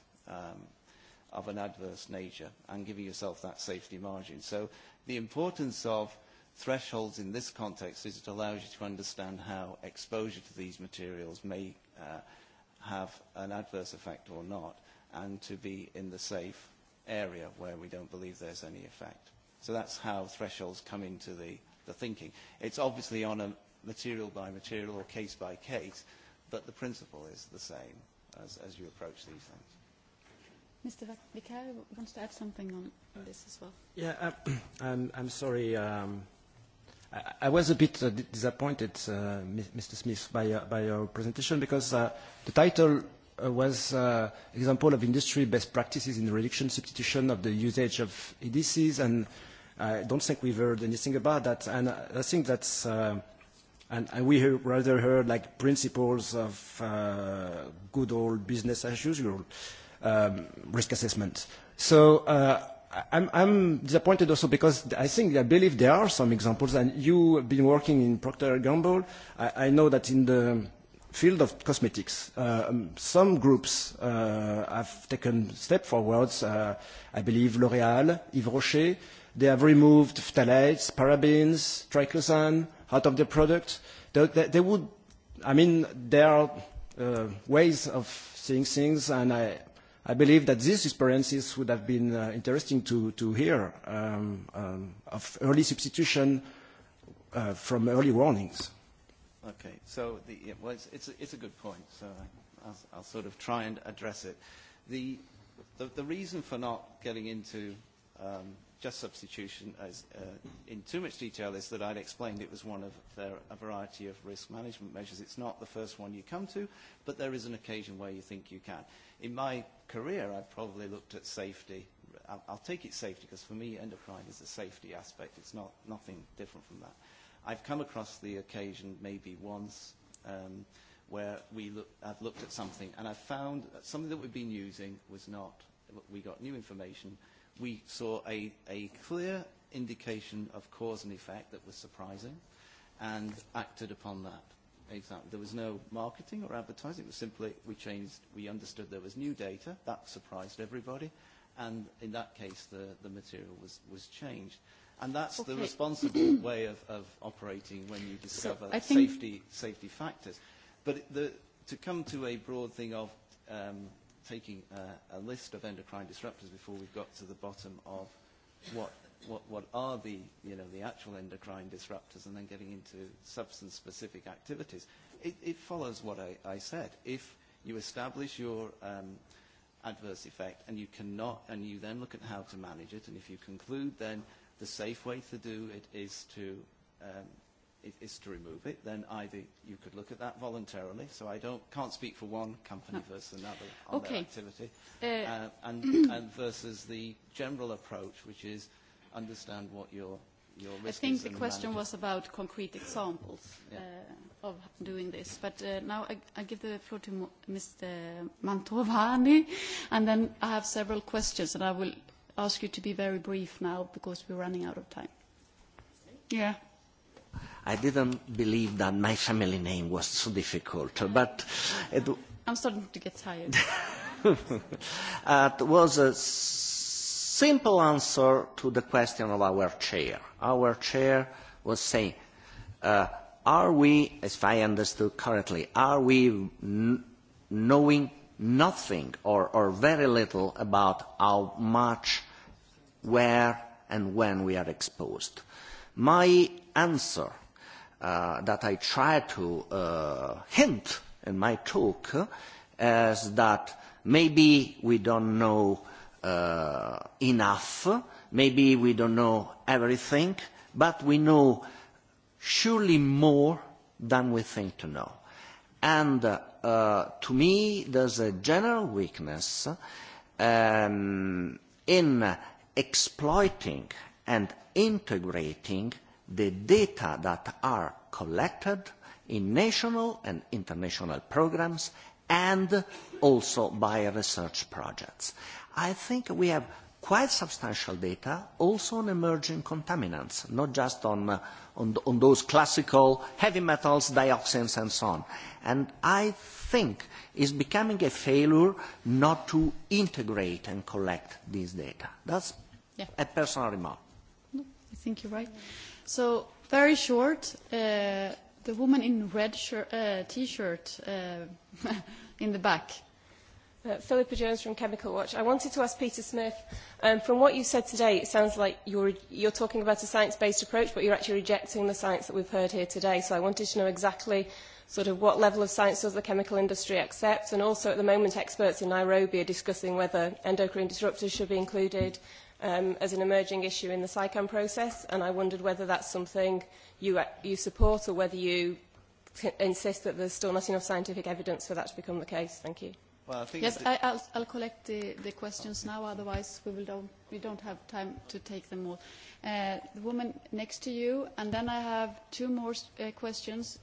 of an adverse nature and giving yourself that safety margin. So the importance of thresholds in this context is it allows you to understand how exposure to these materials may have an adverse effect or not and to be in the safe area where we don't believe there's any effect. So that's how thresholds come into the, the thinking. It's obviously on a material by material or case by case, but the principle is the same as, as you approach these things. Mr. Vicario wants to add something on this as well. Yeah, I'm, I'm sorry. Um, I, I was a bit uh, disappointed, uh, Mr. Smith, by, uh, by your presentation because uh, the title was uh, example of industry best practices in reduction substitution of the usage of EDCs, and I don't think we've heard anything about that. And I think that's And we rather heard like principles of good old business as usual risk assessment. So I'm disappointed also because I think I believe there are some examples. And you have been working in Procter Gamble. I know that in the field of cosmetics, some groups have taken step forwards. I believe L'Oréal, Yves Rocher. They have removed phthalates, parabens, triclosan out of the product. They would, I mean, there are ways of seeing things, and I, I believe that these experiences would have been interesting to to hear of early substitution from early warnings. Okay, so the, well, it's, it's, a good point, so I'll, sort of try and address it. The, the, the reason for not getting into um, just substitution as in too much detail is that I'd explained it was one of a variety of risk management measures. It's not the first one you come to, but there is an occasion where you think you can. In my career, I've probably looked at safety. I'll take it safety because for me, endocrine is a safety aspect. It's not nothing different from that. I've come across the occasion maybe once where we I've looked at something and I found that something that we've been using was not. We got new information we saw a, a clear indication of cause and effect that was surprising and acted upon that. Exactly. There was no marketing or advertising. It was simply we changed, we understood there was new data. That surprised everybody. And in that case, the, the material was, was changed. And that's the responsible way of, of operating when you discover safety, safety factors. But the, to come to a broad thing of um, taking a list of endocrine disruptors before we've got to the bottom of what what what are the you know the actual endocrine disruptors and then getting into substance specific activities it it follows what i i said if you establish your um adverse effect and you cannot and you then look at how to manage it and if you conclude then the safe way to do it is to um is to remove it, then either you could look at that voluntarily, so I don't can't speak for one company versus another on their activity, and versus the general approach, which is understand what your your risk is. I think the question was about concrete examples of doing this, but now I give the floor to Mr. Mantovani, and then I have several questions, and I will ask you to be very brief now because we're running out of time. Yeah. I didn't believe that my family name was so difficult, but I'm starting to get tired. It was a simple answer to the question of our chair. Our chair was saying, are we, as I understood correctly, are we knowing nothing or very little about how much, where and when we are exposed? My answer that I try to hint in my talk is that maybe we don't know enough, maybe we don't know everything, but we know surely more than we think to know. And to me, there's a general weakness in exploiting and integrating the data that are collected in national and international programs and also by research projects. I think we have quite substantial data also on emerging contaminants, not just on those classical heavy metals, dioxins and so on. And I think is becoming a failure not to integrate and collect these data. That's a personal remark. I think you're right. So, very short, the woman in red T-shirt in the back. Philippa Jones from Chemical Watch. I wanted to ask Peter Smith, from what you said today, it sounds like you're talking about a science-based approach, but you're actually rejecting the science that we've heard here today. So I wanted to know exactly sort of what level of science does the chemical industry accept, and also at the moment experts in Nairobi are discussing whether endocrine disruptors should be included as an emerging issue in the SICAM process, and I wondered whether that's something you support or whether you insist that there's still not enough scientific evidence for that to become the case. Thank you. Yes, I'll collect the questions now, otherwise we don't have time to take them all. The woman next to you, and then I have two more questions.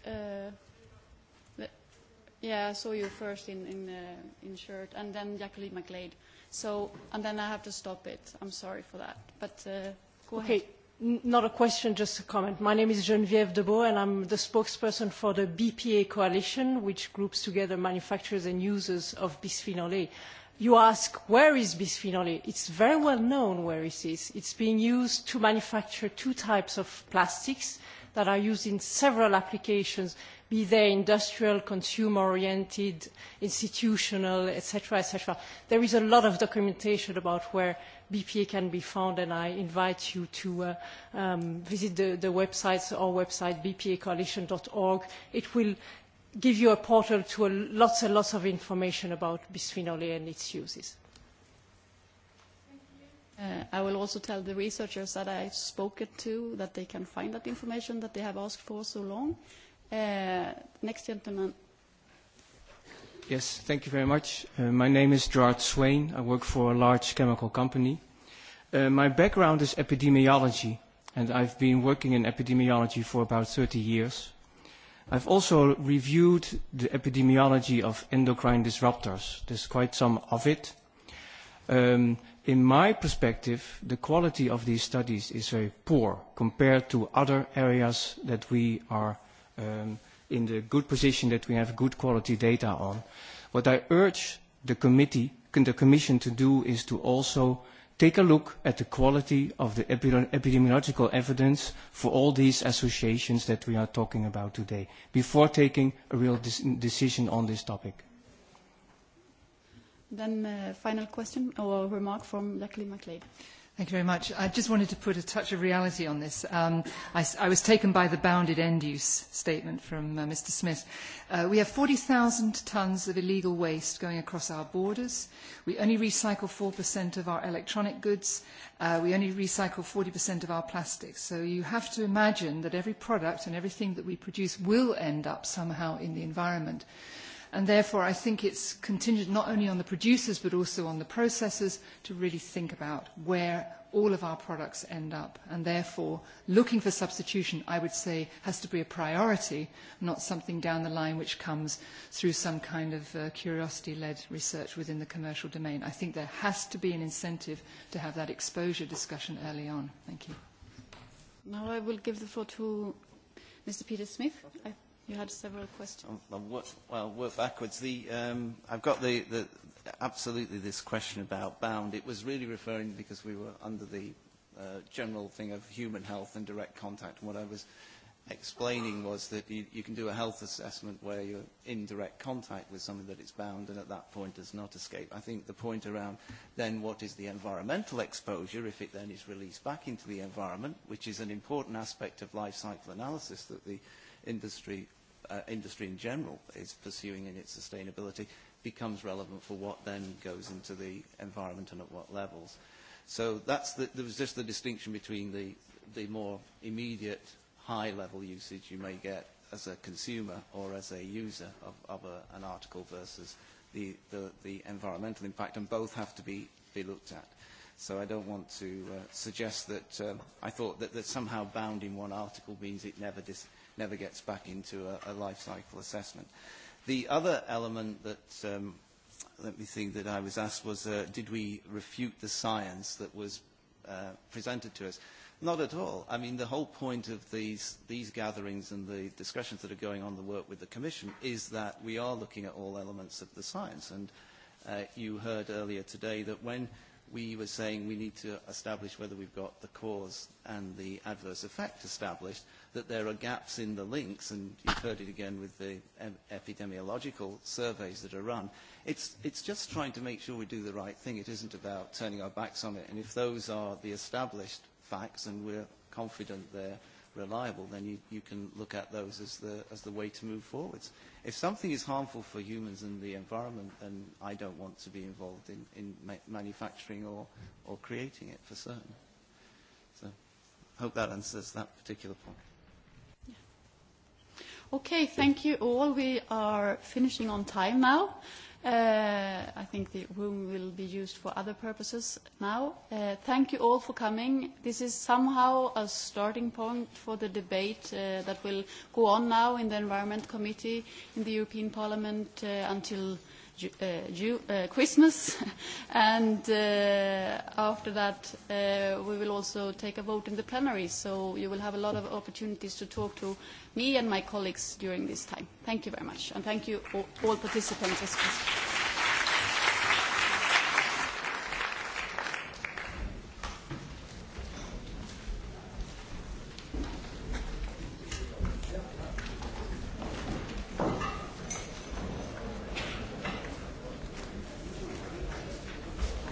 Yeah, I saw you first in in shirt, and then Jacqueline McLeod. So, and then I have to stop it. I'm sorry for that. But go ahead. Not a question, just a comment. My name is Geneviève Debo, and I'm the spokesperson for the BPA Coalition, which groups together manufacturers and users of bisphenol A. You ask, where is bisphenol A? It's very well known where it is. It's being used to manufacture two types of plastics that are used in several applications be they industrial, consumer-oriented, institutional, etc., etc. There is a lot of documentation about where BPA can be found, and I invite you to visit the website, our website, bpacoalition.org. It will give you a portal to lots and lots of information about bisphenol A and its uses. I will also tell the researchers that I've spoken to that they can find that information that they have asked for so long Next gentleman. Yes, thank you very much. My name is Gerard Swain. I work for a large chemical company. My background is epidemiology, and I've been working in epidemiology for about 30 years. I've also reviewed the epidemiology of endocrine disruptors. There's quite some of it. In my perspective, the quality of these studies is very poor compared to other areas that we are in the good position that we have good quality data on. What I urge the committee, the Commission to do is to also take a look at the quality of the epidemiological evidence for all these associations that we are talking about today before taking a real decision on this topic. Then final question or remark from Jacqueline MacLeod. Thank you very much. I just wanted to put a touch of reality on this. I was taken by the bounded end-use statement from Mr. Smith. We have 40,000 tons of illegal waste going across our borders. We only recycle 4% of our electronic goods. We only recycle 40% of our plastics. So you have to imagine that every product and everything that we produce will end up somehow in the environment. And therefore, I think it's contingent not only on the producers but also on the processors to really think about where all of our products end up. And therefore, looking for substitution, I would say, has to be a priority, not something down the line which comes through some kind of curiosity-led research within the commercial domain. I think there has to be an incentive to have that exposure discussion early on. Thank you. Now I will give the floor to Mr. Peter Smith. You had several questions. Well, work backwards. The I've got the the absolutely this question about bound. It was really referring because we were under the general thing of human health and direct contact. What I was explaining was that you can do a health assessment where you're in direct contact with something that is bound and at that point does not escape. I think the point around then what is the environmental exposure if it then is released back into the environment, which is an important aspect of life cycle analysis that the industry industry in general is pursuing in its sustainability becomes relevant for what then goes into the environment and at what levels. So that's the, there was just the distinction between the, the more immediate high-level usage you may get as a consumer or as a user of, of a, an article versus the, the, the environmental impact, and both have to be, be looked at. So I don't want to uh, suggest that I thought that, that somehow bound in one article means it never dis never gets back into a life cycle assessment. The other element that, let me think, that I was asked was, did we refute the science that was presented to us? Not at all. I mean, the whole point of these gatherings and the discussions that are going on, the work with the Commission, is that we are looking at all elements of the science. And you heard earlier today that when we were saying we need to establish whether we've got the cause and the adverse effect established, that there are gaps in the links, and you've heard it again with the epidemiological surveys that are run. It's, it's just trying to make sure we do the right thing. It isn't about turning our backs on it. And if those are the established facts and we're confident they're reliable, then you, you can look at those as the, as the way to move forwards. If something is harmful for humans and the environment, then I don't want to be involved in, in manufacturing or, or creating it for certain. So hope that answers that particular point. Okay, thank you all. We are finishing on time now. I think the room will be used for other purposes now. Thank you all for coming. This is somehow a starting point for the debate that will go on now in the Environment Committee in the European Parliament until Christmas. And after that, we will also take a vote in the plenary. So you will have a lot of opportunities to talk to me and my colleagues during this time. Thank you very much. And thank you all participants.